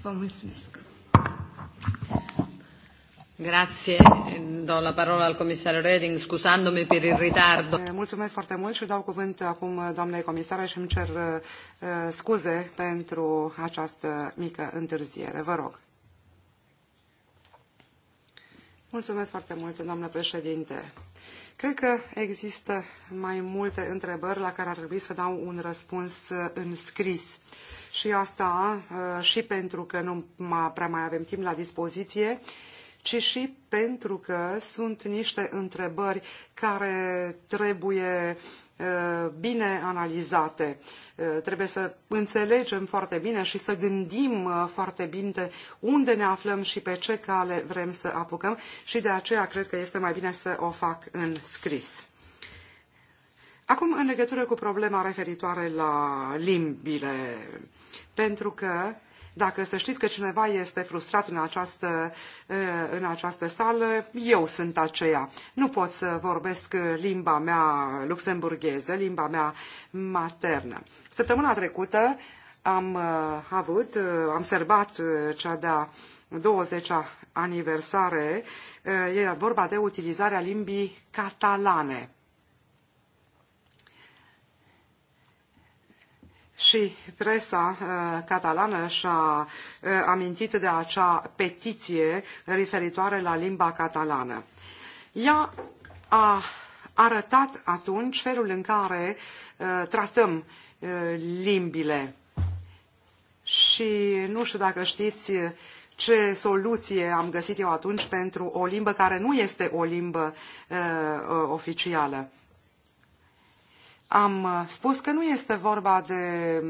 Vă mulțumesc. Grazie, do la parola al comisario Reding, scusandomi per il ritardo. Eh, mulțumesc foarte mult și dau cuvânt acum doamnei comisare și îmi cer eh, scuze pentru această mică întârziere. Vă rog. Mulțumesc foarte mult, doamnă președinte. Cred că există mai multe întrebări la care ar trebui să dau un răspuns uh, în scris. Și asta uh, și pentru că nu prea mai avem timp la dispoziție ci și pentru că sunt niște întrebări care trebuie uh, bine analizate. Uh, trebuie să înțelegem foarte bine și să gândim uh, foarte bine unde ne aflăm și pe ce cale vrem să apucăm și de aceea cred că este mai bine să o fac în scris. Acum, în legătură cu problema referitoare la limbile, pentru că dacă să știți că cineva este frustrat în această, eh, în această sală, eu sunt aceea. Nu pot să vorbesc limba mea luxemburgheză, limba mea maternă. Săptămâna trecută am eh, avut, eh, am sărbat cea de-a 20-a aniversare, era vorba de utilizarea limbii catalane și presa uh, catalană și-a uh, amintit de acea petiție referitoare la limba catalană. Ea a arătat atunci felul în care uh, tratăm limbile. Și nu știu dacă știți ce soluție am găsit eu atunci pentru o limbă care nu este o limbă uh, oficială am uh, spus că nu este vorba de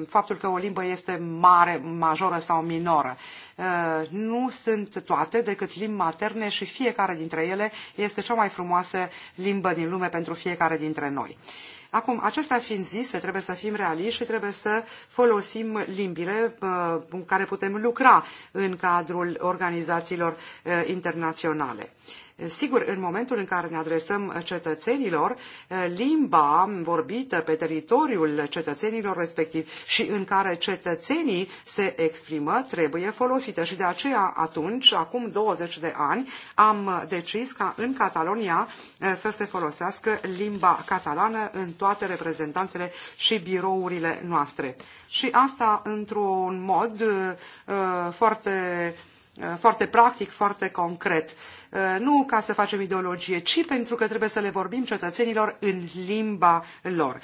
faptul că o limbă este mare, majoră sau minoră. Uh, nu sunt toate decât limbi materne și fiecare dintre ele este cea mai frumoasă limbă din lume pentru fiecare dintre noi. Acum, acestea fiind zise, trebuie să fim realiști și trebuie să folosim limbile uh, în care putem lucra în cadrul organizațiilor internaționale. Sigur, în momentul în care ne adresăm cetățenilor, limba vorbită pe teritoriul cetățenilor respectiv și în care cetățenii se exprimă trebuie folosită și de aceea atunci, acum 20 de ani, am decis ca în Catalonia eh, să se folosească limba catalană în toate reprezentanțele și birourile noastre. Și asta într-un mod uh, foarte uh, Uh, foarte practic, foarte concret. Uh, nu ca să facem ideologie, ci pentru că trebuie să le vorbim cetățenilor în limba lor.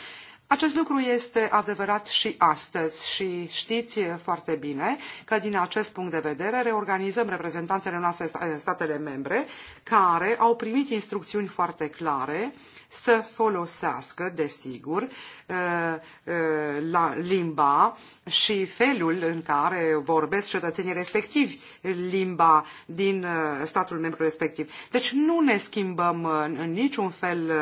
Acest lucru este adevărat și astăzi și știți foarte bine că din acest punct de vedere reorganizăm reprezentanțele noastre în statele membre care au primit instrucțiuni foarte clare să folosească, desigur, uh, uh, la limba și felul în care vorbesc cetățenii respectivi limba din uh, statul membru respectiv. Deci nu ne schimbăm în niciun fel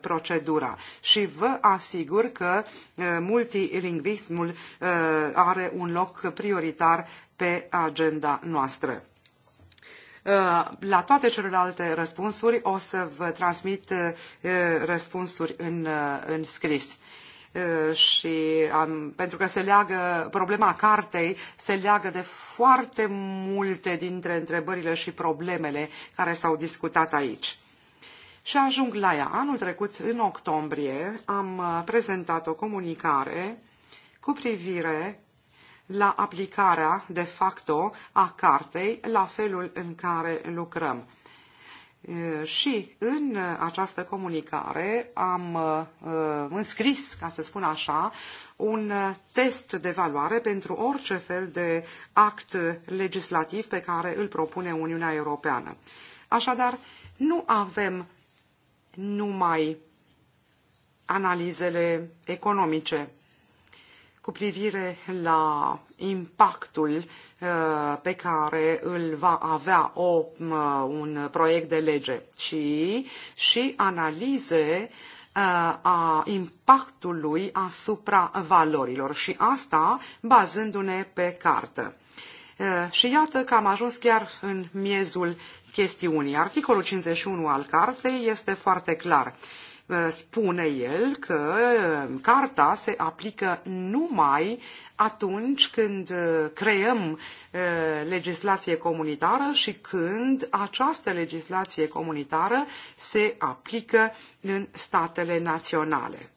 procedura și vă asigur sigur că uh, multilingvismul uh, are un loc prioritar pe agenda noastră. Uh, la toate celelalte răspunsuri o să vă transmit răspunsuri în, în scris și am, pentru că se leagă, problema cartei se leagă de foarte multe dintre întrebările și problemele care s-au discutat aici și ajung la ea. Anul trecut, în octombrie, am uh, prezentat o comunicare cu privire la aplicarea de facto a cartei, la felul în care lucrăm. Uh, și în uh, această comunicare am înscris, ca să spun așa, un test de valoare pentru orice fel de act legislativ pe care îl propune Uniunea Europeană. Așadar, nu avem numai analizele economice cu privire la impactul uh, pe care îl va avea o, uh, un proiect de lege, ci și analize uh, a impactului asupra valorilor și asta bazându-ne pe cartă. Și iată că am ajuns chiar în miezul chestiunii. Articolul 51 al cartei este foarte clar. Spune el că carta se aplică numai atunci când creăm legislație comunitară și când această legislație comunitară se aplică în statele naționale.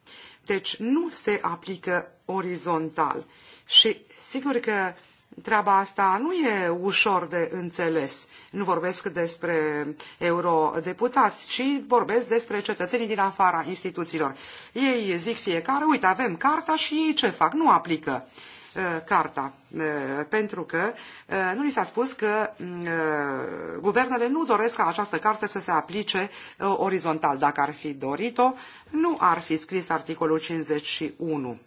Deci nu se aplică orizontal. Și sigur că uh, treaba asta nu e ușor de înțeles. Nu vorbesc despre eurodeputați, ci vorbesc despre cetățenii din afara instituțiilor. Ei zic fiecare, uite, avem carta și ei ce fac? Nu aplică uh, carta, uh, pentru că uh, nu li s-a spus că guvernele nu doresc ca această carte să se aplice orizontal. Dacă ar fi dorit-o, nu ar fi scris articolul 51.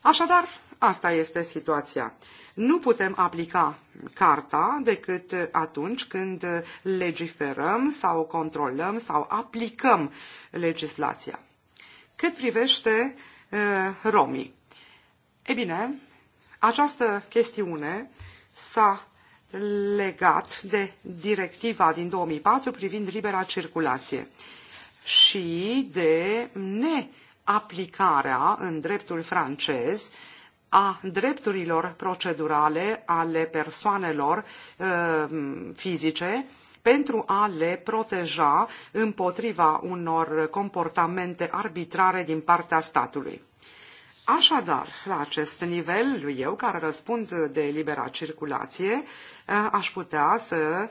Așadar, Asta este situația. Nu putem aplica carta decât atunci când legiferăm sau controlăm sau aplicăm legislația. Cât privește uh, romii. E bine, această chestiune s-a legat de directiva din 2004 privind libera circulație și de neaplicarea în dreptul francez uh, a drepturilor procedurale ale persoanelor ehm, fizice pentru a le proteja împotriva unor comportamente arbitrare din partea statului. Așadar, la acest nivel, eu, care răspund de libera circulație, eh, aș putea să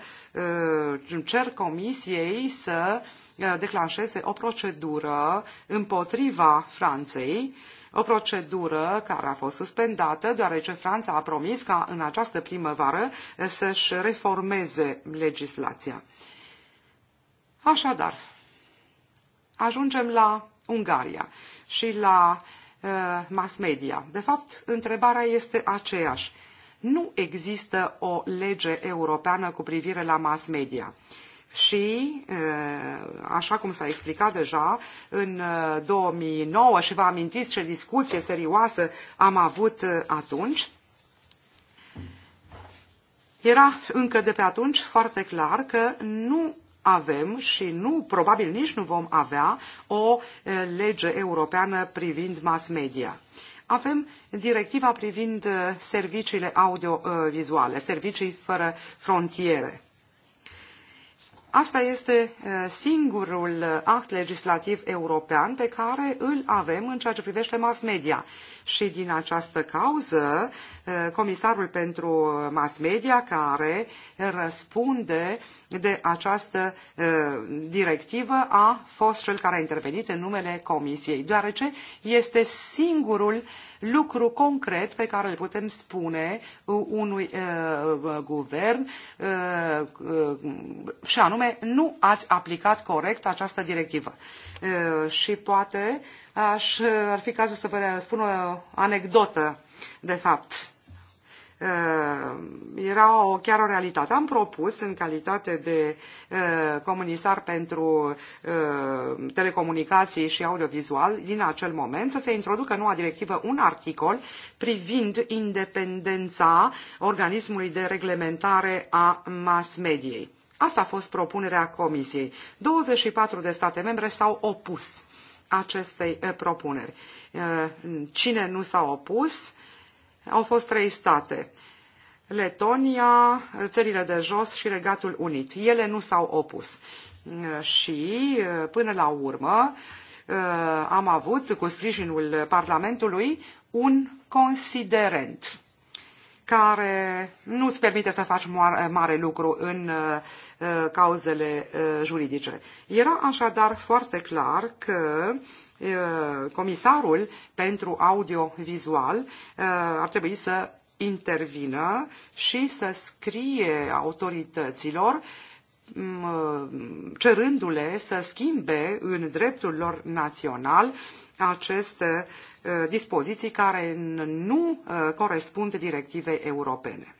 eh, cer comisiei să eh, declanșeze o procedură împotriva Franței o procedură care a fost suspendată deoarece Franța a promis ca în această primăvară să-și reformeze legislația. Așadar, ajungem la Ungaria și la uh, mass media. De fapt, întrebarea este aceeași. Nu există o lege europeană cu privire la mass media. Uh, și, așa cum s-a explicat deja, în 2009 și vă amintiți ce discuție serioasă am avut atunci, era încă de pe atunci foarte clar că nu avem și nu, probabil nici nu vom avea o lege europeană privind mass media. Avem directiva privind serviciile audiovizuale, servicii fără frontiere Asta este singurul act legislativ european pe care îl avem în ceea ce privește mass media. Și din această cauză comisarul pentru uh, mass media care răspunde de această uh, directivă a fost cel care a intervenit în numele comisiei, deoarece este singurul lucru concret pe care îl putem spune uh, unui guvern și anume nu ați aplicat corect această directivă. Și poate aș, ar fi cazul să vă spun o anecdotă de fapt Uh, era o, chiar o realitate. Am propus, în calitate de uh, comunisar pentru uh, telecomunicații și audiovizual, din acel moment să se introducă noua directivă un articol privind independența organismului de reglementare a mass mediei. Asta a fost propunerea Comisiei. 24 de state membre s-au opus acestei propuneri. Cine nu s-a opus, au fost trei state. Letonia, țările de jos și Regatul Unit. Ele nu s-au opus. Și, până la urmă, am avut, cu sprijinul Parlamentului, un considerent care nu îți permite să faci mare lucru în uh, cauzele uh, juridice. Era așadar foarte clar că comisarul pentru audiovizual ar trebui să intervină și să scrie autorităților cerându-le să schimbe în dreptul lor național aceste dispoziții care nu corespund directivei europene.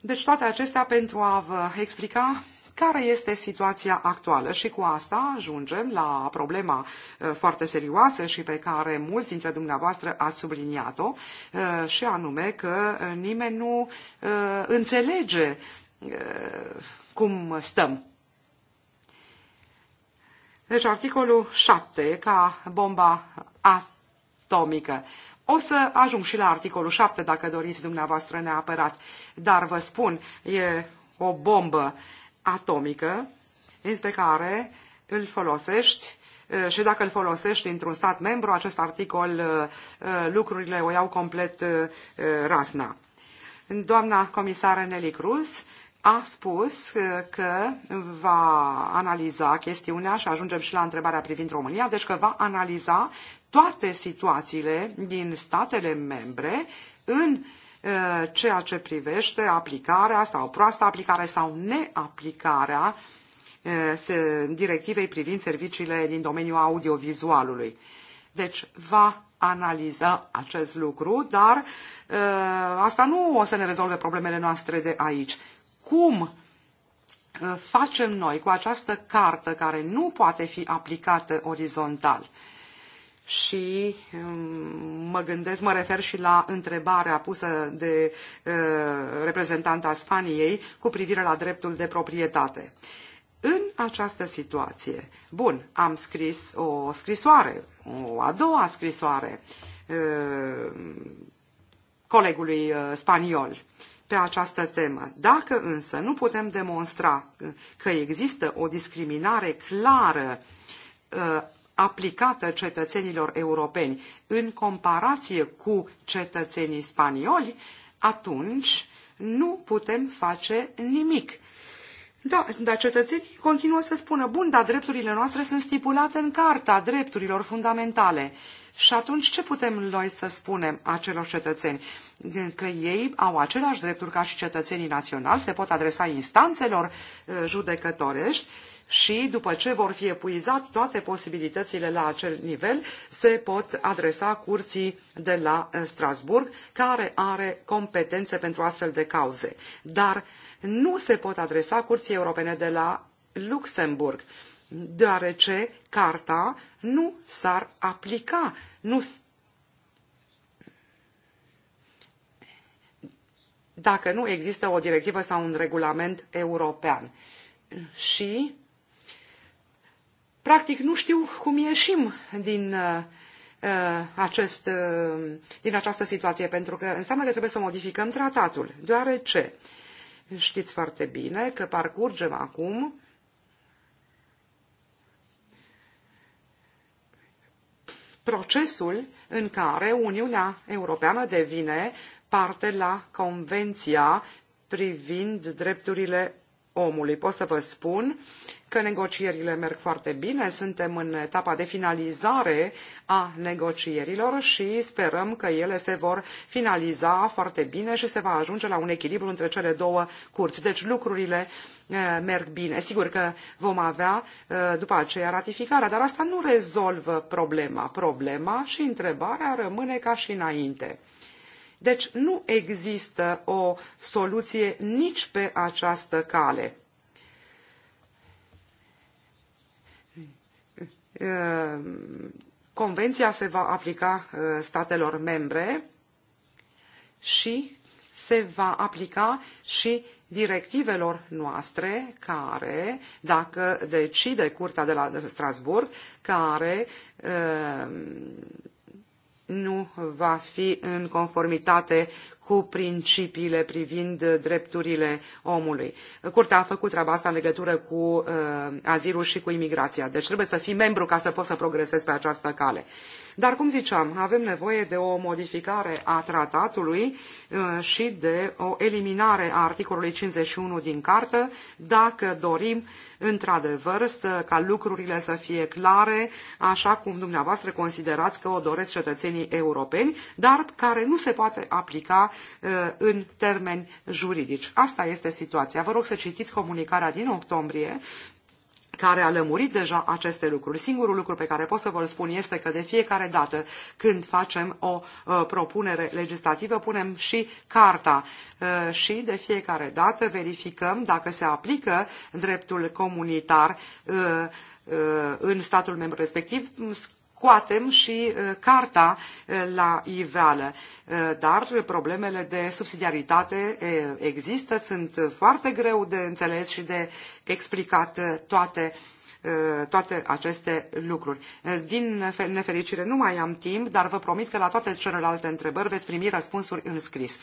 Deci toate acestea pentru a vă explica care este situația actuală. Și cu asta ajungem la problema uh, foarte serioasă și pe care mulți dintre dumneavoastră ați subliniat-o, uh, și anume că uh, nimeni nu înțelege cum stăm. Deci articolul 7, ca bomba atomică. O să ajung și la articolul 7, dacă doriți dumneavoastră neapărat, dar vă spun, e o bombă atomică despre care îl folosești uh, și dacă îl folosești într-un stat membru, acest articol, uh, uh, lucrurile o iau complet rasna. Doamna comisară Nelly Cruz a spus că va analiza chestiunea și ajungem și la întrebarea privind România, deci că va analiza toate situațiile din statele membre în ceea ce privește aplicarea sau proasta aplicare sau neaplicarea directivei privind serviciile din domeniul audiovizualului. Deci va analiza acest lucru, dar asta nu o să ne rezolve problemele noastre de aici. Cum facem noi cu această cartă care nu poate fi aplicată orizontal? și um, mă gândesc, mă refer și la întrebarea pusă de uh, reprezentanta Spaniei cu privire la dreptul de proprietate. În această situație, bun, am scris o scrisoare, o a doua scrisoare uh, colegului uh, spaniol pe această temă. Dacă însă nu putem demonstra că există o discriminare clară aplicată cetățenilor europeni în comparație cu cetățenii spanioli, atunci nu putem face nimic. Da, dar cetățenii continuă să spună, bun, dar drepturile noastre sunt stipulate în Carta Drepturilor Fundamentale. Și atunci ce putem noi să spunem acelor cetățeni? Că ei au aceleași drepturi ca și cetățenii naționali, se pot adresa instanțelor eh, judecătorești și după ce vor fi epuizat toate posibilitățile la acel nivel, se pot adresa curții de la eh, Strasburg, care are competențe pentru astfel de cauze. Dar nu se pot adresa curții europene de la Luxemburg, deoarece carta nu s-ar aplica, nu dacă nu există o directivă sau un regulament european. Și practic nu știu cum ieșim din uh, uh, acest, uh, din această situație, pentru că înseamnă că trebuie să modificăm tratatul, deoarece știți foarte bine că parcurgem acum procesul în care Uniunea Europeană devine parte la Convenția privind drepturile omului. Pot să vă spun că negocierile merg foarte bine, suntem în etapa de finalizare a negocierilor și sperăm că ele se vor finaliza foarte bine și se va ajunge la un echilibru între cele două curți. Deci lucrurile eh, merg bine. Sigur că vom avea eh, după aceea ratificarea, dar asta nu rezolvă problema. Problema și întrebarea rămâne ca și înainte. Deci nu există o soluție nici pe această cale. Uh, convenția se va aplica uh, statelor membre și se va aplica și directivelor noastre care, dacă decide Curtea de la Strasburg, care uh, nu va fi în conformitate cu principiile privind drepturile omului. Curtea a făcut treaba asta în legătură cu uh, azilul și cu imigrația. Deci trebuie să fii membru ca să poți să progresezi pe această cale. Dar, cum ziceam, avem nevoie de o modificare a tratatului uh, și de o eliminare a articolului 51 din cartă dacă dorim uh, într-adevăr, să, ca lucrurile să fie clare, așa cum dumneavoastră considerați că o doresc cetățenii europeni, dar care nu se poate aplica uh, în termeni juridici. Asta este situația. Vă rog să citiți comunicarea din octombrie care a lămurit deja aceste lucruri. Singurul lucru pe care pot să vă-l spun este că de fiecare dată când facem o uh, propunere legislativă, punem și carta uh, și de fiecare dată verificăm dacă se aplică dreptul comunitar uh, uh în statul membru respectiv, scoatem și uh, carta uh, la iveală. Uh, dar problemele de subsidiaritate există, sunt foarte greu de înțeles și de explicat toate toate aceste lucruri. Din nefericire nu mai am timp, dar vă promit că la toate celelalte întrebări veți primi răspunsuri în scris.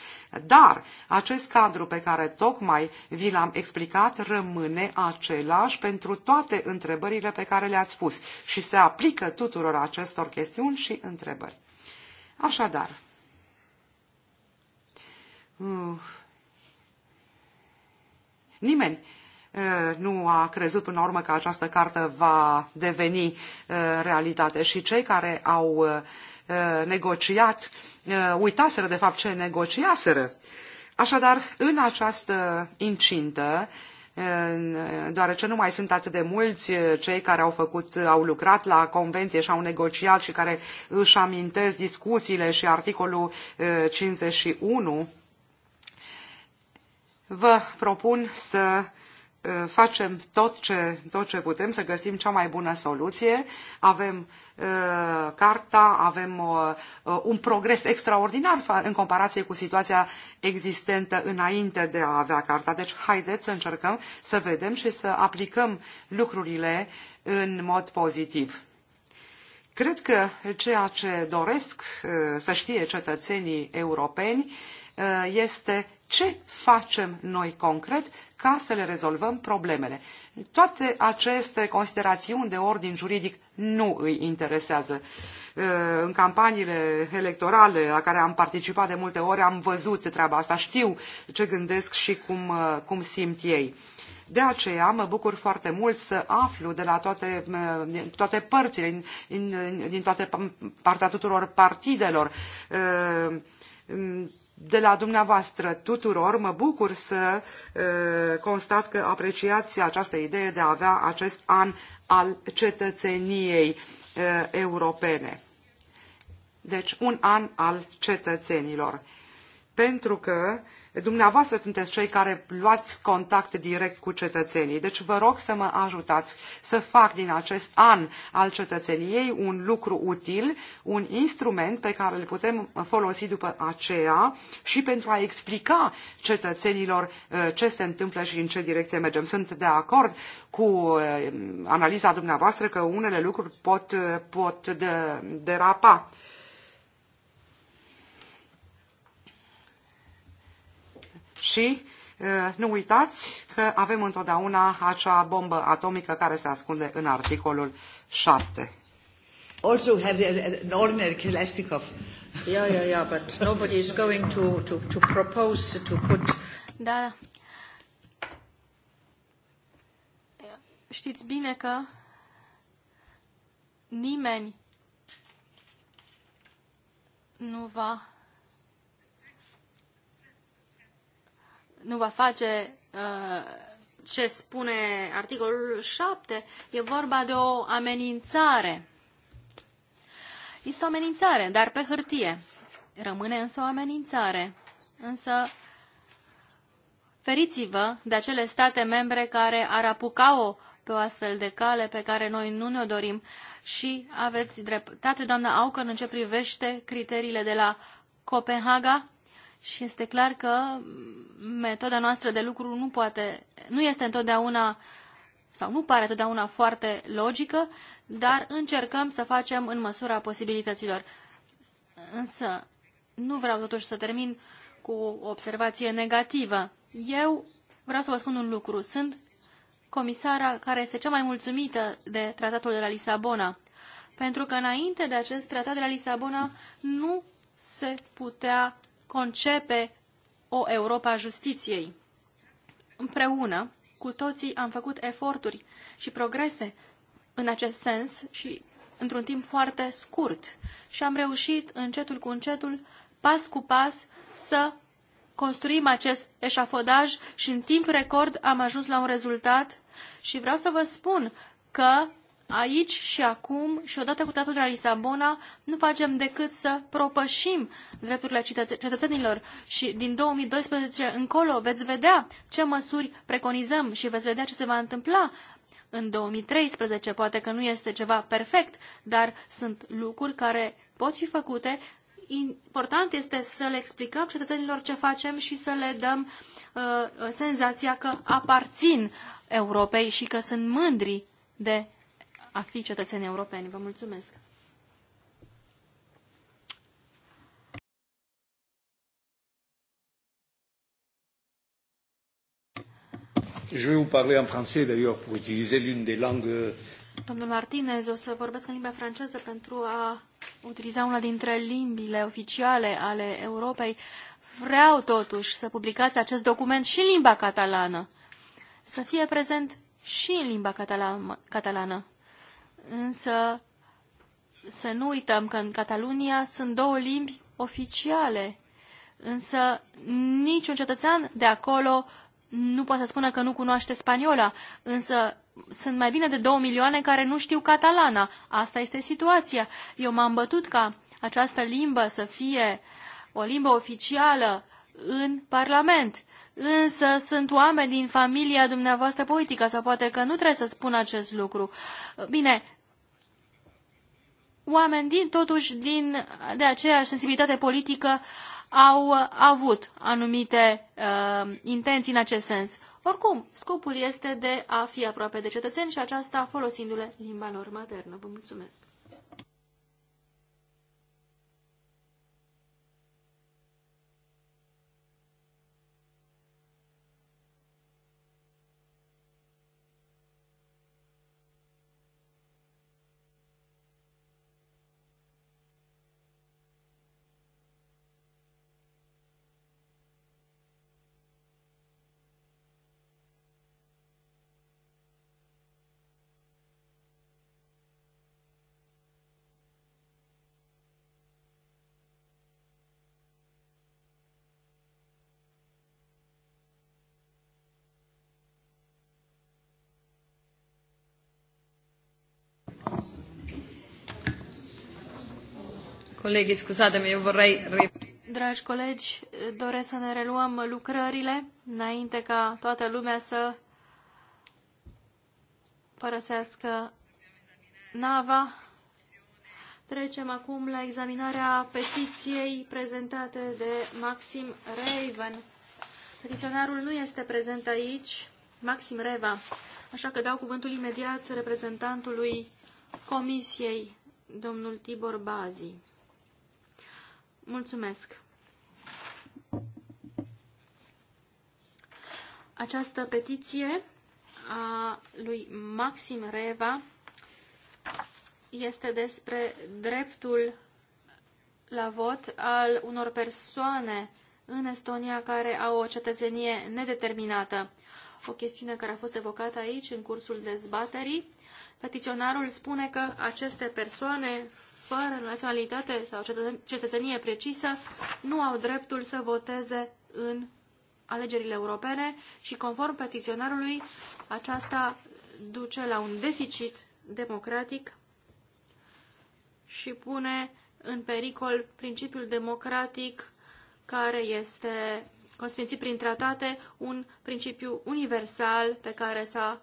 Dar acest cadru pe care tocmai vi l-am explicat rămâne același pentru toate întrebările pe care le-ați pus și se aplică tuturor acestor chestiuni și întrebări. Așadar, uh, nimeni nu a crezut până la urmă că această carte va deveni realitate și cei care au negociat uitaseră de fapt ce negociaseră. Așadar, în această incintă, deoarece nu mai sunt atât de mulți cei care au făcut, au lucrat la convenție și au negociat și care își amintesc discuțiile și articolul 51, vă propun să Uh, facem tot ce, tot ce putem să găsim cea mai bună soluție. Avem uh, carta, avem uh, un progres extraordinar în comparație cu situația existentă înainte de a avea carta. Deci haideți să încercăm să vedem și să aplicăm lucrurile în mod pozitiv. Cred că ceea ce doresc să știe cetățenii europeni este ce facem noi concret ca să le rezolvăm problemele. Toate aceste considerațiuni de ordin juridic nu îi interesează. Uh, în campaniile electorale la care am participat de multe ori am văzut treaba asta, știu ce gândesc și cum, uh, cum simt ei. De aceea mă bucur foarte mult să aflu de la toate, uh, toate părțile, din, din toate partea tuturor partidelor, de la dumneavoastră tuturor. Mă bucur să constat că apreciați această idee de a avea acest an al cetățeniei europene. Deci un an al cetățenilor. Pentru că uh, Dumneavoastră sunteți cei care luați contact direct cu cetățenii, deci vă rog să mă ajutați să fac din acest an al cetățeniei un lucru util, un instrument pe care îl putem folosi după aceea și pentru a explica cetățenilor uh, ce se întâmplă și în ce direcție mergem. Sunt de acord cu uh, analiza dumneavoastră că unele lucruri pot, uh, pot de, derapa și nu uitați că avem întotdeauna acea bombă atomică care se ascunde în articolul 7. Also have an ordinary Kalashnikov. Yeah, yeah, yeah, but nobody is going to, to, to propose to put... Da. Știți bine că nimeni nu va nu va face uh, ce spune articolul 7. E vorba de o amenințare. Este o amenințare, dar pe hârtie. Rămâne însă o amenințare. Însă feriți-vă de acele state membre care ar apuca-o pe o astfel de cale pe care noi nu ne-o dorim și aveți dreptate, doamna Aucăr, în ce privește criteriile de la Copenhaga și este clar că metoda noastră de lucru nu poate, nu este întotdeauna sau nu pare totdeauna foarte logică, dar încercăm să facem în măsura posibilităților. Însă, nu vreau totuși să termin cu o observație negativă. Eu vreau să vă spun un lucru. Sunt comisara care este cea mai mulțumită de tratatul de la Lisabona, pentru că înainte de acest tratat de la Lisabona nu se putea concepe o Europa a justiției. Împreună, cu toții am făcut eforturi și progrese în acest sens și într-un timp foarte scurt și am reușit încetul cu încetul, pas cu pas, să construim acest eșafodaj și în timp record am ajuns la un rezultat și vreau să vă spun că aici și acum și odată cu tratatul de la Lisabona nu facem decât să propășim drepturile cetățenilor și din 2012 încolo veți vedea ce măsuri preconizăm și veți vedea ce se va întâmpla în 2013. Poate că nu este ceva perfect, dar sunt lucruri care pot fi făcute. Important este să le explicăm cetățenilor ce facem și să le dăm uh, senzația că aparțin Europei și că sunt mândri de a fi cetățeni europeni. Vă mulțumesc! Je vais vous parler en français d'ailleurs pour utiliser l'une des langues. Domnul Martinez, o să vorbesc în limba franceză pentru a utiliza una dintre limbile oficiale ale Europei. Vreau totuși să publicați acest document și în limba catalană. Să fie prezent și în limba catalană însă să nu uităm că în Catalunia sunt două limbi oficiale, însă niciun cetățean de acolo nu poate să spună că nu cunoaște spaniola, însă sunt mai bine de două milioane care nu știu catalana. Asta este situația. Eu m-am bătut ca această limbă să fie o limbă oficială în Parlament. Însă sunt oameni din familia dumneavoastră politică sau poate că nu trebuie să spun acest lucru. Bine, oameni din, totuși din, de aceeași sensibilitate politică au avut anumite uh, intenții în acest sens. Oricum, scopul este de a fi aproape de cetățeni și aceasta folosindu-le limba lor maternă. Vă mulțumesc! Colegi, eu vorrei... Dragi colegi, doresc să ne reluăm lucrările înainte ca toată lumea să părăsească nava. Trecem acum la examinarea petiției prezentate de Maxim Raven. Petiționarul nu este prezent aici, Maxim Reva, așa că dau cuvântul imediat reprezentantului Comisiei, domnul Tibor Bazi. Mulțumesc! Această petiție a lui Maxim Reva este despre dreptul la vot al unor persoane în Estonia care au o cetățenie nedeterminată. O chestiune care a fost evocată aici în cursul dezbaterii. Petiționarul spune că aceste persoane fără naționalitate sau cetățenie precisă nu au dreptul să voteze în alegerile europene și, conform petiționarului, aceasta duce la un deficit democratic și pune în pericol principiul democratic care este consfințit prin tratate, un principiu universal pe care s-a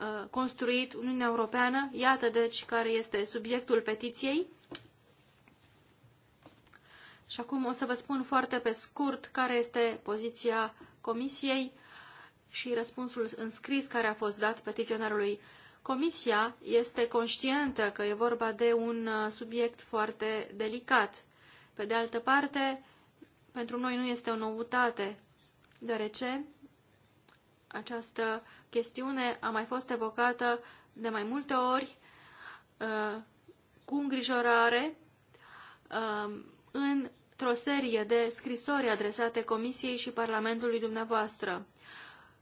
Uh, construit Uniunea Europeană. Iată deci care este subiectul petiției. Și acum o să vă spun foarte pe scurt care este poziția Comisiei și răspunsul înscris care a fost dat petiționarului. Comisia este conștientă că e vorba de un uh, subiect foarte delicat. Pe de altă parte, pentru noi nu este o noutate, deoarece această chestiune a mai fost evocată de mai multe ori uh, cu îngrijorare uh, într-o serie de scrisori adresate Comisiei și Parlamentului dumneavoastră.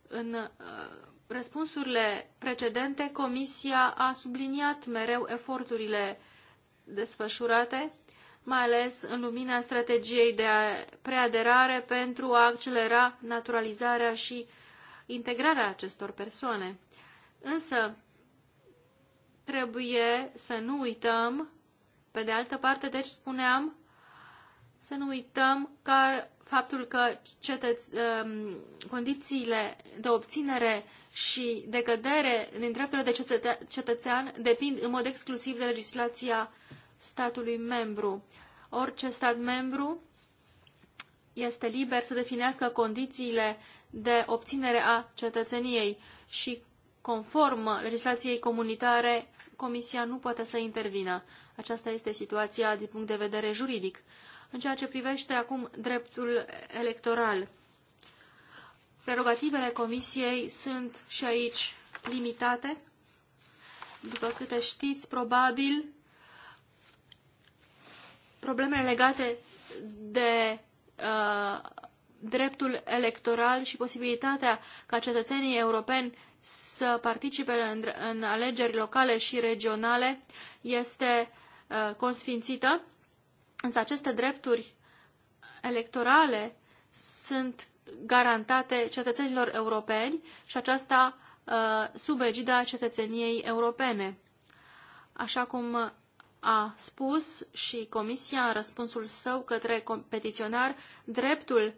În uh, răspunsurile precedente, Comisia a subliniat mereu eforturile desfășurate, mai ales în lumina strategiei de preaderare pentru a accelera naturalizarea și integrarea acestor persoane. Însă, trebuie să nu uităm, pe de altă parte, deci spuneam, să nu uităm că faptul că cetăț, um, condițiile de obținere și de cădere din drepturile de cetă cetățean depind în mod exclusiv de legislația statului membru. Orice stat membru este liber să definească condițiile de obținere a cetățeniei și conform legislației comunitare, Comisia nu poate să intervină. Aceasta este situația din punct de vedere juridic. În ceea ce privește acum dreptul electoral, prerogativele Comisiei sunt și aici limitate. După câte știți, probabil problemele legate de uh, dreptul electoral și posibilitatea ca cetățenii europeni să participe în, în alegeri locale și regionale este uh, consfințită, însă aceste drepturi electorale sunt garantate cetățenilor europeni și aceasta uh, sub egida cetățeniei europene. Așa cum a spus și Comisia în răspunsul său către competiționar dreptul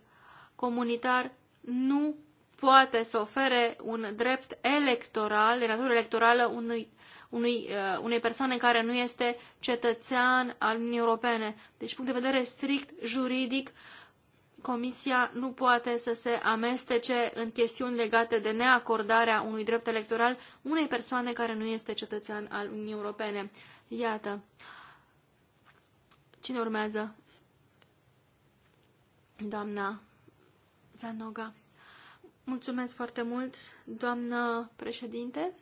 comunitar nu poate să ofere un drept electoral, de natură electorală, unui, unui, uh, unei persoane care nu este cetățean al Uniunii Europene. Deci, punct de vedere strict juridic, Comisia nu poate să se amestece în chestiuni legate de neacordarea unui drept electoral unei persoane care nu este cetățean al Uniunii Europene. Iată. Cine urmează? Doamna Mulțumesc foarte mult, doamnă președinte.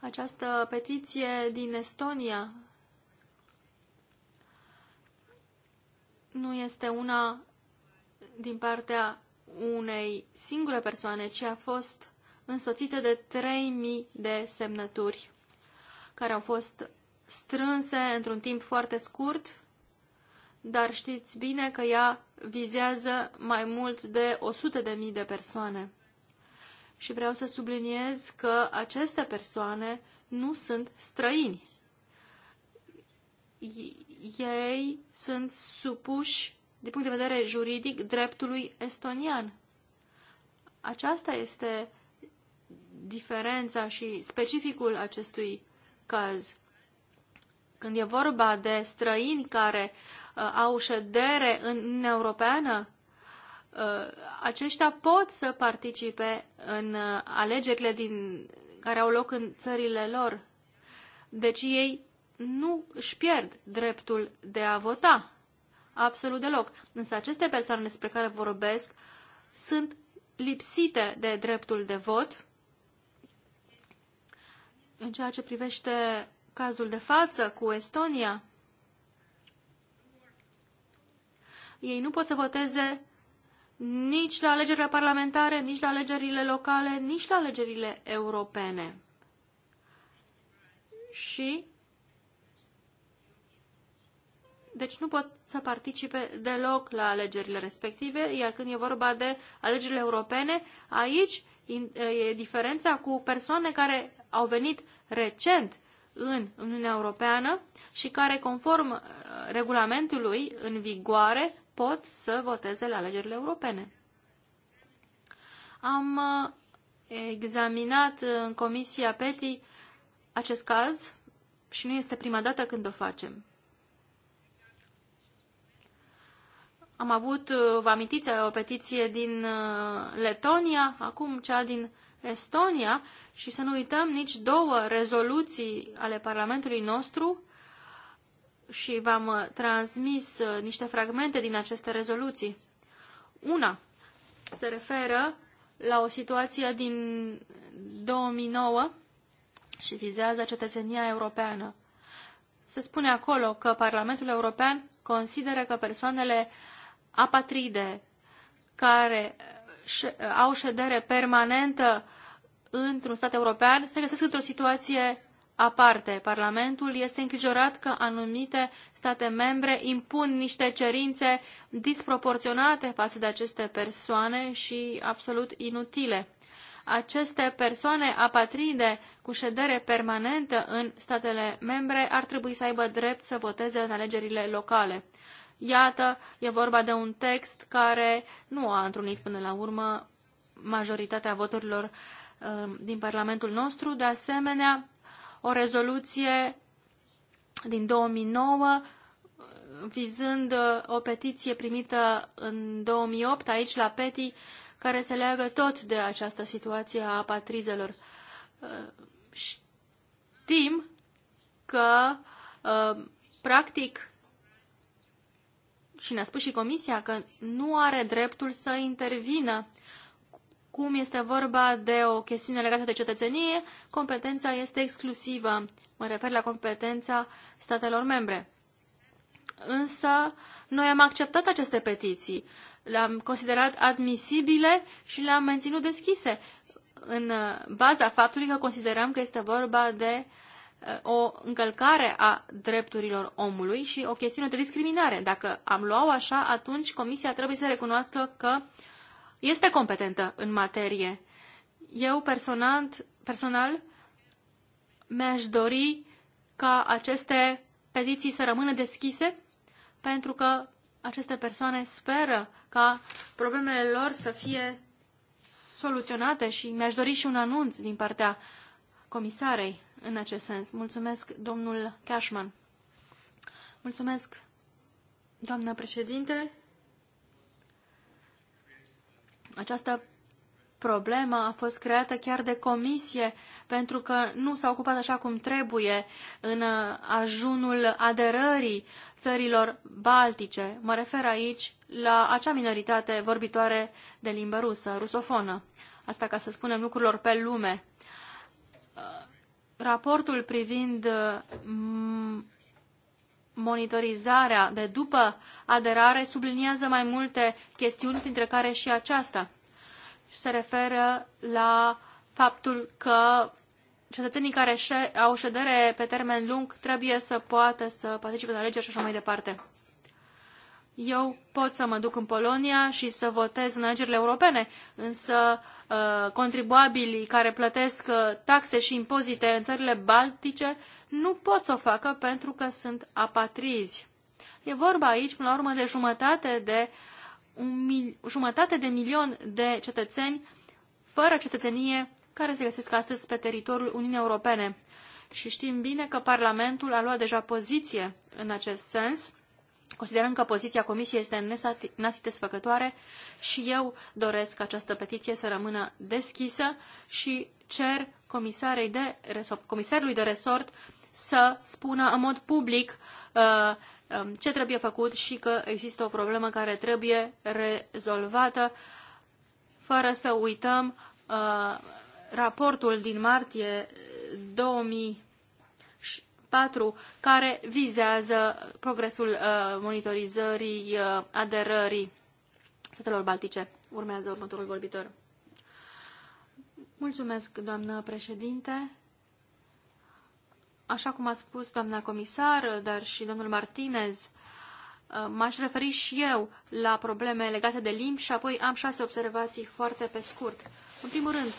Această petiție din Estonia nu este una din partea unei singure persoane, ci a fost însoțită de 3000 de semnături care au fost strânse într-un timp foarte scurt dar știți bine că ea vizează mai mult de 100.000 de, de persoane. Și vreau să subliniez că aceste persoane nu sunt străini. Ei sunt supuși, din punct de vedere juridic, dreptului estonian. Aceasta este diferența și specificul acestui caz. Când e vorba de străini care uh, Uh, au ședere în Uniunea Europeană, uh, aceștia pot să participe în uh, alegerile din, care au loc în țările lor. Deci ei nu își pierd dreptul de a vota. Absolut deloc. Însă aceste persoane despre care vorbesc sunt lipsite de dreptul de vot. În ceea ce privește cazul de față cu Estonia, Ei nu pot să voteze nici la alegerile parlamentare, nici la alegerile locale, nici la alegerile europene. Și deci nu pot să participe deloc la alegerile respective, iar când e vorba de alegerile europene, aici e diferența cu persoane care au venit recent în Uniunea Europeană și care, conform uh, regulamentului în vigoare, pot să voteze la alegerile europene. Am uh, examinat uh, în Comisia PETI acest caz și nu este prima dată când o facem. Am avut, uh, vă amintiți, o petiție din Letonia, acum cea din Estonia și să nu uităm nici două rezoluții ale Parlamentului nostru și v-am uh, transmis uh, niște fragmente din aceste rezoluții. Una se referă la o situație din 2009 și vizează cetățenia europeană. Se spune acolo că Parlamentul European consideră că persoanele apatride care au ședere permanentă într-un stat european se găsesc într-o situație aparte. Parlamentul este îngrijorat că anumite state membre impun niște cerințe disproporționate față de aceste persoane și absolut inutile. Aceste persoane apatride cu ședere permanentă în statele membre ar trebui să aibă drept să voteze în alegerile locale. Iată, e vorba de un text care nu a întrunit până la urmă majoritatea voturilor um, din Parlamentul nostru. De asemenea, o rezoluție din 2009 vizând uh, o petiție primită în 2008 aici la PETI care se leagă tot de această situație a apatrizelor. Uh, știm că uh, practic și ne-a spus și Comisia că nu are dreptul să intervină cum este vorba de o chestiune legată de cetățenie. Competența este exclusivă. Mă refer la competența statelor membre. Însă, noi am acceptat aceste petiții, le-am considerat admisibile și le-am menținut deschise, în baza faptului că considerăm că este vorba de uh, o încălcare a drepturilor omului și o chestiune de discriminare. Dacă am luat-o așa, atunci Comisia trebuie să recunoască că uh, este competentă în materie. Eu personal, personal mi-aș dori ca aceste petiții să rămână deschise, pentru că aceste persoane speră ca problemele lor să fie soluționate și mi-aș dori și un anunț din partea comisarei în acest sens. Mulțumesc, domnul Cashman. Mulțumesc, doamnă președinte. Această problemă a fost creată chiar de comisie pentru că nu s-a ocupat așa cum trebuie în uh, ajunul aderării țărilor baltice. Mă refer aici la acea minoritate vorbitoare de limbă rusă, rusofonă. Asta ca să spunem lucrurilor pe lume. Uh, raportul privind uh, monitorizarea de după aderare subliniază mai multe chestiuni, printre care și aceasta. Se referă la faptul că cetățenii care au ședere pe termen lung trebuie să poată să participe la alegeri și așa mai departe. Eu pot să mă duc în Polonia și să votez în alegerile europene, însă Uh, contribuabilii care plătesc uh, taxe și impozite în țările baltice nu pot să o facă pentru că sunt apatrizi. E vorba aici, până la urmă, de jumătate de, un mil, jumătate de milion de cetățeni fără cetățenie care se găsesc astăzi pe teritoriul Uniunii Europene. Și știm bine că Parlamentul a luat deja poziție în acest sens considerând că poziția Comisiei este nesatisfăcătoare și eu doresc ca această petiție să rămână deschisă și cer comisarei de comisarului de resort să spună în mod public uh, um, ce trebuie făcut și că există o problemă care trebuie rezolvată fără să uităm uh, raportul din martie 2000 4, care vizează progresul uh, monitorizării uh, aderării statelor baltice. Urmează următorul vorbitor. Mulțumesc, doamnă președinte. Așa cum a spus doamna comisar, dar și domnul Martinez, uh, m-aș referi și eu la probleme legate de limbi și apoi am șase observații foarte pe scurt. În primul rând,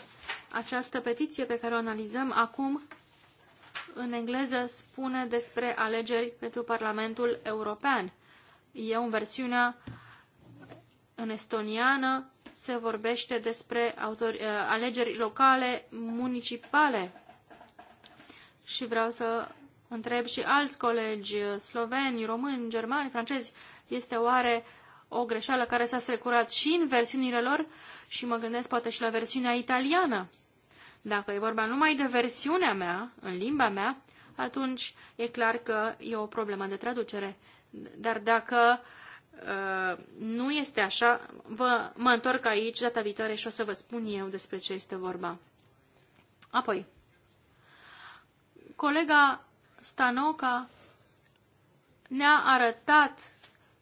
această petiție pe care o analizăm acum în engleză spune despre alegeri pentru Parlamentul European. Eu, în versiunea în estoniană, se vorbește despre autor, eh, alegeri locale municipale. Și vreau să întreb și alți colegi eh, sloveni, români, germani, francezi, este oare o greșeală care s-a strecurat și în versiunile lor și mă gândesc poate și la versiunea italiană dacă e vorba numai de versiunea mea, în limba mea, atunci e clar că e o problemă de traducere. Dar dacă uh, nu este așa, vă, mă întorc aici data viitoare și o să vă spun eu despre ce este vorba. Apoi, colega Stanoca ne-a arătat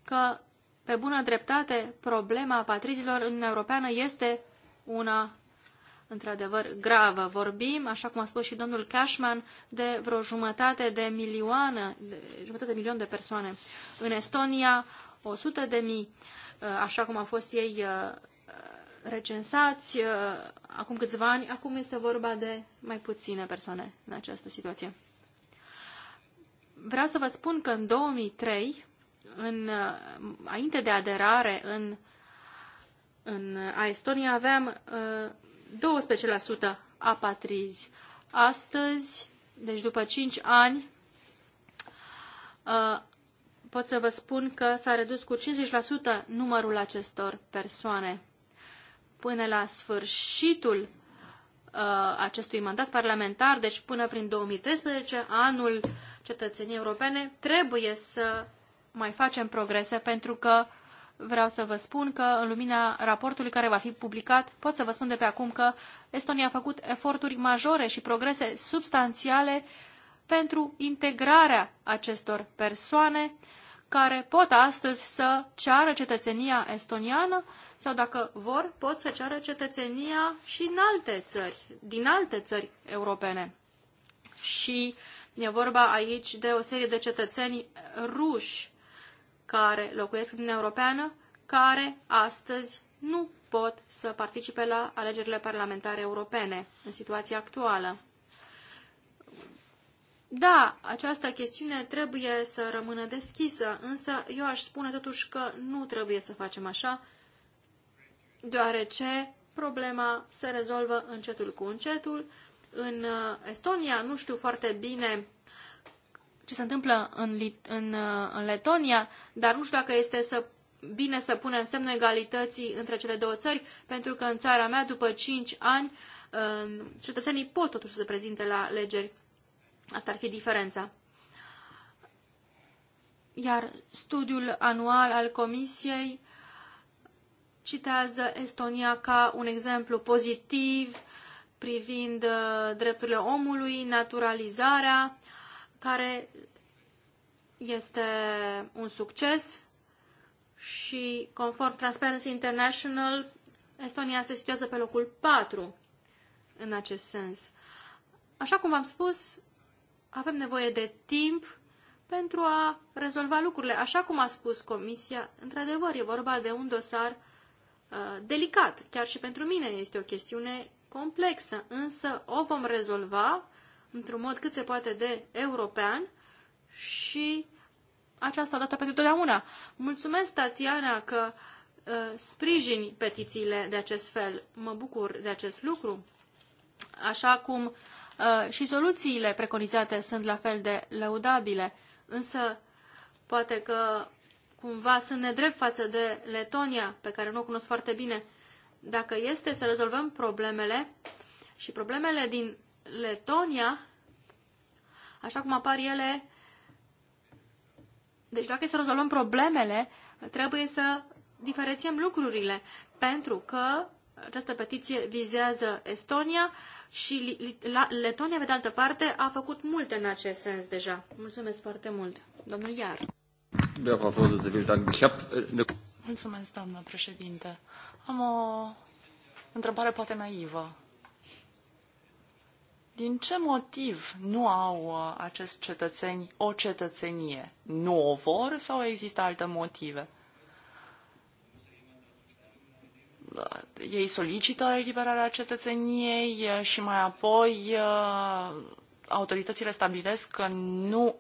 că, pe bună dreptate, problema patrizilor în Europeană este una într-adevăr gravă. Vorbim, așa cum a spus și domnul Cashman, de vreo jumătate de milioane, de, jumătate de milion de persoane. În Estonia, 100 de mii, uh, așa cum au fost ei uh, recensați uh, acum câțiva ani. Acum este vorba de mai puține persoane în această situație. Vreau să vă spun că în 2003, în, înainte de aderare în, în Estonia, aveam 12% apatrizi. Astăzi, deci după 5 ani, uh, pot să vă spun că s-a redus cu 50% numărul acestor persoane. Până la sfârșitul uh, acestui mandat parlamentar, deci până prin 2013, anul cetățeniei europene, trebuie să mai facem progrese pentru că vreau să vă spun că în lumina raportului care va fi publicat, pot să vă spun de pe acum că Estonia a făcut eforturi majore și progrese substanțiale pentru integrarea acestor persoane care pot astăzi să ceară cetățenia estoniană sau, dacă vor, pot să ceară cetățenia și în alte țări, din alte țări europene. Și e vorba aici de o serie de cetățeni ruși care locuiesc în Uniunea Europeană, care astăzi nu pot să participe la alegerile parlamentare europene în situația actuală. Da, această chestiune trebuie să rămână deschisă, însă eu aș spune totuși că nu trebuie să facem așa, deoarece problema se rezolvă încetul cu încetul. În uh, Estonia nu știu foarte bine ce se întâmplă în, în, uh, în Letonia, dar nu știu dacă este să, bine să punem semnul egalității între cele două țări, pentru că în țara mea, după 5 ani, uh, cetățenii pot totuși să se prezinte la legeri. Asta ar fi diferența. Iar studiul anual al Comisiei citează Estonia ca un exemplu pozitiv privind uh, drepturile omului, naturalizarea, care este un succes și conform Transparency International, Estonia se situează pe locul 4 în acest sens. Așa cum v-am spus, avem nevoie de timp pentru a rezolva lucrurile. Așa cum a spus Comisia, într-adevăr, e vorba de un dosar uh, delicat. Chiar și pentru mine este o chestiune complexă, însă o vom rezolva într-un mod cât se poate de european și aceasta dată pentru totdeauna. Mulțumesc, Tatiana, că uh, sprijini petițiile de acest fel. Mă bucur de acest lucru, așa cum uh, și soluțiile preconizate sunt la fel de lăudabile, însă poate că cumva sunt nedrept față de Letonia, pe care nu o cunosc foarte bine. Dacă este să rezolvăm problemele și problemele din Letonia, așa cum apar ele, deci dacă să rezolvăm problemele, trebuie să diferențiem lucrurile, pentru că această petiție vizează Estonia și Letonia, pe de altă parte, a făcut multe în acest sens deja. Mulțumesc foarte mult. Domnul Iar. Äh, Mulțumesc, doamnă președinte. Am o întrebare poate naivă din ce motiv nu au uh, acest cetățeni o cetățenie? Nu o vor sau există alte motive? Uh, ei solicită eliberarea cetățeniei uh, și mai apoi autoritățile stabilesc că nu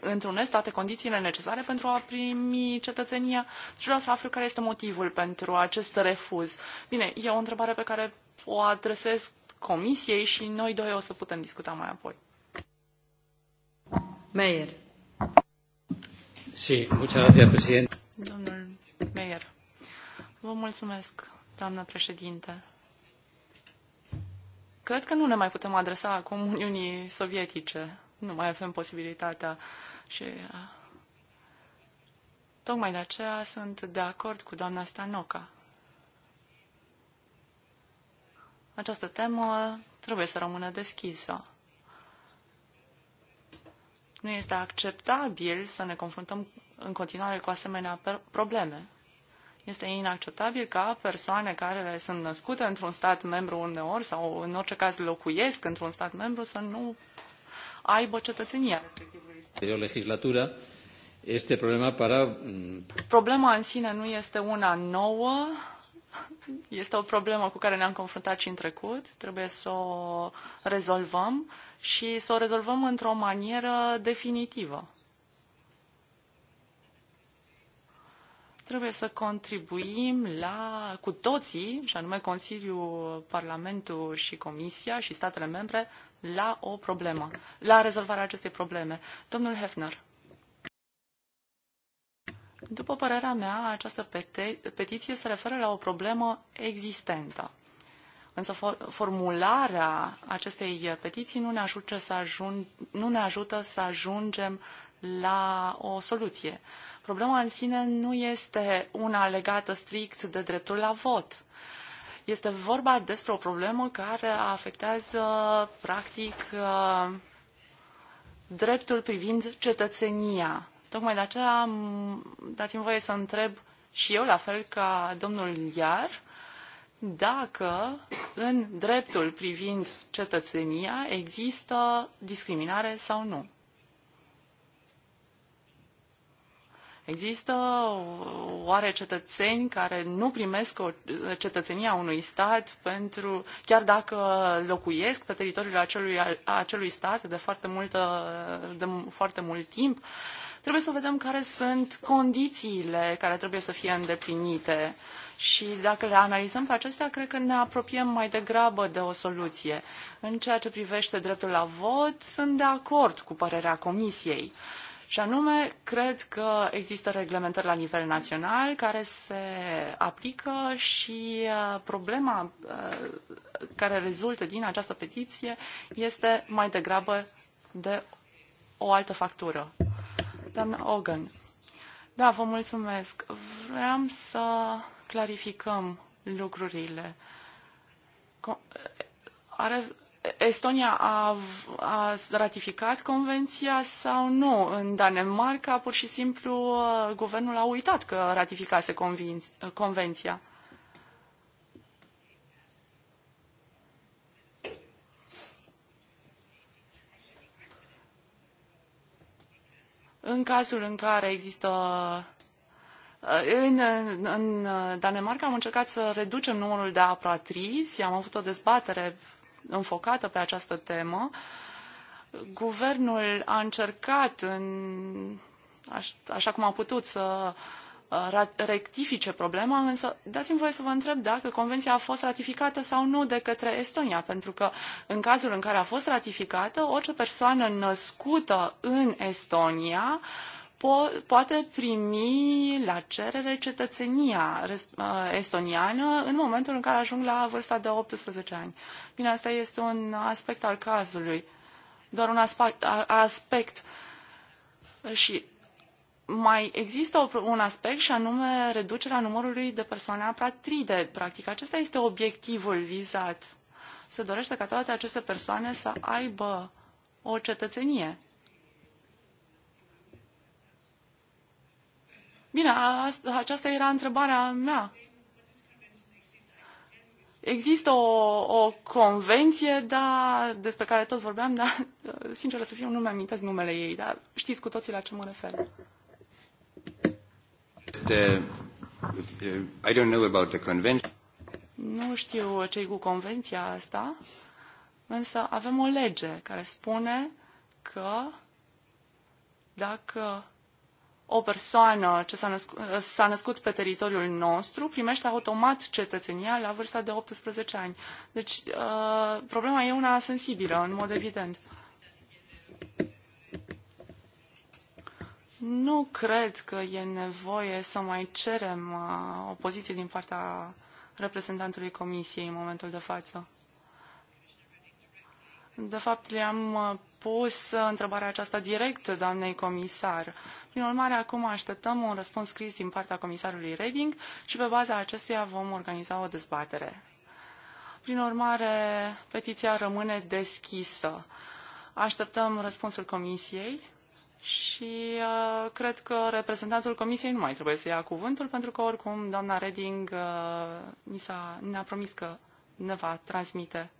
întrunesc toate condițiile necesare pentru a primi cetățenia și vreau să aflu care este motivul pentru acest refuz. Bine, e o întrebare pe care o adresez Comisiei și noi doi o să putem discuta mai apoi. Meyer. Sí, muchas gracias, presidente. Domnul Meyer. Vă mulțumesc, doamnă președinte. Cred că nu ne mai putem adresa acum Uniunii Sovietice. Nu mai avem posibilitatea și tocmai de aceea sunt de acord cu doamna Stanoca. această temă trebuie să rămână deschisă. Nu este acceptabil să ne confruntăm în continuare cu asemenea probleme. Este inacceptabil ca persoane care sunt născute într-un stat membru uneori sau în orice caz locuiesc într-un stat membru să nu aibă cetățenia. Legislatura este problema para... Problema în sine nu este una nouă, Este o problemă cu care ne-am confruntat și în trecut, trebuie să o rezolvăm și să o rezolvăm într-o manieră definitivă. Trebuie să contribuim la, cu toții, și anume Consiliul, Parlamentul și Comisia și statele membre, la o problemă, la rezolvarea acestei probleme. Domnul Hefner. După părerea mea, această petiție se referă la o problemă existentă. Însă for- formularea acestei petiții nu ne, ajută să ajung- nu ne ajută să ajungem la o soluție. Problema în sine nu este una legată strict de dreptul la vot. Este vorba despre o problemă care afectează, practic, uh, dreptul privind cetățenia Tocmai de aceea dați-mi voie să întreb și eu, la fel ca domnul Iar, dacă în dreptul privind cetățenia există discriminare sau nu. Există oare cetățeni care nu primesc o cetățenia unui stat pentru, chiar dacă locuiesc pe teritoriul acelui, acelui stat de foarte, multă, de foarte mult timp? Uh, Trebuie să vedem care sunt condițiile care trebuie să fie îndeplinite și dacă le analizăm pe acestea, cred că ne apropiem mai degrabă de o soluție. În ceea ce privește dreptul la vot, sunt de acord cu părerea Comisiei. Și anume, cred că există reglementări la nivel național care se aplică și uh, problema uh, care rezultă din această petiție este mai degrabă de o altă factură doamna Ogan. Da, vă mulțumesc. Vreau să clarificăm lucrurile. Are, Estonia a, a ratificat convenția sau nu? În Danemarca, pur și simplu, uh, guvernul a uitat că ratificase convenția. În cazul în care există uh, în, în Danemarca am încercat să reducem numărul de apatrizi, am avut o dezbatere înfocată pe această temă. Guvernul a încercat, în, așa cum a putut, să uh, rectifice problema, însă dați-mi voie să vă întreb dacă convenția a fost ratificată sau nu de către Estonia, pentru că în cazul în care a fost ratificată, orice persoană născută în Estonia po- poate primi la cerere cetățenia uh, estoniană în momentul în care ajung la vârsta de 18 ani. Bine, asta este un aspect al cazului, doar un aspect. aspect. Și mai există un aspect și anume reducerea numărului de persoane apatride. Practic, acesta este obiectivul vizat. Se dorește ca toate aceste persoane să aibă o cetățenie. Bine, a, aceasta era întrebarea mea. Există o, o convenție, da, despre care tot vorbeam, dar, sincer să fiu, nu mi-am numele ei, dar știți cu toții la ce mă refer. The, uh, uh, I don't know about the convention. Nu știu ce cu convenția asta, însă avem o lege care spune că dacă o persoană ce s-a născut, născut pe teritoriul nostru primește automat cetățenia la vârsta de 18 ani. Deci, uh, problema e una sensibilă, în mod evident. Nu cred că e nevoie să mai cerem uh, o poziție din partea reprezentantului Comisiei în momentul de față. De fapt, le-am uh, pus uh, întrebarea aceasta direct doamnei comisar. Prin urmare, acum așteptăm un răspuns scris din partea comisarului Reding și pe baza acestuia vom organiza o dezbatere. Prin urmare, petiția rămâne deschisă. Așteptăm răspunsul comisiei și uh, cred că reprezentantul Comisiei nu mai trebuie să ia cuvântul, pentru că oricum doamna Reding uh, ni s-a, ne-a promis că ne va transmite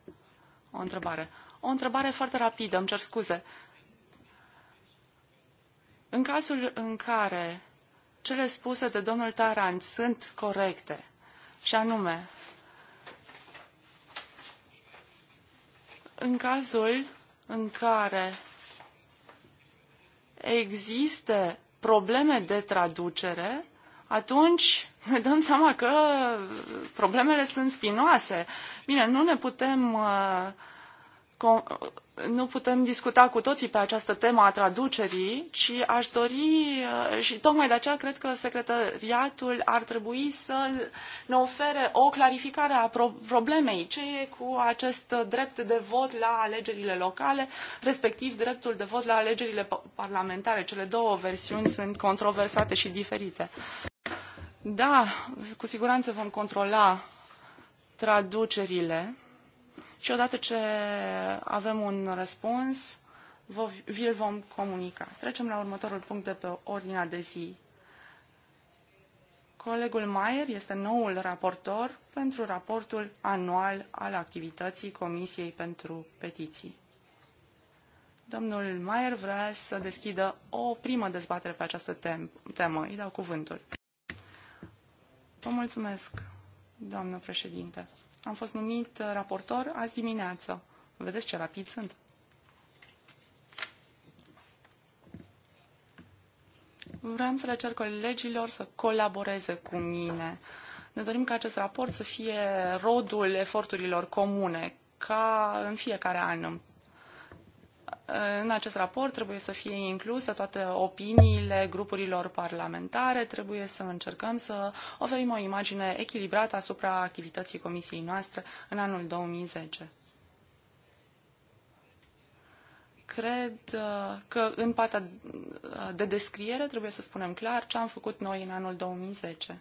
o întrebare. O întrebare foarte rapidă, îmi cer scuze. În cazul în care cele spuse de domnul Tarant sunt corecte, și anume, în cazul în care existe probleme de traducere, atunci ne dăm seama că problemele sunt spinoase. Bine, nu ne putem uh, nu putem discuta cu toții pe această temă a traducerii, ci aș dori uh, și tocmai de aceea cred că secretariatul ar trebui să ne ofere o clarificare a problemei. Ce e cu acest drept de vot la alegerile locale, respectiv dreptul de vot la alegerile parlamentare? Cele două versiuni sunt controversate și diferite. Da, cu siguranță vom controla traducerile și odată ce avem un răspuns, vi-l vom comunica. Trecem la următorul punct de pe ordinea de zi. Colegul Maier este noul raportor pentru raportul anual al activității Comisiei pentru Petiții. Domnul Maier vrea să deschidă o primă dezbatere pe această temă. Îi dau cuvântul. Vă mulțumesc, doamnă președinte. Am fost numit uh, raportor azi dimineață. Vedeți ce rapid sunt? Vreau să le cer colegilor să colaboreze cu mine. Ne dorim ca acest raport să fie rodul eforturilor comune, ca în fiecare an, în acest raport trebuie să fie incluse toate opiniile grupurilor parlamentare, trebuie să încercăm să oferim o imagine echilibrată asupra activității comisiei noastre în anul 2010. Cred uh, că în partea uh, de descriere trebuie să spunem clar ce am făcut noi în anul 2010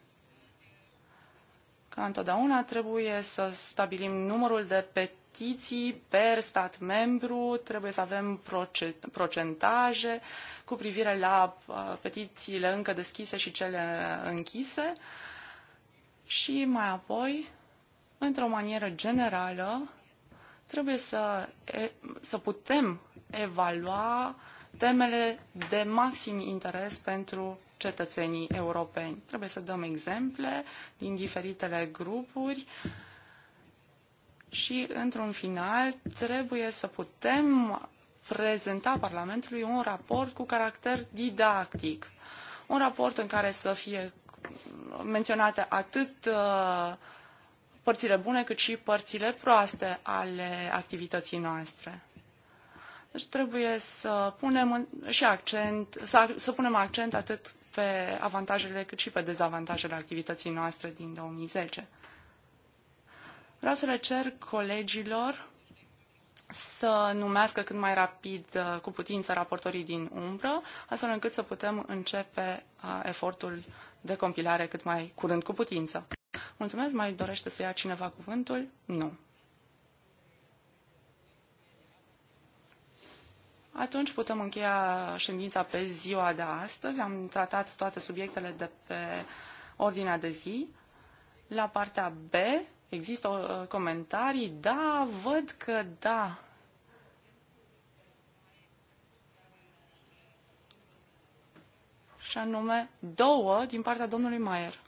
ca întotdeauna, trebuie să stabilim numărul de petiții petiții per stat membru, trebuie să avem procentaje cu privire la uh, petițiile încă deschise și cele închise și mai apoi, într-o manieră generală, trebuie să, să putem evalua temele de maxim interes pentru cetățenii europeni. Trebuie să dăm exemple din diferitele grupuri, uh, și, într-un final, trebuie să putem prezenta Parlamentului un raport cu caracter didactic. Un raport în care să fie menționate atât uh, părțile bune cât și părțile proaste ale activității noastre. Deci trebuie să punem și accent, să, să punem accent atât pe avantajele cât și pe dezavantajele activității noastre din 2010. Vreau să le cer colegilor să numească cât mai rapid uh, cu putință raportorii din umbră, astfel încât să putem începe uh, efortul de compilare cât mai curând cu putință. Mulțumesc, mai dorește să ia cineva cuvântul? Nu. Atunci putem încheia ședința pe ziua de astăzi. Am tratat toate subiectele de pe ordinea de zi. La partea B Există uh, comentarii? Da, văd că da. Și anume două din partea domnului Maier.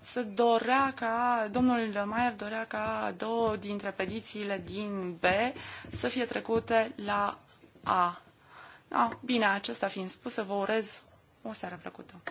Să dorea ca, domnul Maier dorea ca două dintre petițiile din B să fie trecute la A. Ah, bine, acesta fiind spus, vă urez o seară plăcută.